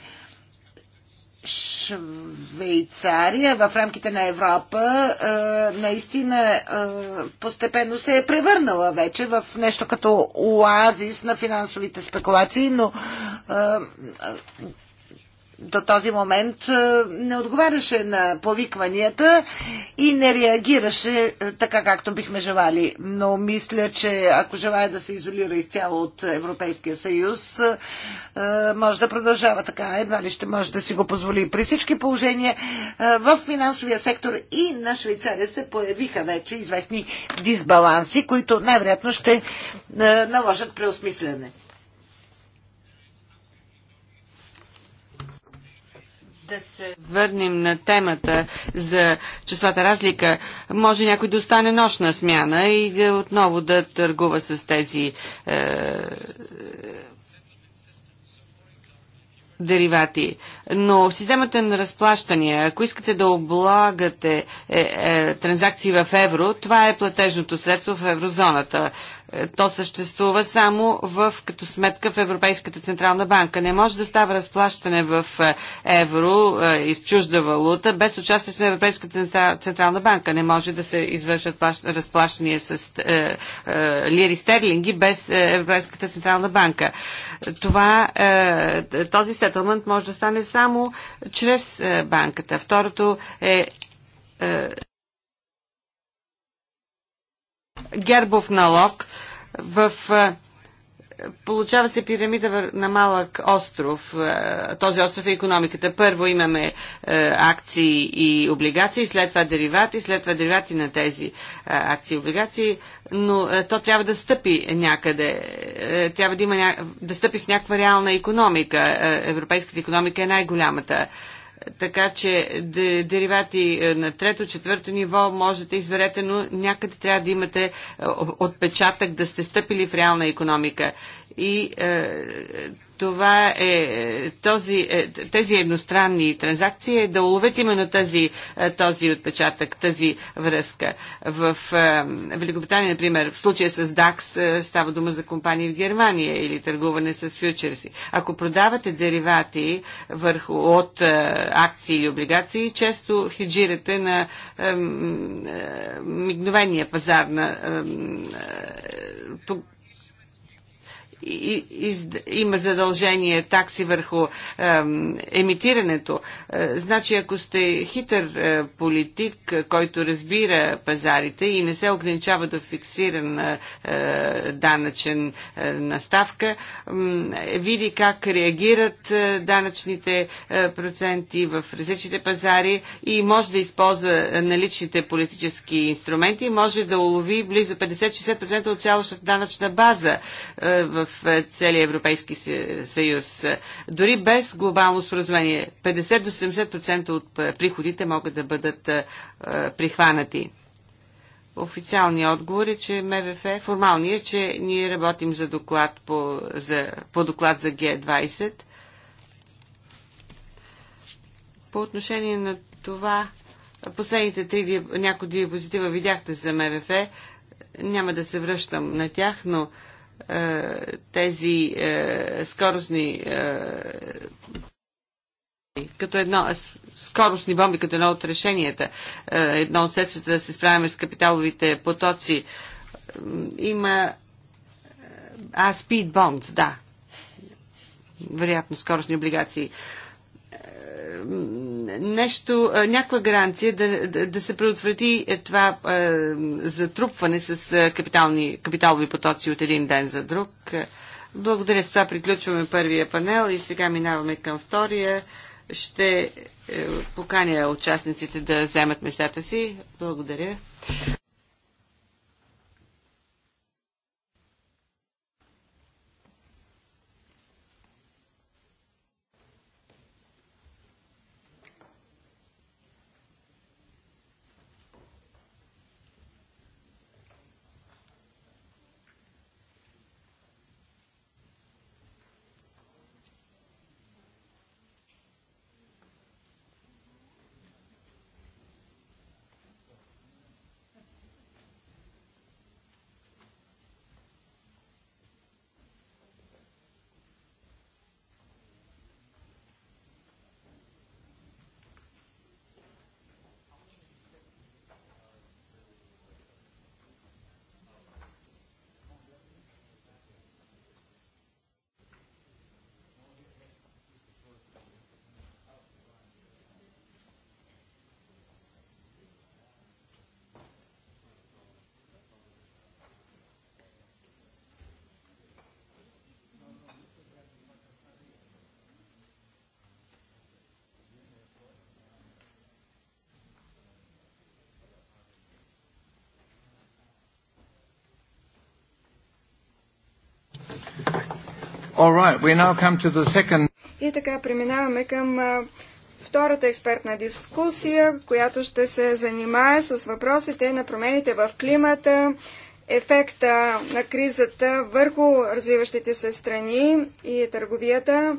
Швейцария в рамките на Европа е, наистина е, постепенно се е превърнала вече в нещо като оазис на финансовите спекулации, но до този момент е, не отговаряше на повикванията и не реагираше е, така, както бихме желали. Но мисля, че ако желая да се изолира изцяло от Европейския съюз, е, може да продължава така. Едва ли ще може да си го позволи. При всички положения в финансовия сектор и на Швейцария се появиха вече известни дисбаланси, които най-вероятно ще наложат преосмислене. да се върнем на темата за числата разлика. Може някой да остане нощна смяна и да отново да търгува с тези е, деривати. Но в системата на разплащания, ако искате да облагате е, е, транзакции в евро, това е платежното средство в еврозоната. Е, то съществува само в, като сметка в Европейската Централна банка. Не може да става разплащане в е, евро е, из чужда валута без участието на Европейската Централна банка. Не може да се извършат разплащания с е, е, лири стерлинги без Европейската Централна банка. Това, е, този сетълмент може да стане само чрез банката. Второто е гербов налог в е, получава се пирамида на малък остров. Е, този остров е економиката. Първо имаме е, акции и облигации, след това деривати, след това деривати на тези акции и облигации, но то трябва да стъпи някъде. Трябва да, има, да стъпи в някаква реална економика. Европейската економика е най-голямата така че деривати е, на трето, четвърто ниво можете да изберете, но някъде трябва да имате е, отпечатък да сте стъпили в реална економика. И е, това е, този, е, тези едностранни транзакции е да уловят именно тази, е, този отпечатък, тази връзка. В е, Великобритания, например, в случая с DAX става дума за компании в Германия или търгуване с фьючерси. Ако продавате деривати върху, от акции или облигации, често хеджирате на мигновения пазар на из, има задължение такси върху емитирането. Е, значи, ако сте хитър е, политик, който разбира пазарите и не се ограничава до фиксиран е, е данъчен е, наставка, е, види как реагират е, данъчните е, проценти в различните пазари и може да използва наличните политически инструменти, може да улови близо 50-60% от цялата данъчна база е, в е, целия Европейски съюз. Дори без глобално споразумение, 50 до 70% от е, приходите могат да бъдат е, прихванати. Официалният отговор е, че МВФ е формалният, че ние работим за доклад по, за, по доклад за Г20. По отношение на това, последните три някои диапозитива видяхте за МВФ. Няма да се връщам на тях, но е, тези е, скоростни е, като едно, скоростни бомби като едно от решенията, едно от средствата да се справяме с капиталовите потоци. Има а, спид бонд, да. Вероятно, скоростни облигации нещо, някаква гаранция да, да, да се предотврати е, това е, затрупване с капитални, капиталови потоци от един ден за друг. Благодаря, с това приключваме първия панел и сега минаваме към втория. Ще е, поканя участниците да вземат местата си. Благодаря. Right, И така преминаваме към втората експертна дискусия, която ще се занимае с въпросите на промените в климата, ефекта на кризата върху развиващите се страни и търговията.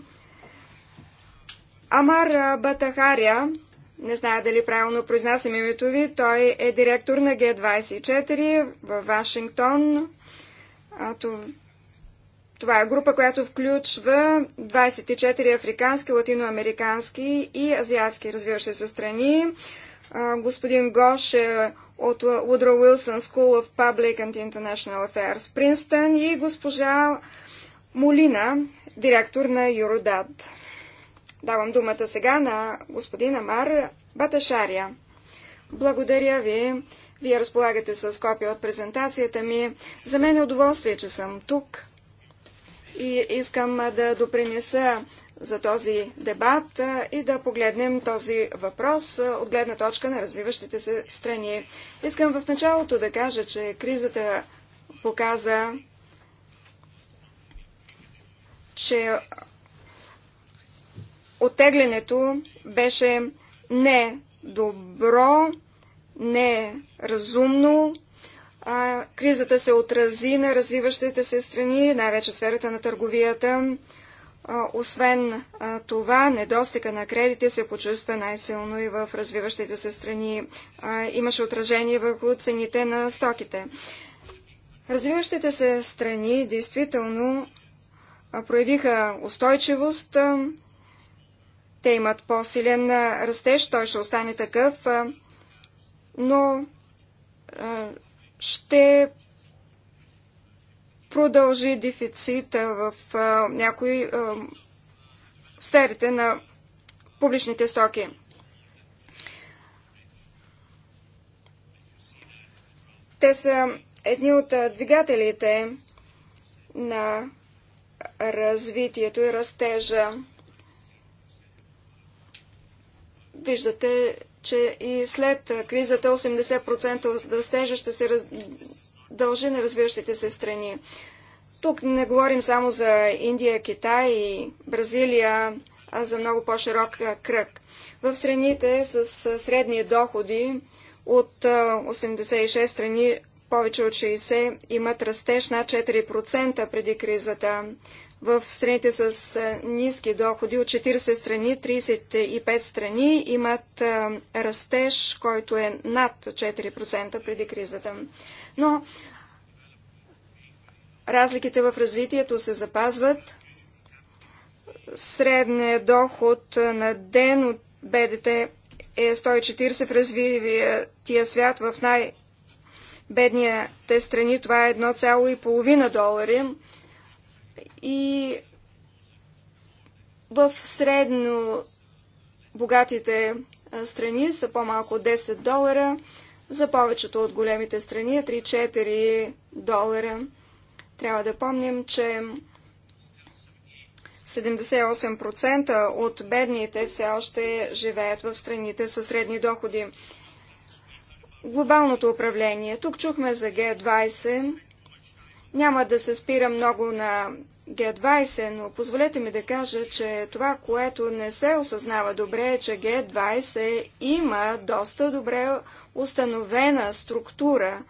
Амар Батахаря, не зная дали правилно произнасям името ви, той е директор на Г24 в Вашингтон. А, това е група, която включва 24 африкански, латиноамерикански и азиатски развиващи се страни. Господин Гош е от Woodrow Wilson School of Public and International Affairs, Принстън и госпожа Молина, директор на Юродад. Давам думата сега на господин Амар Баташария. Благодаря ви. Вие разполагате с копия от презентацията ми. За мен е удоволствие, че съм тук и искам да допринеса за този дебат и да погледнем този въпрос от гледна точка на развиващите се страни. Искам в началото да кажа, че кризата показа, че оттеглянето беше не добро, не разумно, а, кризата се отрази на развиващите се страни, най-вече сферата на търговията. А, освен а, това, недостига на кредити се почувства най-силно и в развиващите се страни. А, имаше отражение върху цените на стоките. Развиващите се страни действително проявиха устойчивост. Те имат по-силен растеж, той ще остане такъв, но ще продължи дефицита в а, някои а, сферите на публичните стоки. Те са едни от двигателите на развитието и растежа. Виждате, че и след кризата 80% от растежа ще се раз... дължи на развиващите се страни. Тук не говорим само за Индия, Китай и Бразилия, а за много по-широк кръг. В страните с средни доходи от 86 страни повече от 60 имат растеж на 4% преди кризата в страните с ниски доходи от 40 страни, 35 страни имат растеж, който е над 4% преди кризата. Но разликите в развитието се запазват. Средният доход на ден от БДТ е 140 в развития свят в най-бедните страни. Това е 1,5 долари и в средно богатите страни са по-малко 10 долара, за повечето от големите страни 3-4 е долара. Трябва да помним, че 78% от бедните все още живеят в страните със средни доходи. Глобалното управление. Тук чухме за Г20. Няма да се спира много на g 20 но позволете ми да кажа, че това, което не се осъзнава добре е, че g 20 има доста добре установена структура.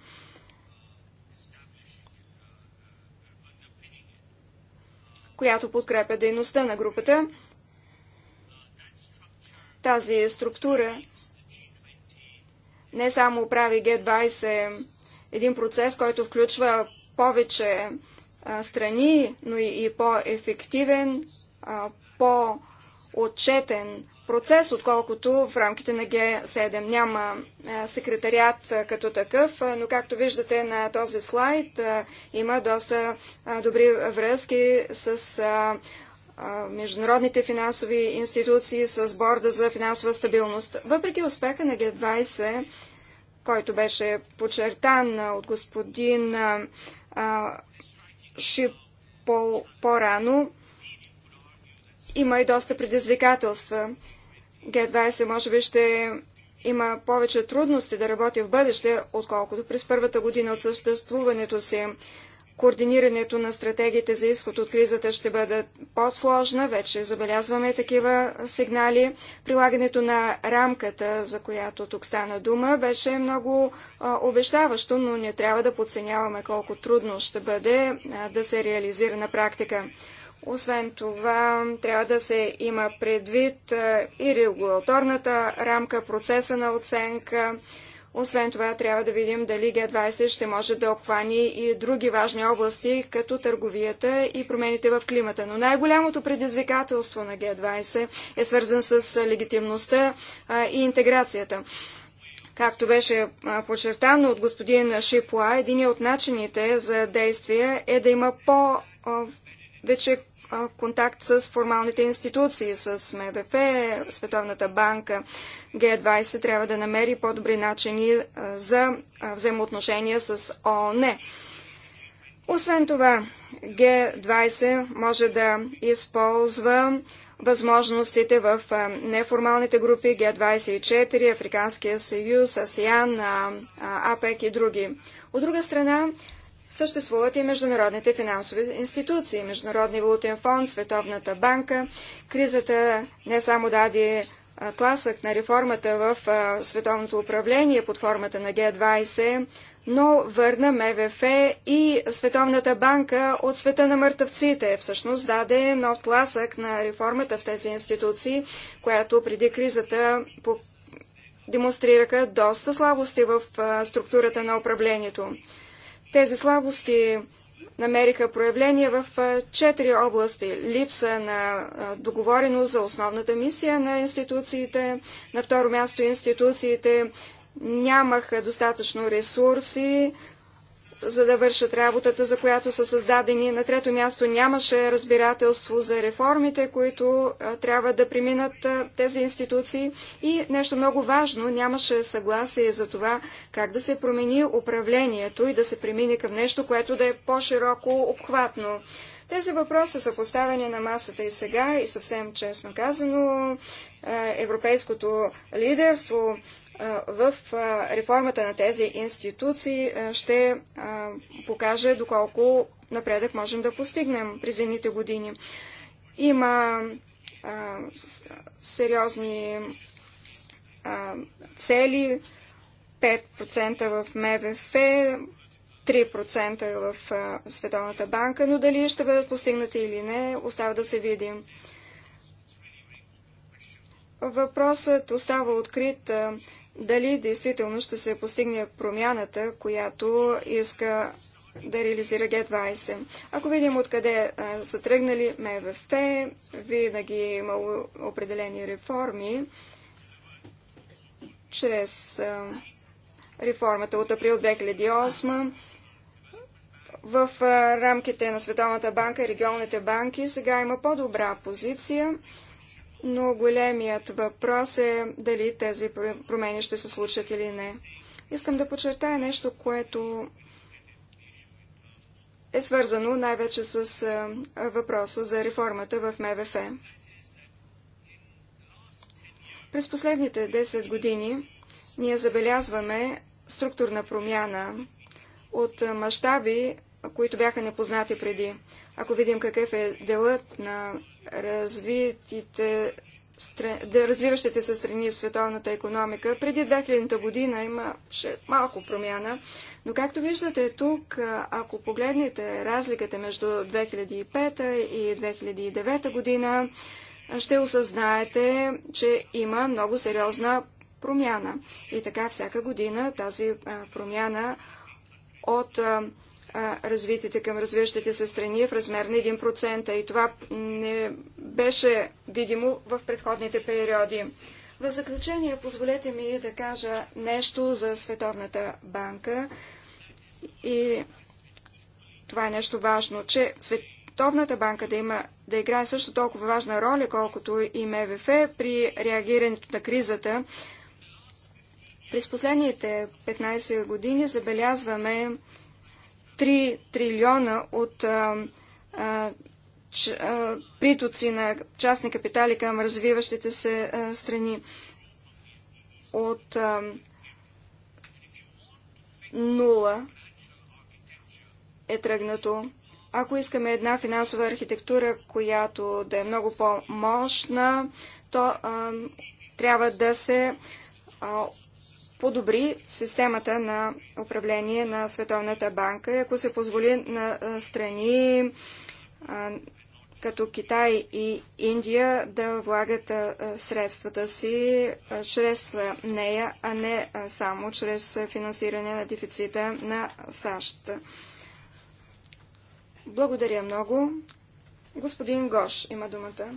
която подкрепя дейността на групата. Тази структура не само прави g 20 един процес, който включва повече страни, но и, по-ефективен, по-отчетен процес, отколкото в рамките на Г7. Няма секретариат като такъв, но както виждате на този слайд, има доста добри връзки с международните финансови институции, с Борда за финансова стабилност. Въпреки успеха на Г20, който беше подчертан от господин Ши по-рано. Има и доста предизвикателства. Г-20 може би ще има повече трудности да работи в бъдеще, отколкото през първата година от съществуването си координирането на стратегиите за изход от кризата ще бъде по-сложна. Вече забелязваме такива сигнали. Прилагането на рамката, за която тук стана дума, беше много обещаващо, но не трябва да подценяваме колко трудно ще бъде да се реализира на практика. Освен това, трябва да се има предвид и регулаторната рамка, процеса на оценка, освен това, трябва да видим дали Г-20 ще може да обхвани и други важни области, като търговията и промените в климата. Но най-голямото предизвикателство на Г-20 е свързан с легитимността а, и интеграцията. Както беше подчертано от господин Шипуа, един от начините за действие е да има по вече контакт с формалните институции, с МВФ, Световната банка. Г20 трябва да намери по-добри начини за взаимоотношения с ООН. Е. Освен това, Г20 може да използва възможностите в неформалните групи Г24, Африканския съюз, АСИАН, АПЕК и други. От друга страна, Съществуват и международните финансови институции, Международни валутен фонд, Световната банка. Кризата не само даде тласък на реформата в световното управление под формата на Г-20, но върна МВФ и Световната банка от света на мъртъвците. Всъщност даде нов тласък на реформата в тези институции, която преди кризата демонстрираха доста слабости в структурата на управлението. Тези слабости намериха проявление в четири области. Липса на договореност за основната мисия на институциите. На второ място институциите нямаха достатъчно ресурси за да вършат работата, за която са създадени. На трето място нямаше разбирателство за реформите, които трябва да преминат тези институции. И нещо много важно, нямаше съгласие за това как да се промени управлението и да се премине към нещо, което да е по-широко обхватно. Тези въпроси са поставени на масата и сега и съвсем честно казано, европейското лидерство в реформата на тези институции ще покаже доколко напредък можем да постигнем през едните години. Има сериозни цели, 5% в МВФ, 3% в Световната банка, но дали ще бъдат постигнати или не, остава да се видим. Въпросът остава открит дали действително ще се постигне промяната, която иска да реализира Г-20. Ако видим откъде са тръгнали МВФ, винаги е имало определени реформи чрез реформата от април 2008 в рамките на Световната банка и регионалните банки. Сега има по-добра позиция но големият въпрос е дали тези промени ще се случат или не. Искам да подчертая нещо, което е свързано най-вече с въпроса за реформата в МВФ. През последните 10 години ние забелязваме структурна промяна от мащаби, които бяха непознати преди. Ако видим какъв е делът на развитите да развиващите се страни в световната економика. Преди 2000 година имаше малко промяна, но както виждате тук, ако погледнете разликата между 2005 и 2009 година, ще осъзнаете, че има много сериозна промяна. И така всяка година тази промяна от развитите към развиващите се страни е в размер на 1%. И това не беше видимо в предходните периоди. В заключение, позволете ми да кажа нещо за Световната банка. И това е нещо важно, че Световната банка да, има, да играе също толкова важна роля, колкото и МВФ при реагирането на кризата. През последните 15 години забелязваме 3 трилиона от а, а, ч, а, притоци на частни капитали към развиващите се а, страни. От а, нула е тръгнато. Ако искаме една финансова архитектура, която да е много по-мощна, то а, трябва да се а, подобри системата на управление на Световната банка. Ако се позволи на страни като Китай и Индия да влагат средствата си чрез нея, а не само чрез финансиране на дефицита на САЩ. Благодаря много. Господин Гош има думата.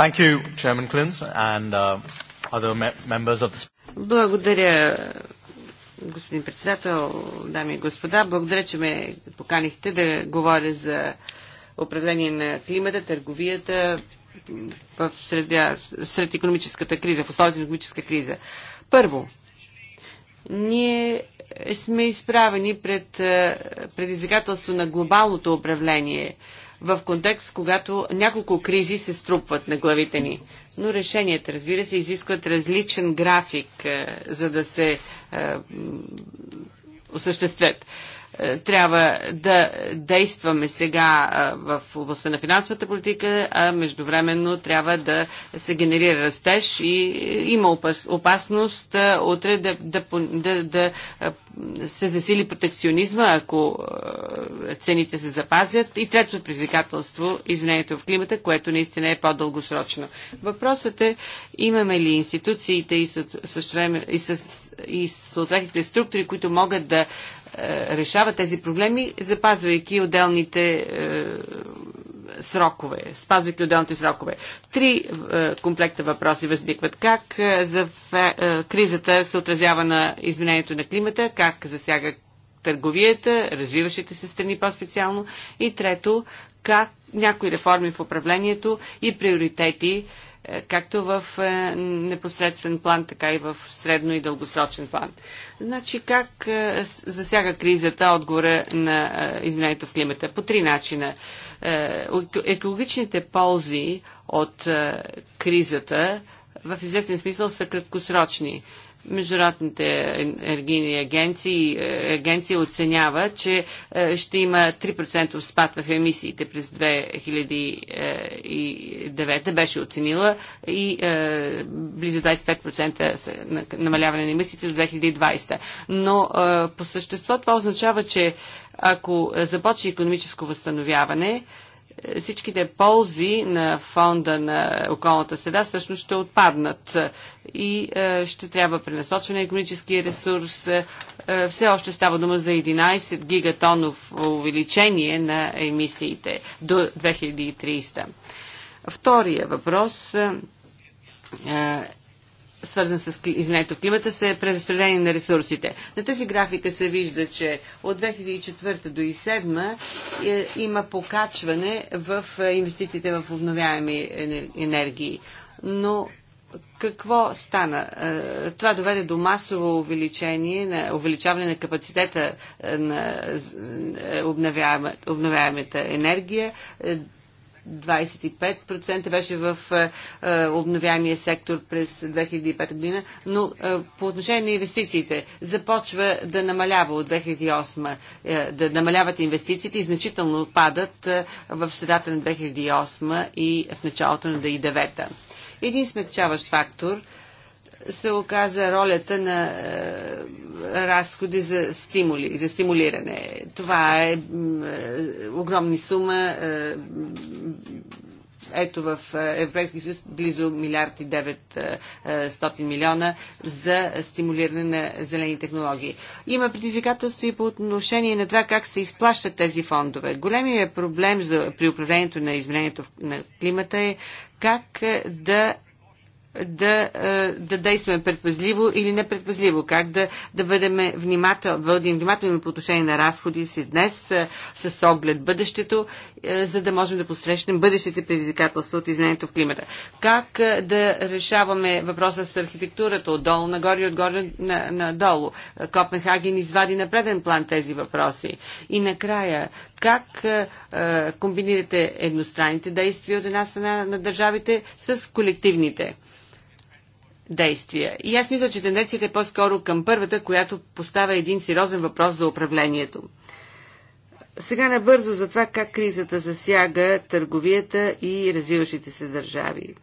Thank you, Chairman Klins, and uh, благодаря, господин председател, дами и господа. Благодаря, че ме поканихте да говоря за управление на климата, търговията в среда, сред економическата криза, в условията на економическа криза. Първо, ние сме изправени пред е, предизвикателство на глобалното управление в контекст, когато няколко кризи се струпват на главите ни. Но решенията, разбира се, изискват различен график, е, за да се е, осъществят. Е, трябва да действаме сега е, в областта на финансовата политика, а междувременно трябва да се генерира растеж и има опасност е, утре да, да, да, да се засили протекционизма, ако цените се запазят. И третото предизвикателство, изменението в климата, което наистина е по-дългосрочно. Въпросът е, имаме ли институциите и, също, и, със, и съответните структури, които могат да е, решава тези проблеми, запазвайки отделните е, срокове, спазвайки отделните срокове. Три е, комплекта въпроси възникват. Как е, за е, е, кризата се отразява на изменението на климата, как засяга търговията, развиващите се страни по-специално и трето, как някои реформи в управлението и приоритети е, е, както в е, непосредствен план, така и в средно и дългосрочен план. Значи как е, засяга кризата отговора на изменението в климата? По три начина. Екологичните ползи от кризата в известен смисъл са краткосрочни. Международните енергийни агенции, е, агенции оценява, че е, ще има 3% спад в емисиите през 2009 беше оценила и е, близо 25% намаляване на емисиите до 2020. Но по същество това означава, че ако започне економическо възстановяване, всичките ползи на фонда на околната седа всъщност ще отпаднат и е, ще трябва пренасочване на економическия ресурс. Е, е, все още става дума за 11 гигатонов увеличение на емисиите до 2300. Втория въпрос свързан с изменението в климата, са преразпределение на ресурсите. На тази графика се вижда, че от 2004 до 2007 е, има покачване в е, инвестициите в обновяеми енергии. Но какво стана? Е, това доведе до масово увеличение на, увеличаване на капацитета на обновяемата енергия. 25% беше в е, е, обновяемия сектор през 2005 година, но е, по отношение на инвестициите започва да намалява от 2008, да намаляват инвестициите и значително падат в средата на 2008 и в началото на 2009. Един смягчаващ фактор – се оказа ролята на е, разходи за стимули, за стимулиране. Това е, е огромни сума. Е, ето в Европейския съюз близо милиард и 900 милиона за стимулиране на зелени технологии. Има предизвикателства и по отношение на това как се изплащат тези фондове. Големият проблем за, при управлението на изменението на климата е как да да, е, да действаме предпазливо или непредпазливо, как да, да бъдем внимател, бъдем внимателни по отношение на разходи си днес е, с оглед бъдещето, е, за да можем да посрещнем бъдещите предизвикателства от изменението в климата. Как да решаваме въпроса с архитектурата отдолу нагоре и отгоре надолу. Копенхаген извади на преден план тези въпроси. И накрая, как комбинирате едностранните действия от една страна на държавите с колективните? действия. И аз мисля, че тенденцията е по-скоро към първата, която поставя един сериозен въпрос за управлението. Сега набързо за това как кризата засяга търговията и развиващите се държави.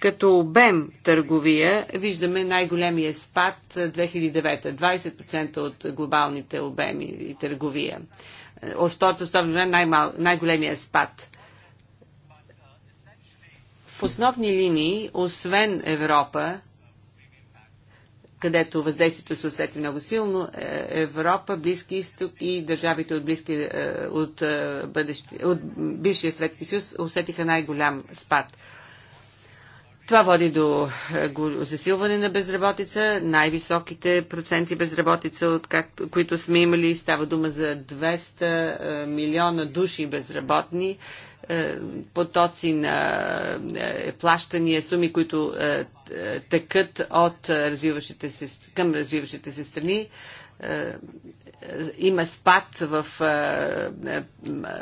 Като обем търговия виждаме най-големия спад 2009, 20% от глобалните обеми и търговия. От особено най-големия спад в основни линии, освен Европа, където въздействието се усети много силно, е, Европа, Близки изток и държавите от, близки, е, от, е, бъдещи, от бившия Светски съюз усетиха най-голям спад. Това води до засилване на безработица, най-високите проценти безработица, от как, които сме имали. Става дума за 200 милиона души безработни е, потоци на е, е, плащания, суми, които текат от развиващите се, към развиващите се страни. Има спад в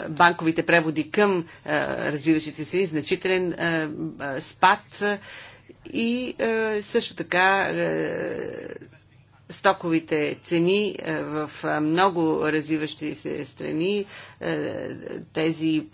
банковите преводи към развиващите се, значителен спад и също така стоковите цени е, в е, много развиващи се страни, е, тези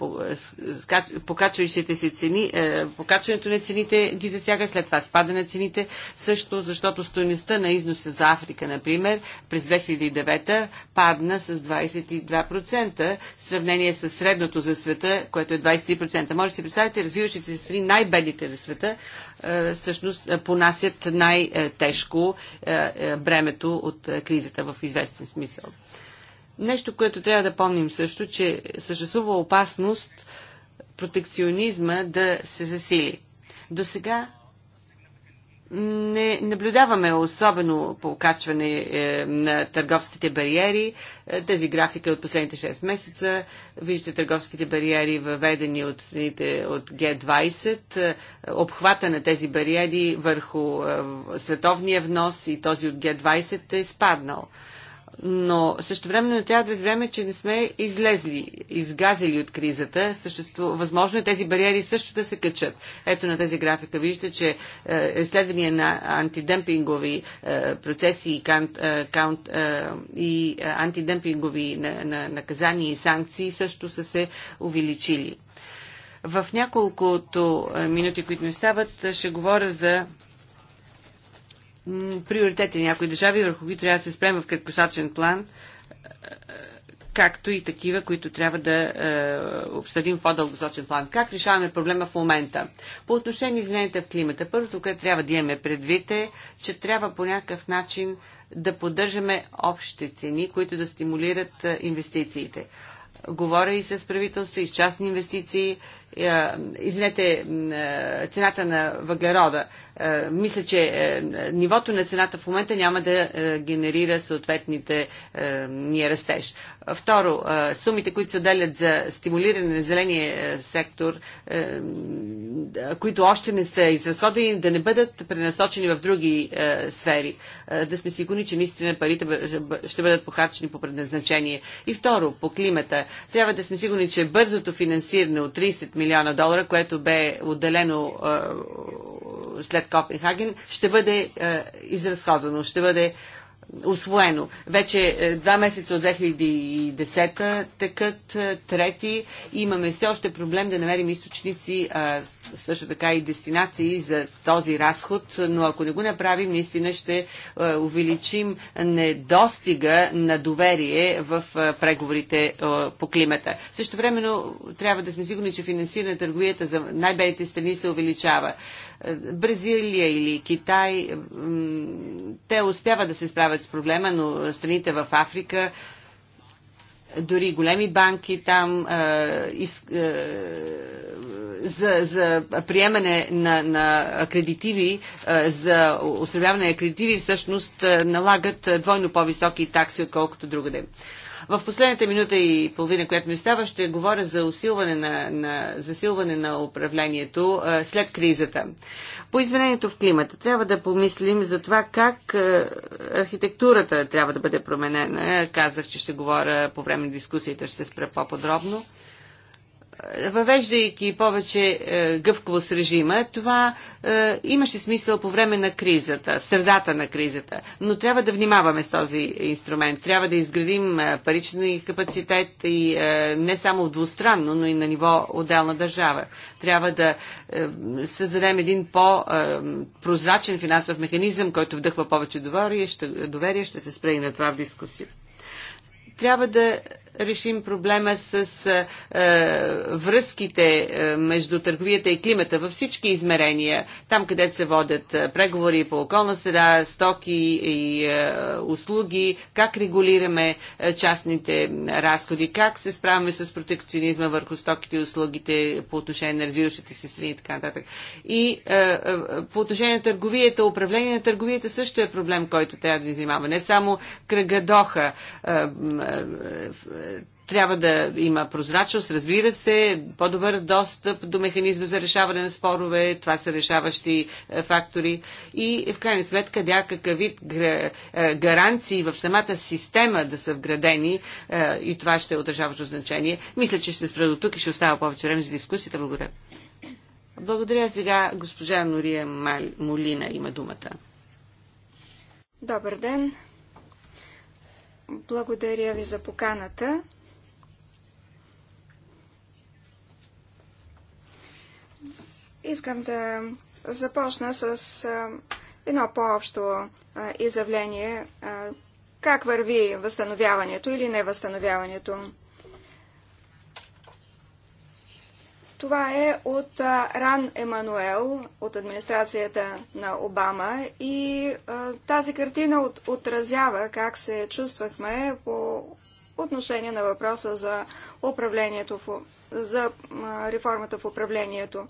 покачващите се цени, покачването на цените ги засяга, след това спада на цените, също защото стоеността на износа за Африка, например, през 2009 падна с 22% в сравнение с средното за света, което е 23%. Може да си представите, развиващите се страни, най-бедните за света, е, всъщност е, понасят най-тежко е, бремето от кризата в известен смисъл. Нещо, което трябва да помним също, че съществува опасност протекционизма да се засили. До сега не наблюдаваме особено покачване е, на търговските бариери. Е, тези графика от последните 6 месеца. Виждате търговските бариери, въведени от страните от Г20. Е, обхвата на тези бариери върху световния внос и този от Г20 е спаднал но също време не трябва да разбереме, че не сме излезли, изгазили от кризата. Съществу... Възможно е тези бариери също да се качат. Ето на тази графика виждате, че е, изследвания на антидемпингови е, процеси и, кант, е, каунт, е, и антидемпингови на, на, наказания и санкции също са се увеличили. В няколкото е, минути, които ми стават, ще говоря за приоритети на някои държави, върху които трябва да се спрем в краткосрочен план, е, както и такива, които трябва да е, обсъдим в по-дългосрочен план. Как решаваме проблема в момента? По отношение измененията в климата, първото, което трябва да имаме предвид е, че трябва по някакъв начин да поддържаме общи цени, които да стимулират е, инвестициите. Говоря и с правителства, и с частни инвестиции. Извинете, цената на въглерода е, мисля, че е, нивото на цената в момента няма да е, генерира съответните ние растеж. Второ, сумите, които се отделят за стимулиране на зеления сектор, които още не са изразходени, да не бъдат пренасочени в други сфери. Да сме сигурни, че наистина парите ще бъдат похарчени по предназначение. И второ, по климата. Трябва да сме сигурни, че бързото финансиране от 30 милиона долара, което бе отделено след Копенхаген, ще бъде е, изразходвано, ще бъде освоено. Вече е, два месеца от 2010 текат е, трети. Имаме все още проблем да намерим източници, е, също така и дестинации за този разход, но ако не го направим, наистина ще е, увеличим недостига на доверие в е, преговорите е, по климата. Също времено трябва да сме сигурни, че финансиране на търговията за най-белите страни се увеличава. Бразилия или Китай, те успяват да се справят с проблема, но страните в Африка, дори големи банки там, за, за приемане на, на кредитиви, за осребяване на кредитиви, всъщност налагат двойно по-високи такси, отколкото другаде. Да в последната минута и половина, която ми остава, ще говоря за усилване на, на, засилване на управлението а, след кризата. По изменението в климата трябва да помислим за това как а, архитектурата трябва да бъде променена. Казах, че ще говоря по време на дискусията, ще се спра по-подробно въвеждайки повече е, гъвковост режима, това е, имаше смисъл по време на кризата, в средата на кризата. Но трябва да внимаваме с този инструмент. Трябва да изградим е, парични капацитет и не само двустранно, но и на ниво отделна държава. Трябва да създадем един по-прозрачен финансов механизъм, който вдъхва повече доверие. Ще, доверие, ще се спре и на това в дискусия. Трябва да решим проблема с е, е връзките е, между търговията и климата във всички измерения, там където се водят е, преговори по околна среда, стоки и е, услуги, как регулираме частните разходи, как се справяме с протекционизма върху стоките и услугите по отношение на развиващите се страни и така нататък. И е, по отношение на търговията, управление на търговията също е проблем, който трябва да взимава. Не само кръгадоха, трябва да има прозрачност, разбира се, по-добър достъп до механизма за решаване на спорове, това са решаващи е, фактори и в крайна сметка някакъв вид е, гаранции в самата система да са вградени е, и това ще е отражаващо значение. Мисля, че ще спра до тук и ще остава повече време за дискусията. Благодаря. Благодаря сега госпожа Нория Молина има думата. Добър ден. Благодаря ви за поканата. Искам да започна с едно по-общо изявление. Как върви възстановяването или невъзстановяването? Това е от Ран Емануел, от администрацията на Обама и тази картина отразява как се чувствахме по отношение на въпроса за управлението, за реформата в управлението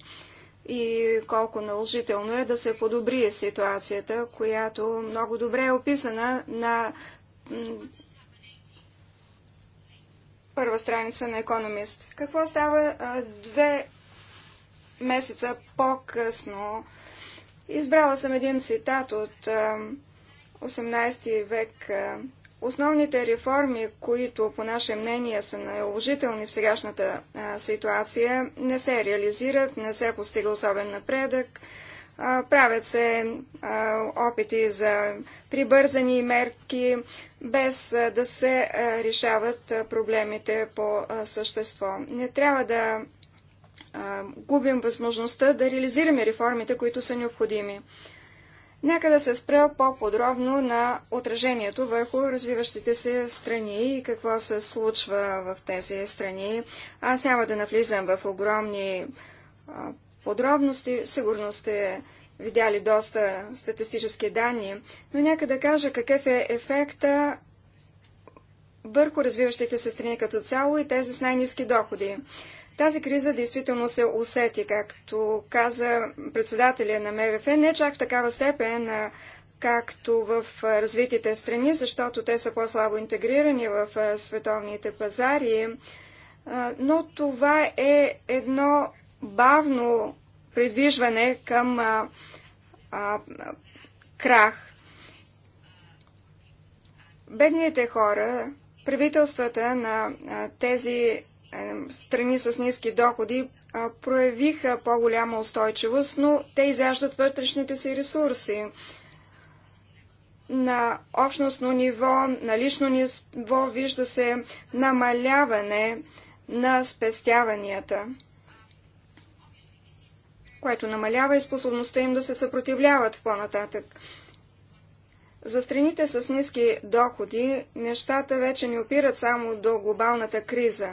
и колко наложително е да се подобри ситуацията, която много добре е описана на първа страница на Економист. Какво става а, две месеца по-късно? Избрала съм един цитат от а, 18 век. Основните реформи, които по наше мнение са наложителни в сегашната а, ситуация, не се реализират, не се постига особен напредък. А, правят се а, опити за прибързани мерки, без да се решават проблемите по същество. Не трябва да губим възможността да реализираме реформите, които са необходими. Нека да се спра по-подробно на отражението върху развиващите се страни и какво се случва в тези страни. Аз няма да навлизам в огромни подробности. Сигурно сте видяли доста статистически данни, но нека да кажа какъв е ефекта върху развиващите се страни като цяло и тези с най-низки доходи. Тази криза действително се усети, както каза председателя на МВФ, не чак в такава степен, както в развитите страни, защото те са по-слабо интегрирани в световните пазари, но това е едно бавно придвижване към а, а, крах. Бедните хора, правителствата на а, тези страни с ниски доходи проявиха по-голяма устойчивост, но те изяждат вътрешните си ресурси. На общностно ниво, на лично ниво вижда се намаляване на спестяванията което намалява и способността им да се съпротивляват по-нататък. За страните с ниски доходи, нещата вече не опират само до глобалната криза.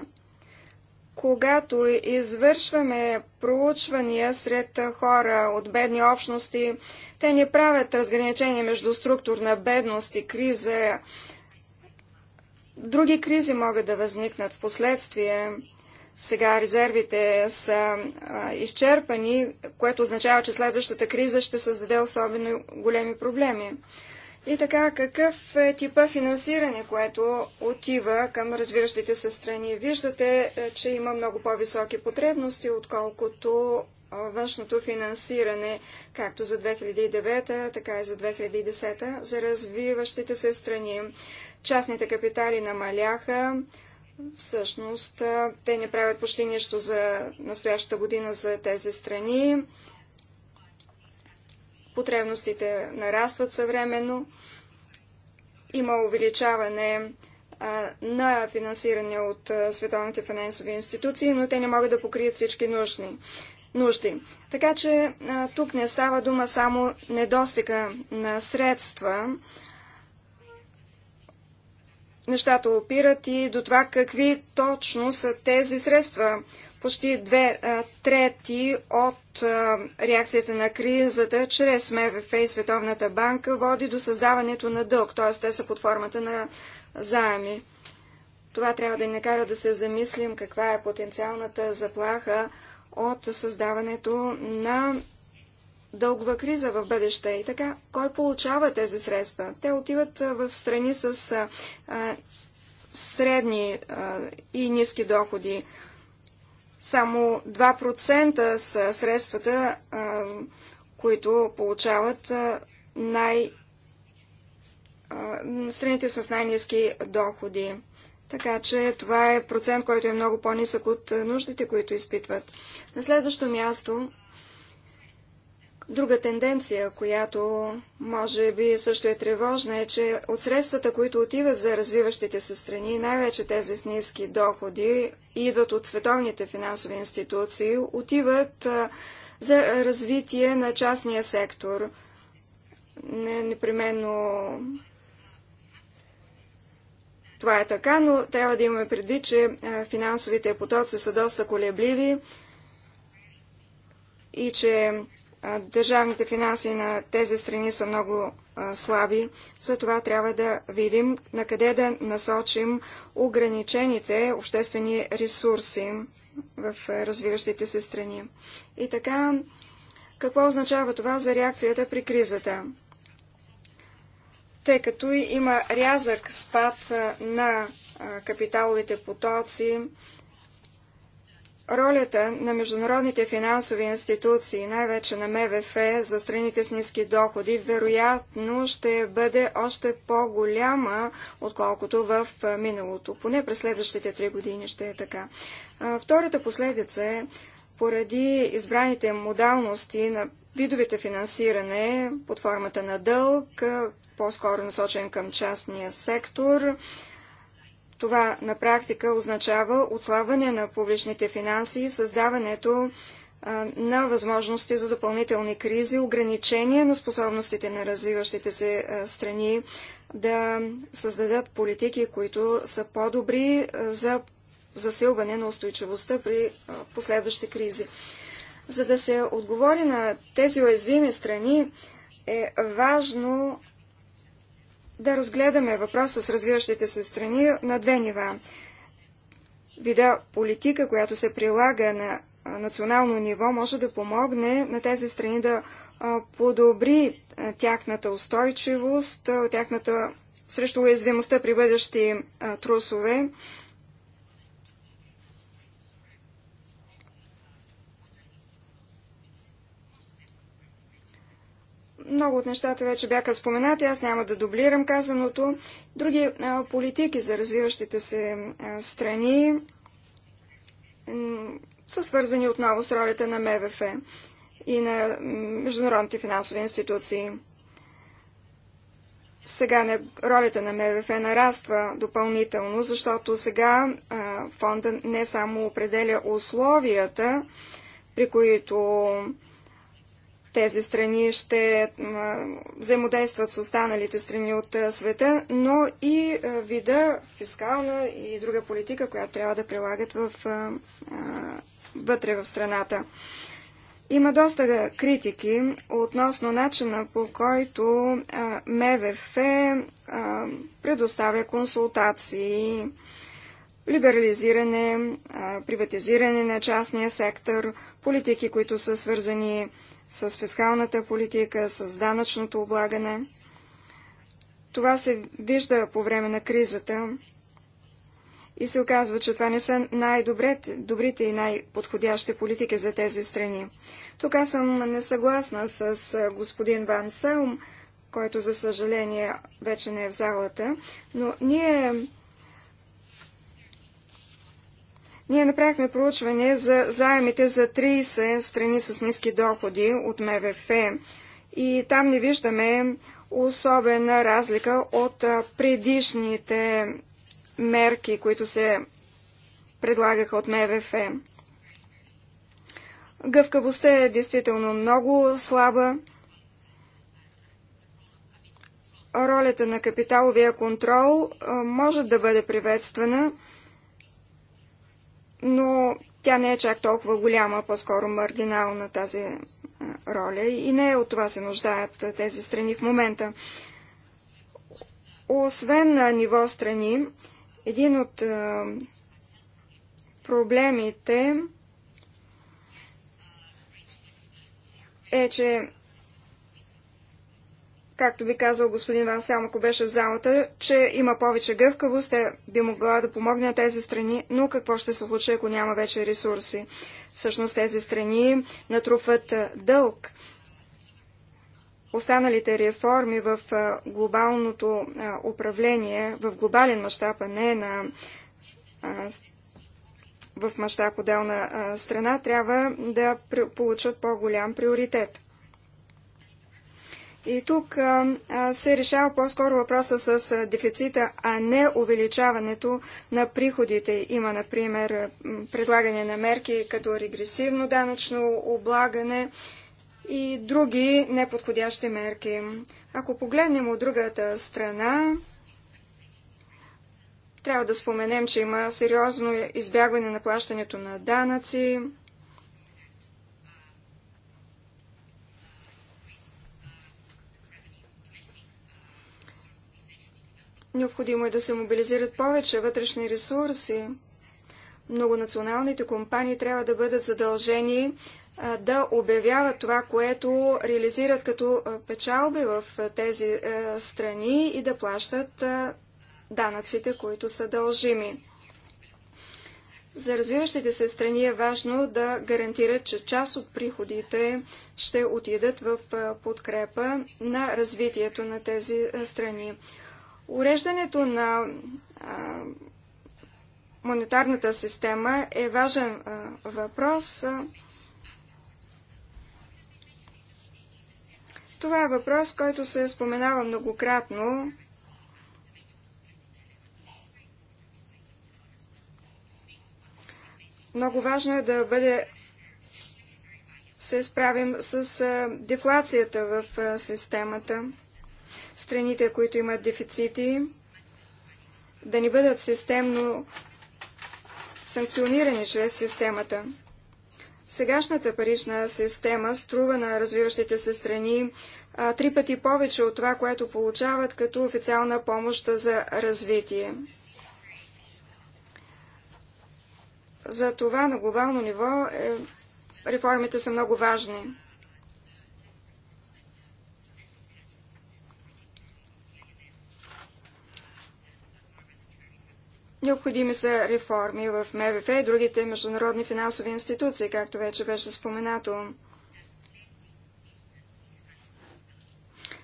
Когато извършваме проучвания сред хора от бедни общности, те не правят разграничение между структурна бедност и криза. Други кризи могат да възникнат в последствие. Сега резервите са а, изчерпани, което означава, че следващата криза ще създаде особено големи проблеми. И така, какъв е типа финансиране, което отива към развиващите се страни? Виждате, е, че има много по-високи потребности, отколкото външното финансиране, както за 2009, така и за 2010, за развиващите се страни. Частните капитали намаляха, Всъщност, те не правят почти нищо за настоящата година за тези страни. Потребностите нарастват съвременно. Има увеличаване на финансиране от световните финансови институции, но те не могат да покрият всички нужни нужди. Така че тук не става дума само недостига на средства, нещата опират и до това какви точно са тези средства. Почти две а, трети от а, реакцията на кризата чрез МВФ и Световната банка води до създаването на дълг, т.е. те са под формата на заеми. Това трябва да ни накара да се замислим каква е потенциалната заплаха от създаването на дългова криза в бъдеще. И така, кой получава тези средства? Те отиват в страни с а, средни а, и ниски доходи. Само 2% са средствата, а, които получават а, най... страните с най-низки доходи. Така че това е процент, който е много по-нисък от нуждите, които изпитват. На следващо място Друга тенденция, която може би също е тревожна, е, че от средствата, които отиват за развиващите се страни, най-вече тези с ниски доходи, идват от световните финансови институции, отиват за развитие на частния сектор. Не непременно това е така, но трябва да имаме предвид, че финансовите потоци са доста колебливи и че държавните финанси на тези страни са много слаби, затова трябва да видим на къде да насочим ограничените обществени ресурси в развиващите се страни. И така, какво означава това за реакцията при кризата? Тъй като има рязък спад на капиталовите потоци, Ролята на международните финансови институции, най-вече на МВФ, за страните с ниски доходи, вероятно ще бъде още по-голяма, отколкото в миналото. Поне през следващите три години ще е така. Втората последица е, поради избраните модалности на видовете финансиране под формата на дълг, по-скоро насочен към частния сектор, това на практика означава отслабване на публичните финанси и създаването на възможности за допълнителни кризи, ограничение на способностите на развиващите се страни да създадат политики, които са по-добри за засилване на устойчивостта при последващи кризи. За да се отговори на тези уязвими страни, е важно да разгледаме въпроса с развиващите се страни на две нива. Вида политика, която се прилага на национално ниво, може да помогне на тези страни да подобри тяхната устойчивост, тяхната срещу уязвимостта при бъдещи трусове, Много от нещата вече бяха споменати, аз няма да дублирам казаното. Други а, политики за развиващите се а, страни са свързани отново с ролята на МВФ и на международните финансови институции. Сега на ролята на МВФ нараства допълнително, защото сега а, фонда не само определя условията, при които тези страни ще взаимодействат с останалите страни от света, но и вида фискална и друга политика, която трябва да прилагат в, вътре в страната. Има доста критики относно начина по който МВФ предоставя консултации, либерализиране, приватизиране на частния сектор, политики, които са свързани с фискалната политика, с данъчното облагане. Това се вижда по време на кризата и се оказва, че това не са най-добрите и най-подходящи политики за тези страни. Тук аз съм несъгласна с господин Ван Селм, който за съжаление вече не е в залата, но ние Ние направихме проучване за заемите за 30 страни с ниски доходи от МВФ и там не виждаме особена разлика от предишните мерки, които се предлагаха от МВФ. Гъвкавостта е действително много слаба. Ролята на капиталовия контрол може да бъде приветствана но тя не е чак толкова голяма, по-скоро маргинална тази роля и не от това се нуждаят тези страни в момента. Освен на ниво страни, един от проблемите е, че както би казал господин Ван Сам, ако беше в залата, че има повече гъвкавост, те би могла да помогне на тези страни, но какво ще се случи, ако няма вече ресурси? Всъщност тези страни натрупват е, дълг. Останалите реформи в е, глобалното е, управление, в глобален мащаб, а не на в мащаб отделна страна, трябва да получат по-голям приоритет. И тук а, се решава по-скоро въпроса с дефицита, а не увеличаването на приходите. Има, например, предлагане на мерки като регресивно данъчно облагане и други неподходящи мерки. Ако погледнем от другата страна, трябва да споменем, че има сериозно избягване на плащането на данъци, Необходимо е да се мобилизират повече вътрешни ресурси. Многонационалните компании трябва да бъдат задължени да обявяват това, което реализират като печалби в тези страни и да плащат данъците, които са дължими. За развиващите се страни е важно да гарантират, че част от приходите ще отидат в подкрепа на развитието на тези страни. Уреждането на а, монетарната система е важен а, въпрос. Това е въпрос, който се споменава многократно. Много важно е да бъде се справим с а, дефлацията в а, системата страните, които имат дефицити, да не бъдат системно санкционирани чрез системата. Сегашната парична система струва на развиващите се страни а, три пъти повече от това, което получават като официална помощ за развитие. За това на глобално ниво е, реформите са много важни. Необходими са реформи в МВФ и другите международни финансови институции, както вече беше споменато.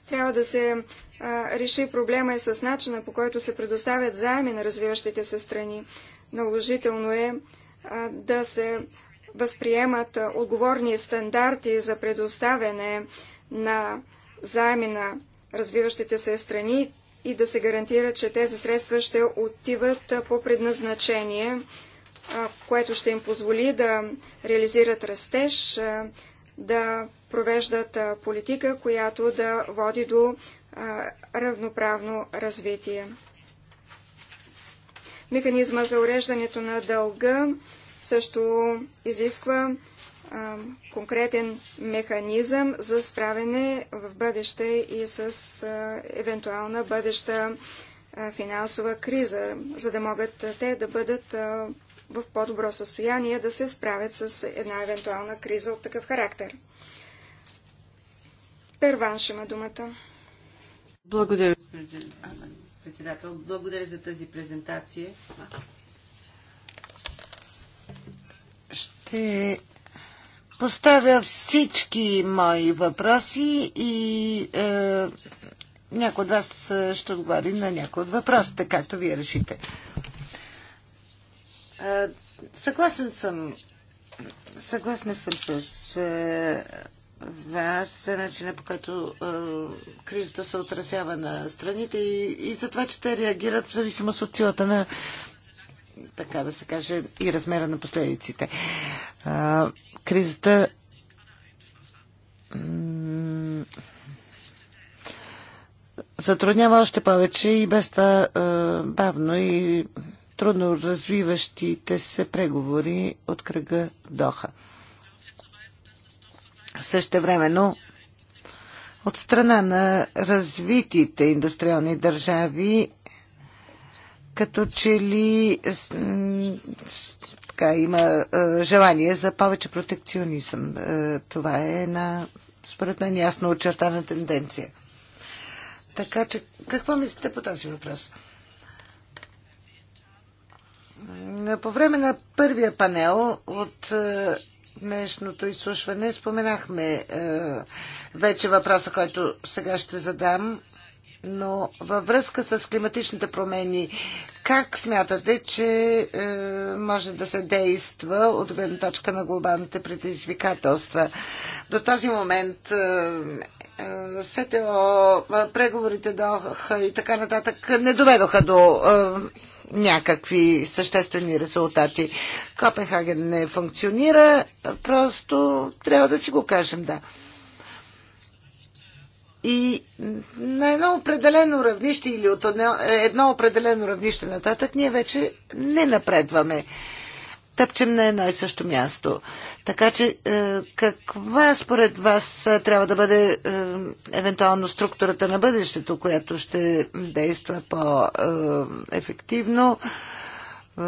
Трябва да се а, реши проблема и с начина, по който се предоставят заеми на развиващите се страни. Наложително е а, да се възприемат а, отговорни стандарти за предоставяне на заеми на развиващите се страни и да се гарантира, че тези средства ще отиват по предназначение, което ще им позволи да реализират растеж, да провеждат политика, която да води до равноправно развитие. Механизма за уреждането на дълга също изисква конкретен механизъм за справяне в бъдеще и с а, евентуална бъдеща а, финансова криза, за да могат те да бъдат в по-добро състояние да се справят с една евентуална криза от такъв характер. Перван ще има думата. Благодаря, председател. Благодаря за тази презентация. Ще поставя всички мои въпроси и е, някой от вас ще отговори на някои от въпросите, както вие решите. Е, съгласен съм. Съгласна съм с е, вас за начина по който е, кризата се отразява на страните и, и за това, че те реагират в зависимост от силата на така да се каже, и размера на последиците. Е, кризата затруднява още повече и без това бавно и трудно развиващите се преговори от кръга Доха. Същевременно от страна на развитите индустриални държави като че ли така, има е, желание за повече протекционизъм. Е, това е една, според мен, ясно очертана тенденция. Така че, какво мислите по този въпрос? Е, по време на първия панел от е, днешното изслушване споменахме е, вече въпроса, който сега ще задам но във връзка с климатичните промени, как смятате, че е, може да се действа от гледна точка на глобалните предизвикателства? До този момент е, е, СТО, е, преговорите доха и така нататък не доведоха до е, някакви съществени резултати. Копенхаген не функционира, просто трябва да си го кажем, да. И на едно определено равнище или от едно определено равнище нататък ние вече не напредваме. Тъпчем на едно и също място. Така че е, каква според вас трябва да бъде е, евентуално структурата на бъдещето, която ще действа по-ефективно? Е, е,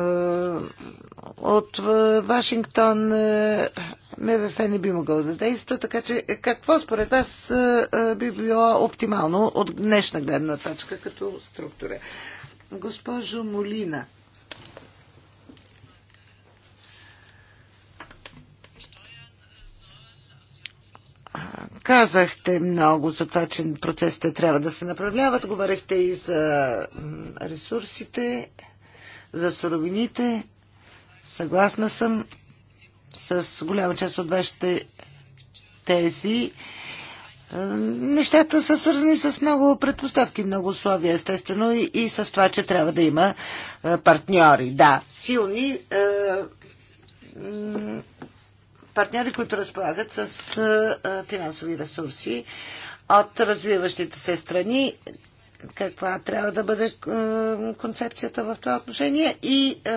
от Вашингтон е, МВФ не би могъл да действа, така че е, какво според вас би било оптимално от днешна гледна точка като структура? Госпожо Молина. Казахте много за това, че процесите трябва да се направляват. Говорихте и за ресурсите за суровините. Съгласна съм с голяма част от вашите тези. Е, нещата са свързани с много предпоставки, много условия, естествено, и, и с това, че трябва да има е, партньори. Да, силни е, партньори, които разполагат с финансови ресурси от развиващите се страни, каква трябва да бъде е, концепцията в това отношение. И е,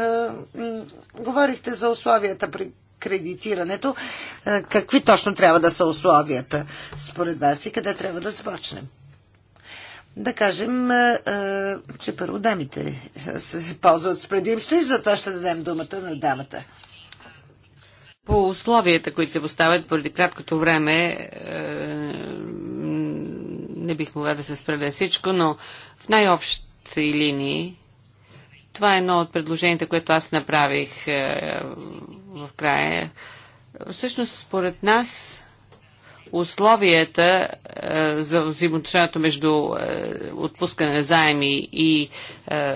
говорихте за условията при кредитирането. Е, какви точно трябва да са условията според вас и къде трябва да започнем? Да кажем, е, че първо дамите се ползват с предимство и затова ще дадем думата на дамата. По условията, които се поставят поради краткото време, не бих могла да се спра всичко, но в най-общи линии това е едно от предложенията, което аз направих е, в края. Всъщност, според нас, условията е, за взаимоотношението между е, отпускане на заеми и е,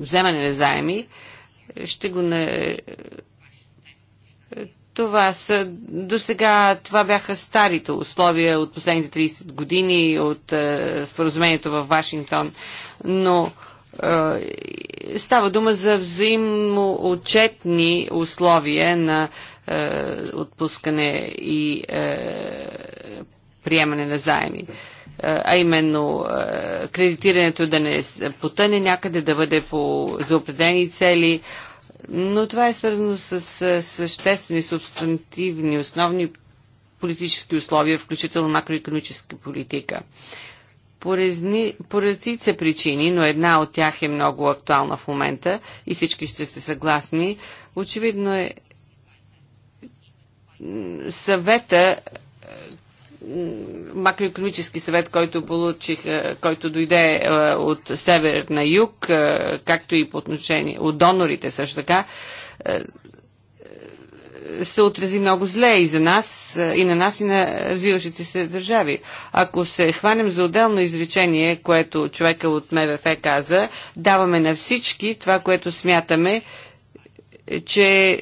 вземане на заеми ще го не, това са, до сега това бяха старите условия от последните 30 години от е, споразумението в Вашингтон, но е, става дума за взаимно отчетни условия на е, отпускане и е, приемане на заеми. Е, а именно е, кредитирането да не потъне някъде, да бъде по, за определени цели, но това е свързано с съществени, субстантивни, основни политически условия, включително макроекономическа политика. По поредица причини, но една от тях е много актуална в момента и всички ще се съгласни. Очевидно е съвета макроекономически съвет, който получих, който дойде от север на юг, както и по отношение от донорите също така, се отрази много зле и за нас, и на нас, и на развиващите се държави. Ако се хванем за отделно изречение, което човека от МВФ каза, даваме на всички това, което смятаме, че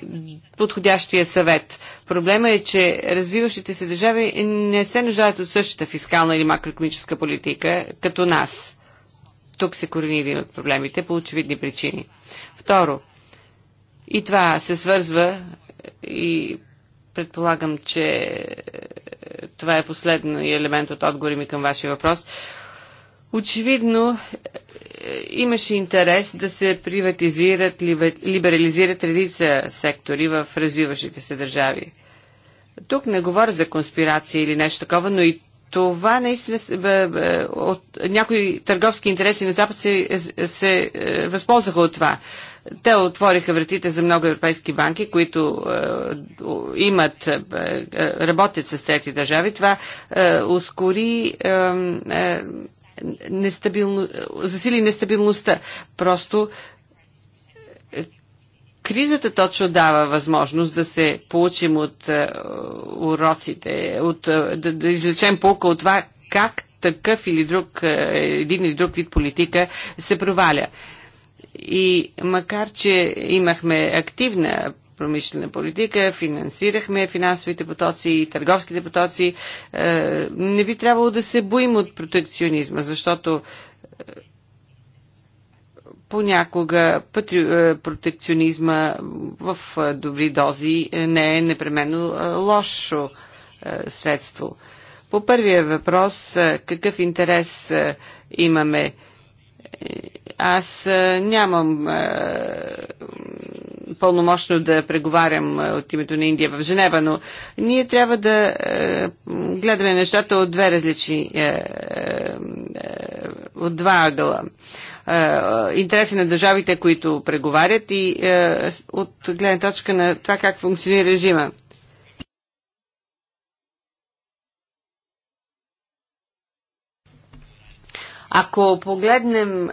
подходящия съвет. Проблема е, че развиващите се държави не се нуждаят от същата фискална или макроекономическа политика като нас. Тук се корени един от проблемите по очевидни причини. Второ, и това се свързва и предполагам, че това е последният елемент от отговори ми към вашия въпрос. Очевидно е, имаше интерес да се приватизират, либерализират редица сектори в развиващите се държави. Тук не говоря за конспирация или нещо такова, но и това наистина от някои търговски интереси на Запад се, се е, възползваха от това. Те отвориха вратите за много европейски банки, които е, имат, е, е работят с трети държави. Това е, ускори е, е, нестабилно, засили нестабилността. Просто е, кризата точно дава възможност да се получим от е, уроците, от, е, да, да извлечем полка от това как такъв или друг, един или друг вид политика се проваля. И макар, че имахме активна промишлена политика, финансирахме финансовите потоци и търговските потоци. Е, не би трябвало да се боим от протекционизма, защото е, понякога е, протекционизма в добри дози не е непременно лошо средство. По първия въпрос, какъв интерес имаме? Аз нямам пълномощно да преговарям е, от името на Индия в Женева, но ние трябва да е, гледаме нещата от две различни, е, от два ъгъла. Интереси на държавите, които преговарят и от гледна точка на това как функционира режима. Ако погледнем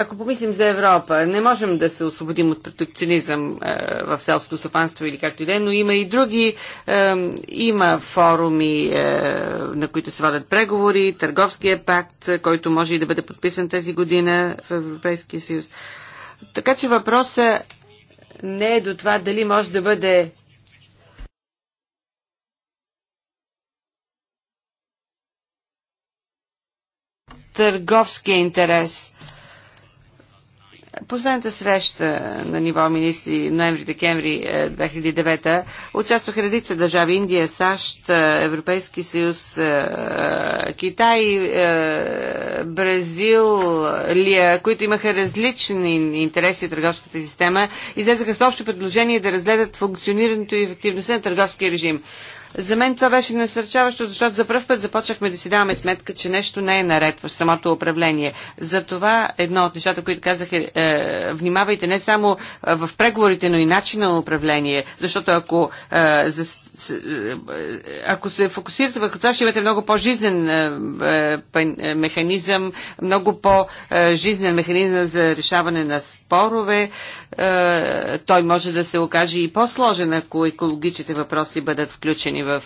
Ако помислим за Европа, не можем да се освободим от протекционизъм е, в селското стопанство или както и да е, но има и други. Е, има форуми, е, на които се водят преговори, търговския пакт, който може и да бъде подписан тази година в Европейския съюз. Така че въпросът не е до това дали може да бъде търговския интерес – Последната среща на ниво министри ноември-декември 2009 е, участвах редица държави Индия, САЩ, е, Европейски съюз, е, Китай, Бразил, Лия, които имаха различни интереси в търговската система, излезаха с общо предложение да разгледат функционирането и ефективността на търговския режим. За мен това беше насърчаващо, защото за първ път започнахме да си даваме сметка, че нещо не е наред в самото управление. За това едно от нещата, които казах е, е внимавайте не само в преговорите, но и начина на управление, защото ако е, за, е, е, ако се фокусирате върху това, ще имате много по-жизнен е, механизъм, много по-жизнен механизъм за решаване на спорове. Той може да се окаже и по-сложен, ако екологичните въпроси бъдат включени в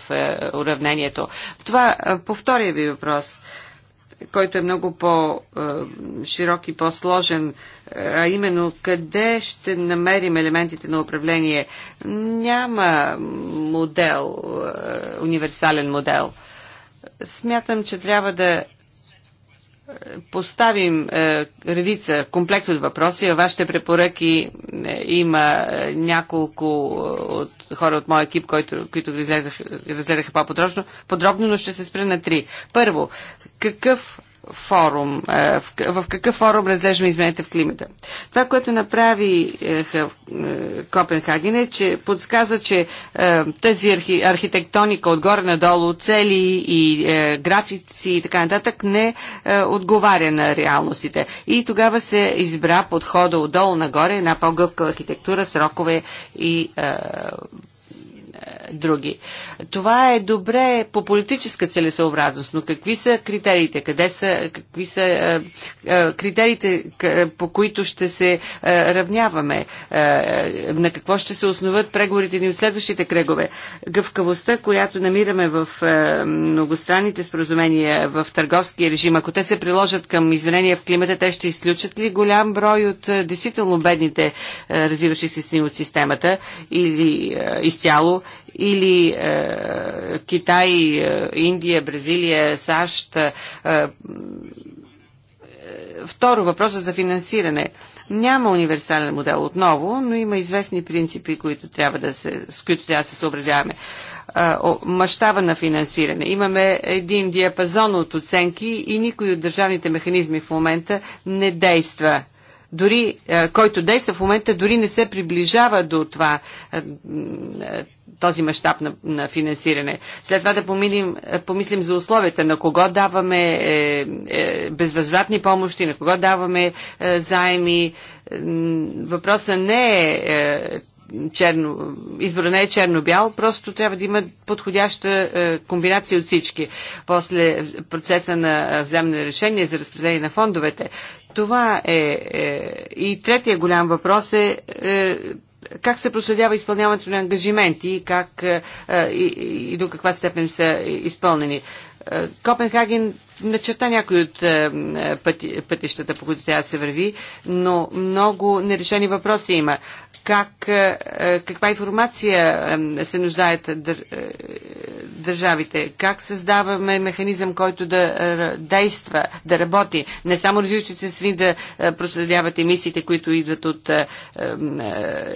уравнението. Това по втория ви въпрос който е много по-широк е, и по-сложен, е, а именно къде ще намерим елементите на управление. Няма модел, е, универсален модел. Смятам, че трябва да поставим редица комплект от въпроси. Във вашите препоръки има няколко от хора от моя екип, които, които разгледаха по-подробно, подробно, но ще се спра на три. Първо, какъв форум, е, в какъв форум разглеждаме измените в климата. Това, което направи е, е, Копенхаген е, че подсказва, че тази архитектоника отгоре надолу, цели и графици и така нататък не отговаря на реалностите. И тогава се избра подхода отдолу нагоре, една по-гъвка архитектура, срокове и други. Това е добре по политическа целесообразност, но какви са критериите? Къде са, какви са е, е, критериите, по които ще се е, равняваме? Е, е, на какво ще се основат преговорите ни от следващите кръгове? Гъвкавостта, която намираме в е, многостранните споразумения в търговския режим, ако те се приложат към изменения в климата, те ще изключат ли голям брой от действително бедните развиващи се страни от системата или изцяло? или е, Китай, е, Индия, Бразилия, САЩ. Е, е, второ, въпросът за финансиране. Няма универсален модел отново, но има известни принципи, които трябва да се, с които трябва да се съобразяваме. Е, мащаба на финансиране. Имаме един диапазон от оценки и никой от държавните механизми в момента не действа дори, е, който действа в момента, дори не се приближава до това този мащаб на, на финансиране. След това да помилим, е, помислим за условията, на кого даваме е, е, безвъзвратни помощи, на кого даваме е, заеми. Въпросът не е, е черно, избора не е черно-бял, просто трябва да има подходяща е, комбинация от всички. После процеса на е, вземане решение за разпределение на фондовете. Това е, е и третия голям въпрос е, е как се проследява изпълняването на ангажименти и, как, е, е, и, и до каква степен са е, изпълнени. Копенхаген начерта някои от е, е, пъти, пътищата, по които трябва да се върви, но много нерешени въпроси има. Как, е, каква информация се нуждаят държавите? Как създаваме механизъм, който да действа, да работи? Не само развиващите страни да проследяват емисиите, които идват от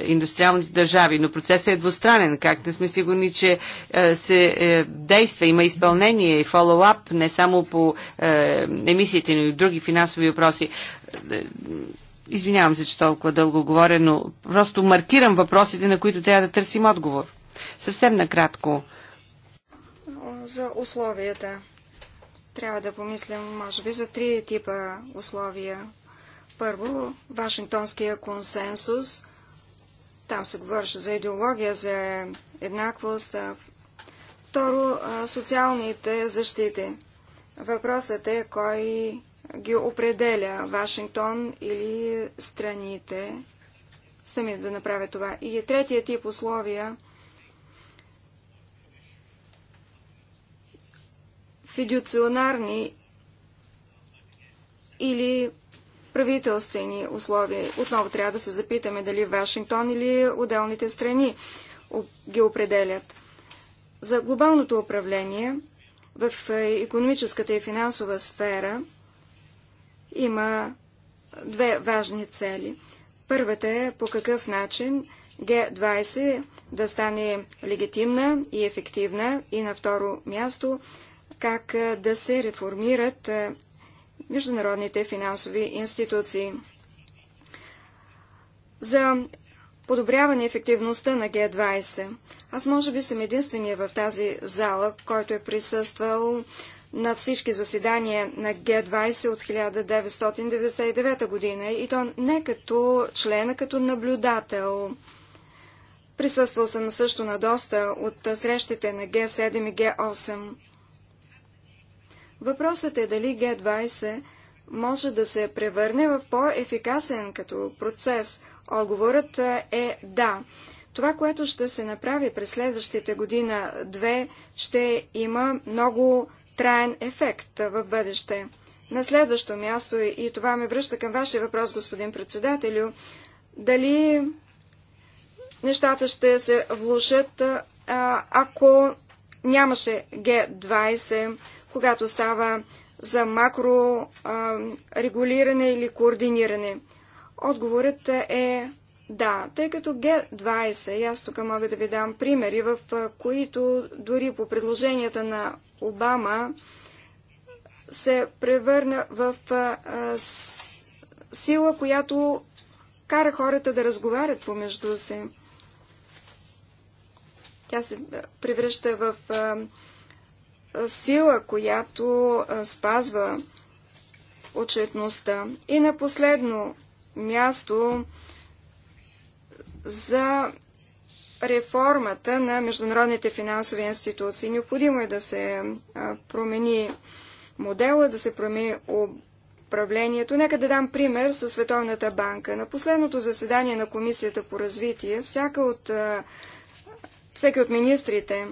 индустриалните държави, но процесът е двустранен. Как да сме сигурни, че се действа, има изпълнение и фоллоуап не само по е, емисиите и други финансови въпроси. Е, извинявам се, че толкова дълго говоря, но просто маркирам въпросите, на които трябва да търсим отговор. Съвсем накратко. За условията. Трябва да помислям, може би, за три типа условия. Първо, Вашингтонския консенсус. Там се говореше за идеология, за еднаквост. Второ, социалните защити. Въпросът е кой ги определя Вашингтон или страните сами да направят това. И третия тип условия фидюционарни или правителствени условия. Отново трябва да се запитаме дали Вашингтон или отделните страни ги определят. За глобалното управление в економическата и финансова сфера има две важни цели. Първата е по какъв начин Г20 да стане легитимна и ефективна и на второ място как е, да се реформират е, международните финансови институции. За подобряване ефективността на Г-20. Аз може би съм единствения в тази зала, който е присъствал на всички заседания на Г-20 от 1999 година и то не като член, а като наблюдател. Присъствал съм също на доста от срещите на Г-7 и Г-8. Въпросът е дали Г-20 може да се превърне в по-ефикасен като процес, Отговорът е да. Това, което ще се направи през следващите година-две, ще има много траен ефект в бъдеще. На следващо място, и това ме връща към вашия въпрос, господин председателю, дали нещата ще се влушат, ако нямаше Г20, когато става за макрорегулиране или координиране. Отговорът е да, тъй като Г20, аз тук мога да ви дам примери, в които дори по предложенията на Обама се превърна в сила, която кара хората да разговарят помежду си. Тя се превръща в сила, която спазва отчетността. И на последно място за реформата на международните финансови институции. Необходимо е да се промени модела, да се промени управлението. Нека да дам пример със Световната банка. На последното заседание на Комисията по развитие, всяка от, всеки от министрите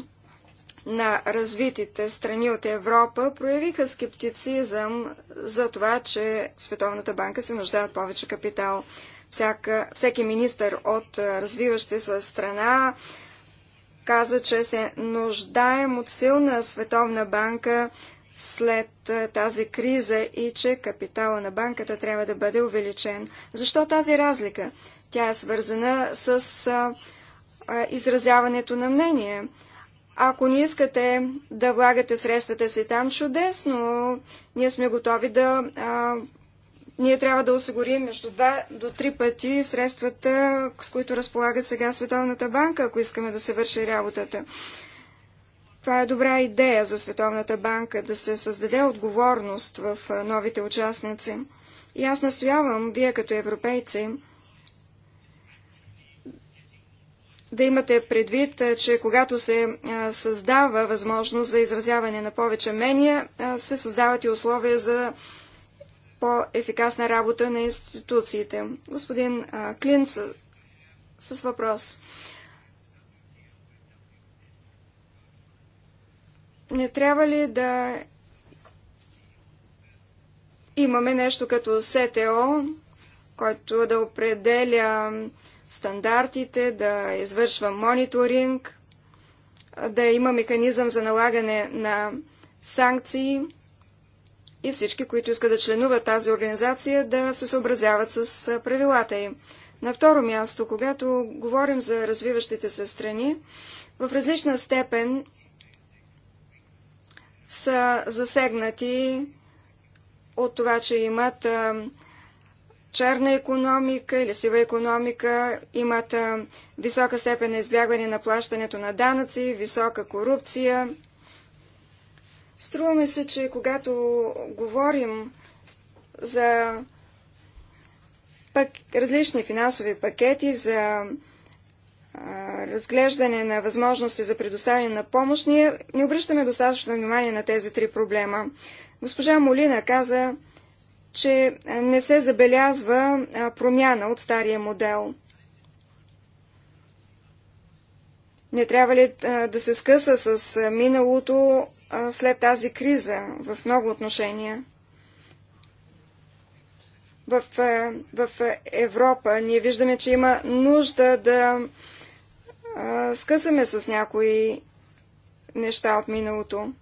на развитите страни от Европа проявиха скептицизъм за това, че Световната банка се нуждае от повече капитал. Всяка, всеки министър от развиваща се страна каза, че се нуждаем от силна Световна банка след тази криза и че капитала на банката трябва да бъде увеличен. Защо тази разлика? Тя е свързана с изразяването на мнение. Ако не искате да влагате средствата си там, чудесно. Ние сме готови да... А, ние трябва да осигурим между два до три пъти средствата, с които разполага сега Световната банка, ако искаме да се върши работата. Това е добра идея за Световната банка, да се създаде отговорност в новите участници. И аз настоявам, вие като европейци, да имате предвид, че когато се създава възможност за изразяване на повече мнения, се създават и условия за по-ефикасна работа на институциите. Господин Клинц с въпрос. Не трябва ли да имаме нещо като СТО, който да определя стандартите, да извършва мониторинг, да има механизъм за налагане на санкции и всички, които искат да членуват тази организация, да се съобразяват с правилата им. На второ място, когато говорим за развиващите се страни, в различна степен са засегнати от това, че имат а, черна економика или сива економика, имат висока степен на избягване на плащането на данъци, висока корупция. Струва ми се, че когато говорим за пък, различни финансови пакети, за разглеждане на възможности за предоставяне на помощ, ние не обръщаме достатъчно внимание на тези три проблема. Госпожа Молина каза, че е, не се забелязва е, промяна от стария модел. Не трябва ли е, да се скъса с миналото след тази криза в много отношения? В, в Европа ние виждаме, че има нужда да скъсаме с някои неща от миналото.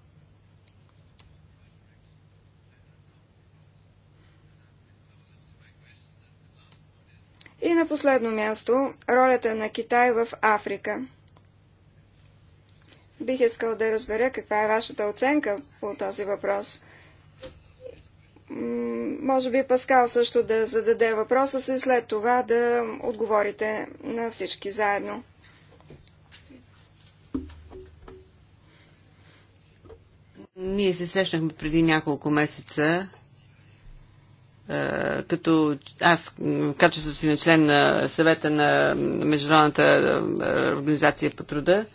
И на последно място, ролята на Китай в Африка. Бих искал да разбера каква е вашата оценка по този въпрос. Може би Паскал също да зададе въпроса си, след това да отговорите на всички заедно. Ние се срещнахме преди няколко месеца е, като аз в качеството си на член на съвета на Международната е, организация по труда,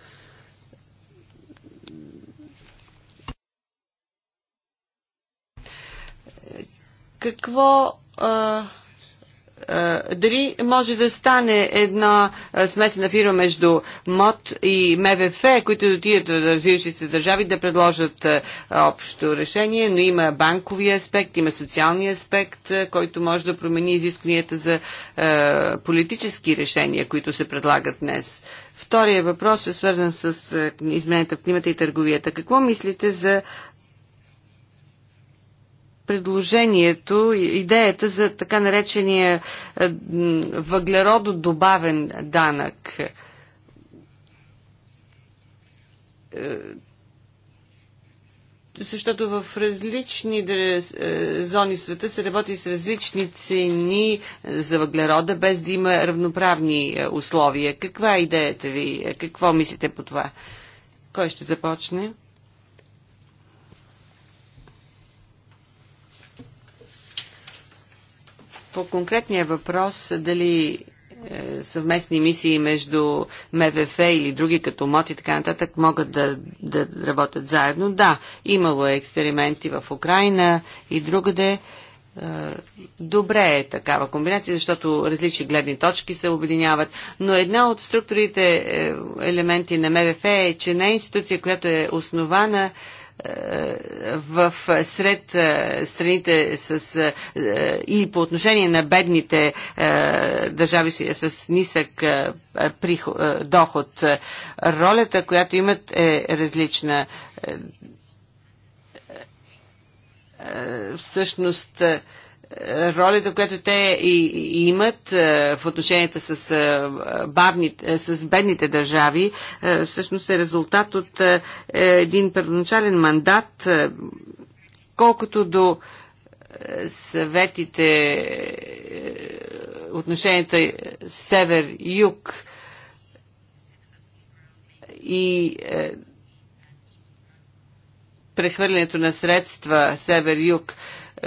какво а, е, е, дали може да стане една е, смесена фирма между МОД и МВФ, които дотият до развиващите държави да предложат е, общо решение, но има банковия аспект, има социалния аспект, който може да промени изискванията за политически решения, които се предлагат днес. Втория въпрос е свързан с измененията в климата и търговията. Какво мислите за предложението, идеята за така наречения е, въглерододобавен данък. Е, защото в различни е, зони в света се работи с различни цени за въглерода, без да има равноправни условия. Каква е идеята ви? Какво мислите по това? Кой ще започне? По конкретния въпрос, дали е, съвместни мисии между МВФ или други като МОТ и така нататък могат да, да работят заедно. Да, имало е експерименти в Украина и другаде. Е, добре е такава комбинация, защото различни гледни точки се объединяват. Но една от структурите, е, елементи на МВФ е, че не е институция, която е основана в сред е, страните с, е, е, и по отношение на бедните държави с нисък доход, ролята, която имат е различна. Всъщност, ролята, която те и, и имат е, в отношенията с, е, е с бедните държави, е, всъщност е резултат от един първоначален мандат, колкото до съветите, отношенията север-юг и прехвърлянето на средства север-юг. Е,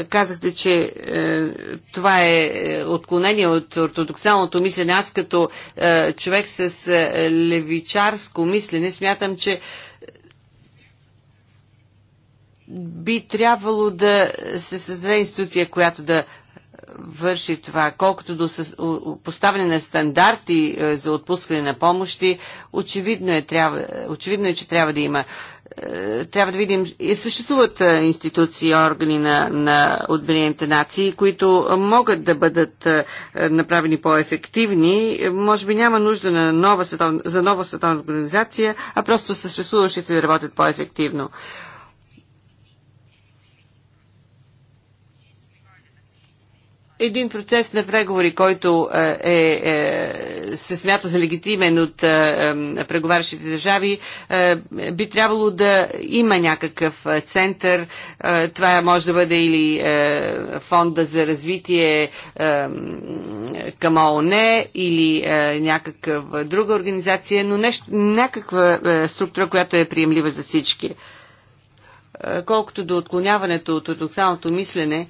Казахте, че е, това е, е отклонение от ортодоксалното мислене. Аз като е, човек с е, левичарско мислене смятам, че би трябвало да се създаде институция, която да върши това. Колкото до поставяне на стандарти е, за отпускане на помощи, очевидно е, трябва, очевидно е, че трябва да има е, трябва да видим, съществуват е, институции органи на, на Обединените нации, които могат да бъдат е, направени по-ефективни. Може би няма нужда на нова световна, за нова световна организация, а просто съществуващите да работят по-ефективно. един процес на преговори, който е, е, е, се смята за легитимен от е, е, преговарящите държави, е, би трябвало да има някакъв е, център. Е, това може да бъде или е, фонда за развитие е, към ООН, или е, някаква друга организация, но нещо, някаква е, структура, която е приемлива за всички. Е, колкото до отклоняването от ортодоксалното мислене, е,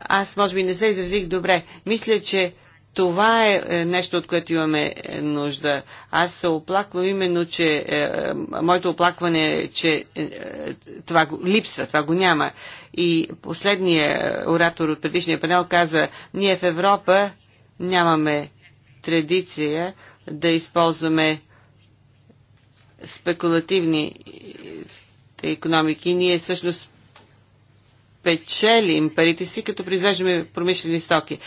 аз може би не се изразих добре. Мисля, че това е, е нещо, от което имаме е, нужда. Аз се оплаквам именно, че е, е, моето оплакване е, че е, това го, липсва, това го няма. И последният оратор от предишния панел каза, ние в Европа нямаме традиция да използваме спекулативни економики. Ние всъщност спечелим парите си, като произвеждаме промишлени стоки.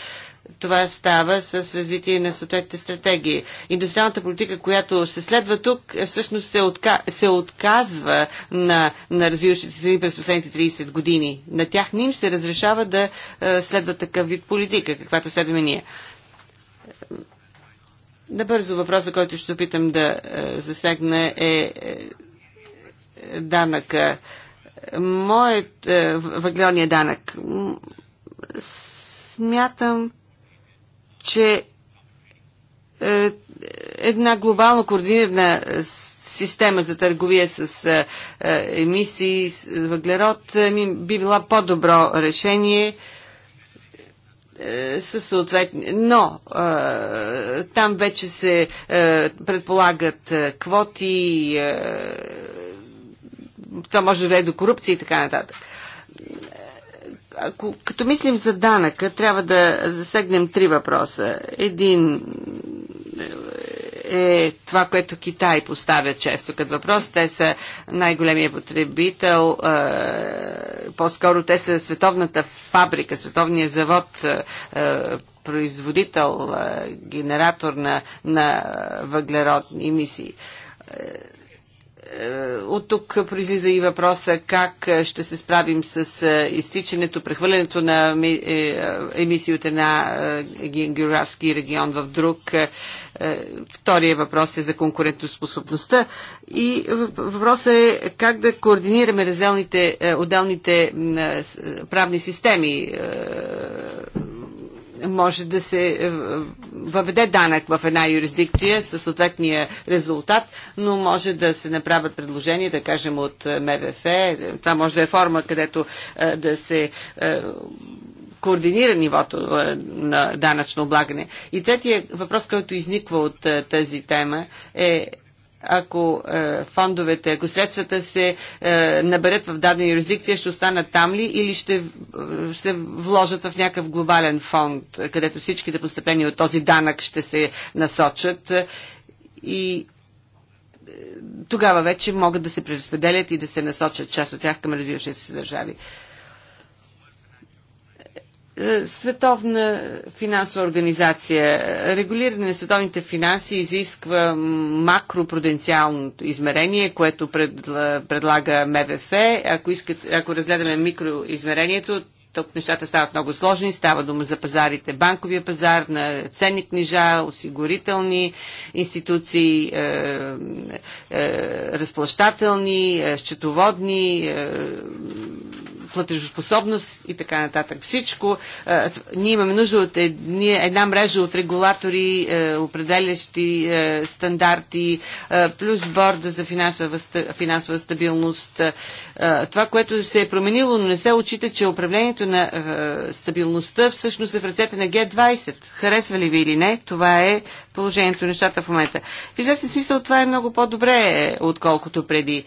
Това става с развитие на съответните стратегии. Индустриалната политика, която се следва тук, всъщност се, отка... се отказва на, на развиващите се през последните 30 години. На тях не им се разрешава да е, следва такъв вид политика, каквато следваме ние. Набързо въпроса, който ще опитам да е, засегна е, е данъка моят е, въглеродния данък. Смятам, че е, една глобално координирана е, система за търговия с е, е емисии с е, въглерод ми би била по-добро решение със съответни... Но там вече се предполагат квоти, това може да доведе до корупция и така нататък. Ако, като мислим за данъка, трябва да засегнем три въпроса. Един е това, което Китай поставя често като въпрос. Те са най-големия потребител, е, по-скоро те са световната фабрика, световния завод, е, производител, е, генератор на, на въглеродни емисии. Е, от тук произлиза и въпроса как е, ще се справим с е, изтичането, прехвърлянето на емисии от една географски регион в друг. Втория въпрос е за конкурентоспособността и въпросът е как да координираме разделните, отделните правни системи може да се е, въведе данък в една юрисдикция със съответния резултат, но може да се направят предложения, да кажем от е, МВФ. Това може да е форма, където е, да се координира нивото на данъчно облагане. И третия въпрос, който изниква от тази тема е ако е, фондовете, ако средствата се е, наберат в дадена юрисдикция, ще останат там ли или ще се вложат в някакъв глобален фонд, където всичките постъпления от този данък ще се насочат и е, тогава вече могат да се преразпределят и да се насочат част от тях към развиващите се държави. Е, Световна финансова организация. Регулиране на световните финанси изисква макропруденциално измерение, което предлага МВФ. Ако, искате, ако разгледаме микроизмерението, тук нещата стават много сложни. Става дума за пазарите, банковия пазар, на ценни книжа, осигурителни институции, е, е, разплащателни, е, счетоводни, е, платежоспособност и така нататък. Всичко. Е, ние имаме нужда от е, една мрежа от регулатори, е, определящи е, стандарти, е, плюс борда за финансова, финансова стабилност. Е, това, което се е променило, но не се очита, че управлението на е, стабилността всъщност е в ръцете на Г20. Харесва ли ви или не, това е положението на нещата в момента. В известен смисъл това е много по-добре, е, отколкото преди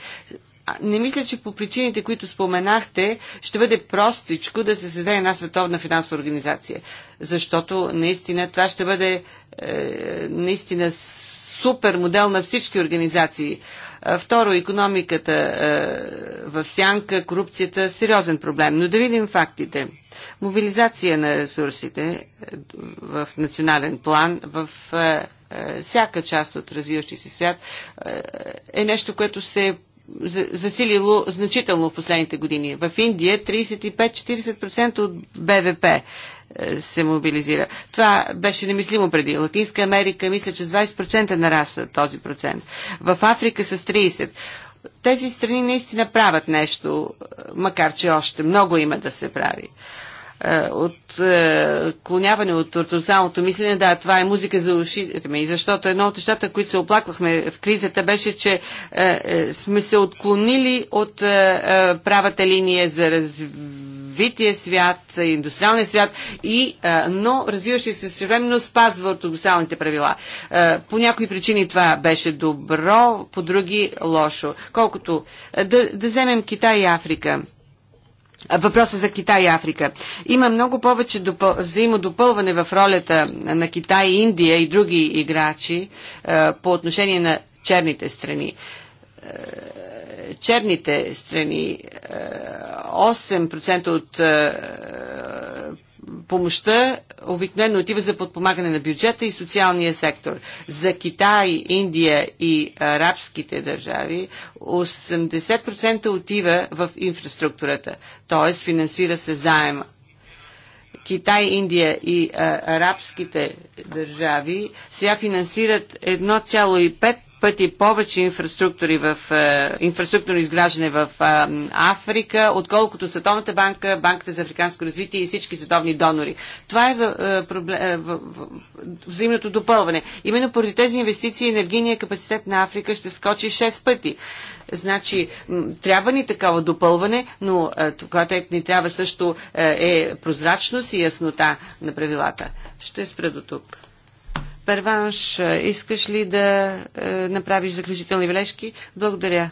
не мисля, че по причините, които споменахте, ще бъде простичко да се създаде една световна финансова организация. Защото наистина това ще бъде е, наистина супер модел на всички организации. Е, второ, економиката е, в сянка, корупцията, сериозен проблем. Но да видим фактите. Мобилизация на ресурсите е, в национален план, в е, е, всяка част от развиващи се свят е нещо, което се засилило значително в последните години. В Индия 35-40% от БВП е, се мобилизира. Това беше немислимо преди. Латинска Америка мисля, че с 20% нараса този процент. В Африка с 30% тези страни наистина правят нещо, макар че още много има да се прави. Е, е, отклоняване от ортодоксалното мислене, да, това е музика за ушите ми, защото едно от нещата, които се оплаквахме в кризата, беше, че е, сме се отклонили от правата линия за развитие развития свят, индустриалния свят, и, но развиваше се съвременно спазва ортодоксалните правила. По някои причини това беше добро, по други лошо. Колкото да, да вземем Китай и Африка. Въпроса за Китай и Африка. Има много повече допъл... взаимодопълване в ролята на Китай, Индия и други играчи е, по отношение на черните страни. Е, черните страни, е, 8% от е, помощта обикновено отива за подпомагане на бюджета и социалния сектор. За Китай, Индия и арабските държави 80% отива в инфраструктурата, т.е. финансира се заема. Китай, Индия и а, арабските държави сега финансират 1,5 пъти повече инфраструктури в, е, инфраструктурно изграждане в е, Африка, отколкото Световната банка, Банката за африканско развитие и всички световни донори. Това е, е взаимното допълване. Именно поради тези инвестиции енергийният капацитет на Африка ще скочи 6 пъти. Значи, трябва ни такова допълване, но това ни трябва също е прозрачност и яснота на правилата. Ще спра до тук. Перванш, искаш ли да е, направиш заключителни бележки? Благодаря.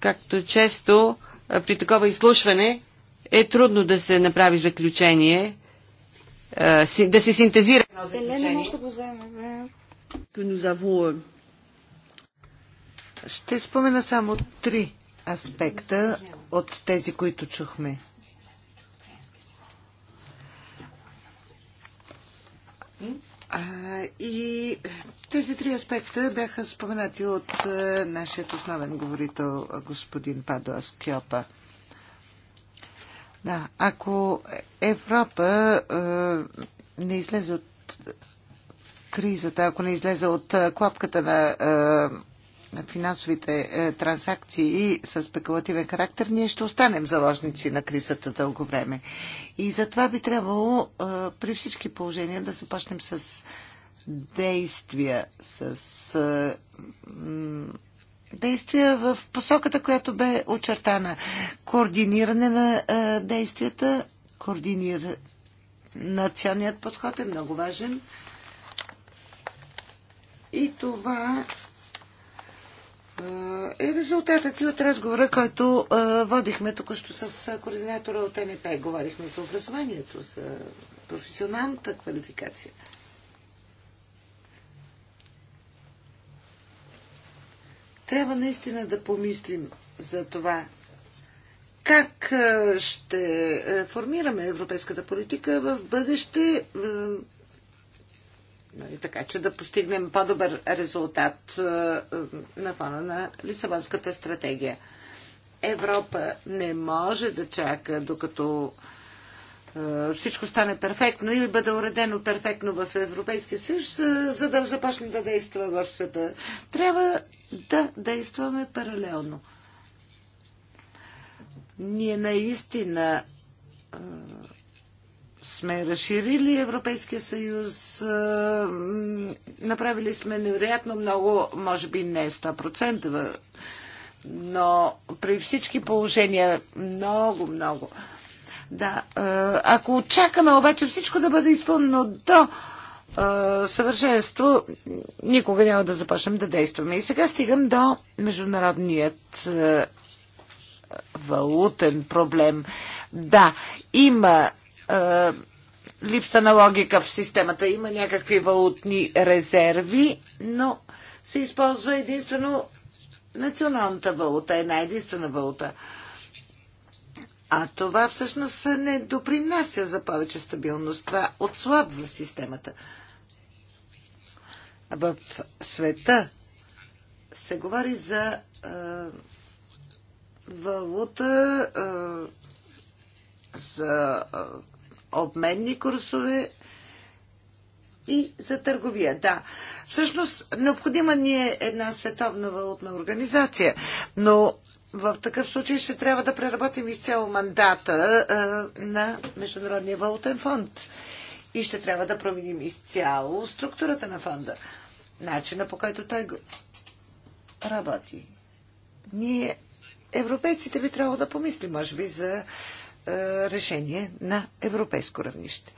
Както често е, при такова изслушване е трудно да се направи заключение, е, да се синтезира едно заключение. Е. Е, ще спомена само три аспекта от тези, които чухме. и тези три аспекта бяха споменати от е, нашият основен говорител, господин Падо Аскиопа. Да, ако Европа а, е, не излезе от кризата, ако не излезе от е, клапката на а, финансовите е, транзакции транзакции с спекулативен характер, ние ще останем заложници на кризата дълго време. И затова би трябвало е, при всички положения да започнем с действия, с е, действия в посоката, която бе очертана. Координиране на действията, координационният подход е много важен. И това е резултатът и от разговора, който водихме току-що с координатора от НП. Говорихме за образованието, за професионалната квалификация. Трябва наистина да помислим за това как ще формираме европейската политика в бъдеще Нали, така че да постигнем по-добър резултат е, е, на фона на Лисабонската стратегия. Европа не може да чака докато е, всичко стане перфектно или бъде уредено перфектно в Европейския съюз, за да започне да действа в света. Трябва да действаме паралелно. Ние наистина сме разширили Европейския съюз, направили сме невероятно много, може би не 100%, но при всички положения много, много. Да, ако чакаме обаче всичко да бъде изпълнено до съвършенство, никога няма да започнем да действаме. И сега стигам до международният валутен проблем. Да, има е, липса на логика в системата. Има някакви валутни резерви, но се използва единствено националната валута, една единствена валута. А това всъщност не допринася за повече стабилност. Това отслабва системата. В света се говори за е, валута, е, за е, обменни курсове и за търговия. Да, всъщност необходима ни е една световна валутна организация, но в такъв случай ще трябва да преработим изцяло мандата а, на Международния валутен фонд и ще трябва да променим изцяло структурата на фонда, начина по който той го работи. Ние, европейците, би трябвало да помислим, може би, за е, решение на европейско равнище.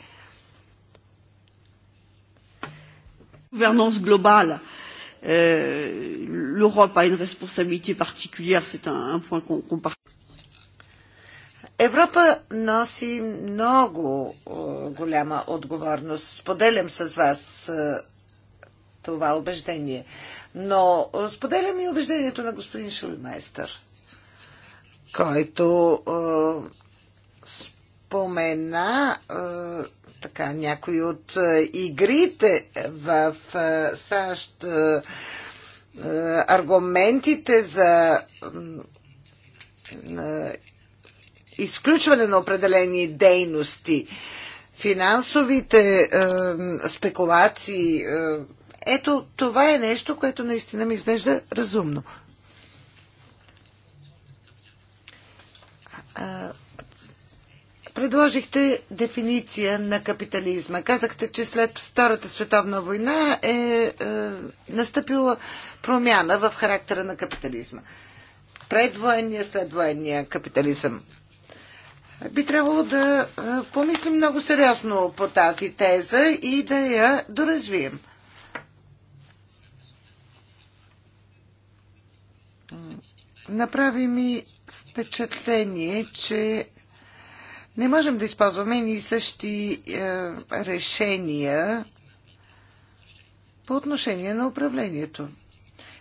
Gouvernance globale. Европа L'Europe a une responsabilité particulière, c'est un, un point qu'on Европа носи много е, голяма отговорност. Споделям с вас е, това убеждение. Но споделям и убеждението на господин Шулмайстър, който спомена е, така, някои от е, игрите в е, САЩ, аргументите за изключване на определени дейности, финансовите е, спекулации. Е, ето, това е нещо, което наистина ми изглежда разумно. Предложихте дефиниция на капитализма. Казахте, че след Втората световна война е, е настъпила промяна в характера на капитализма. Предвоенния, следвоенния капитализъм. Би трябвало да е, помислим много сериозно по тази теза и да я доразвием. Направи ми впечатление, че не можем да използваме ни същи е, решения по отношение на управлението.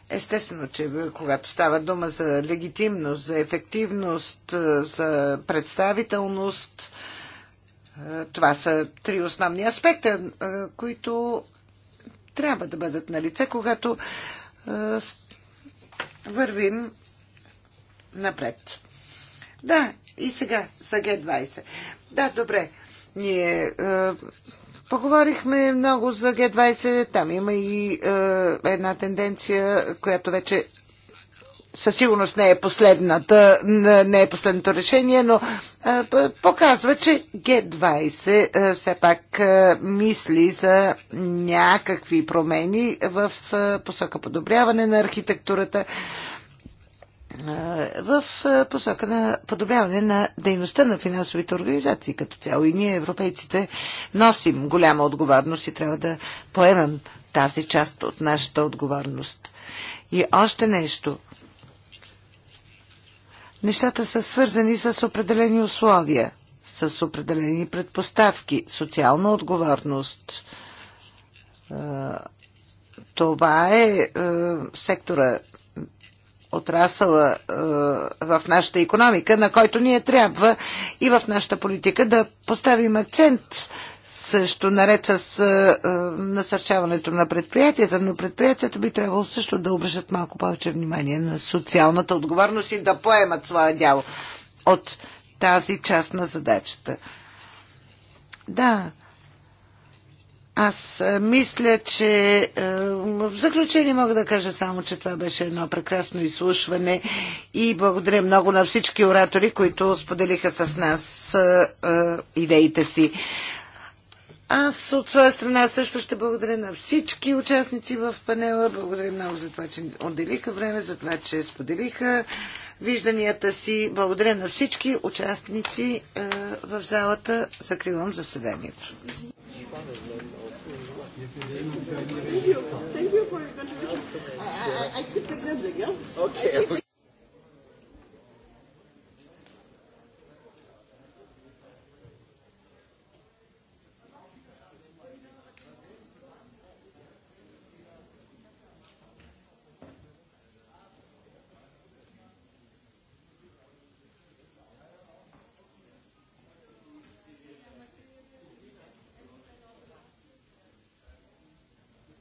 Естествено, че когато става дума за легитимност, за ефективност, е, за представителност, е, това са три основни аспекта, е, които трябва да бъдат на лице, когато вървим напред. Да, и сега, за Г20. Да, добре. Ние е, поговорихме много за Г20. Там има и е, една тенденция, която вече със сигурност не е последната, не е последното решение, но е, показва, че Г20 е, все пак е, мисли за някакви промени в е, посока подобряване на архитектурата в посока на подобряване на дейността на финансовите организации като цяло. И ние, европейците, носим голяма отговорност и трябва да поемем тази част от нашата отговорност. И още нещо. Нещата са свързани с определени условия, с определени предпоставки, социална отговорност. Това е, сектора отрасъла е, в нашата економика, на който ние трябва и в нашата политика да поставим акцент също наред с е, е, насърчаването на предприятията, но предприятията би трябвало също да обръщат малко повече внимание на социалната отговорност и да поемат своя дял от тази част на задачата. Да, аз е, мисля, че е, в заключение мога да кажа само, че това беше едно прекрасно изслушване и благодаря много на всички оратори, които споделиха с нас е, идеите си. Аз от своя страна също ще благодаря на всички участници в панела. Благодаря много за това, че отделиха време, за това, че споделиха вижданията си. Благодаря на всички участници в залата. Закривам заседанието. Thank you. for your contribution. I, I, I keep the music, yeah? Okay.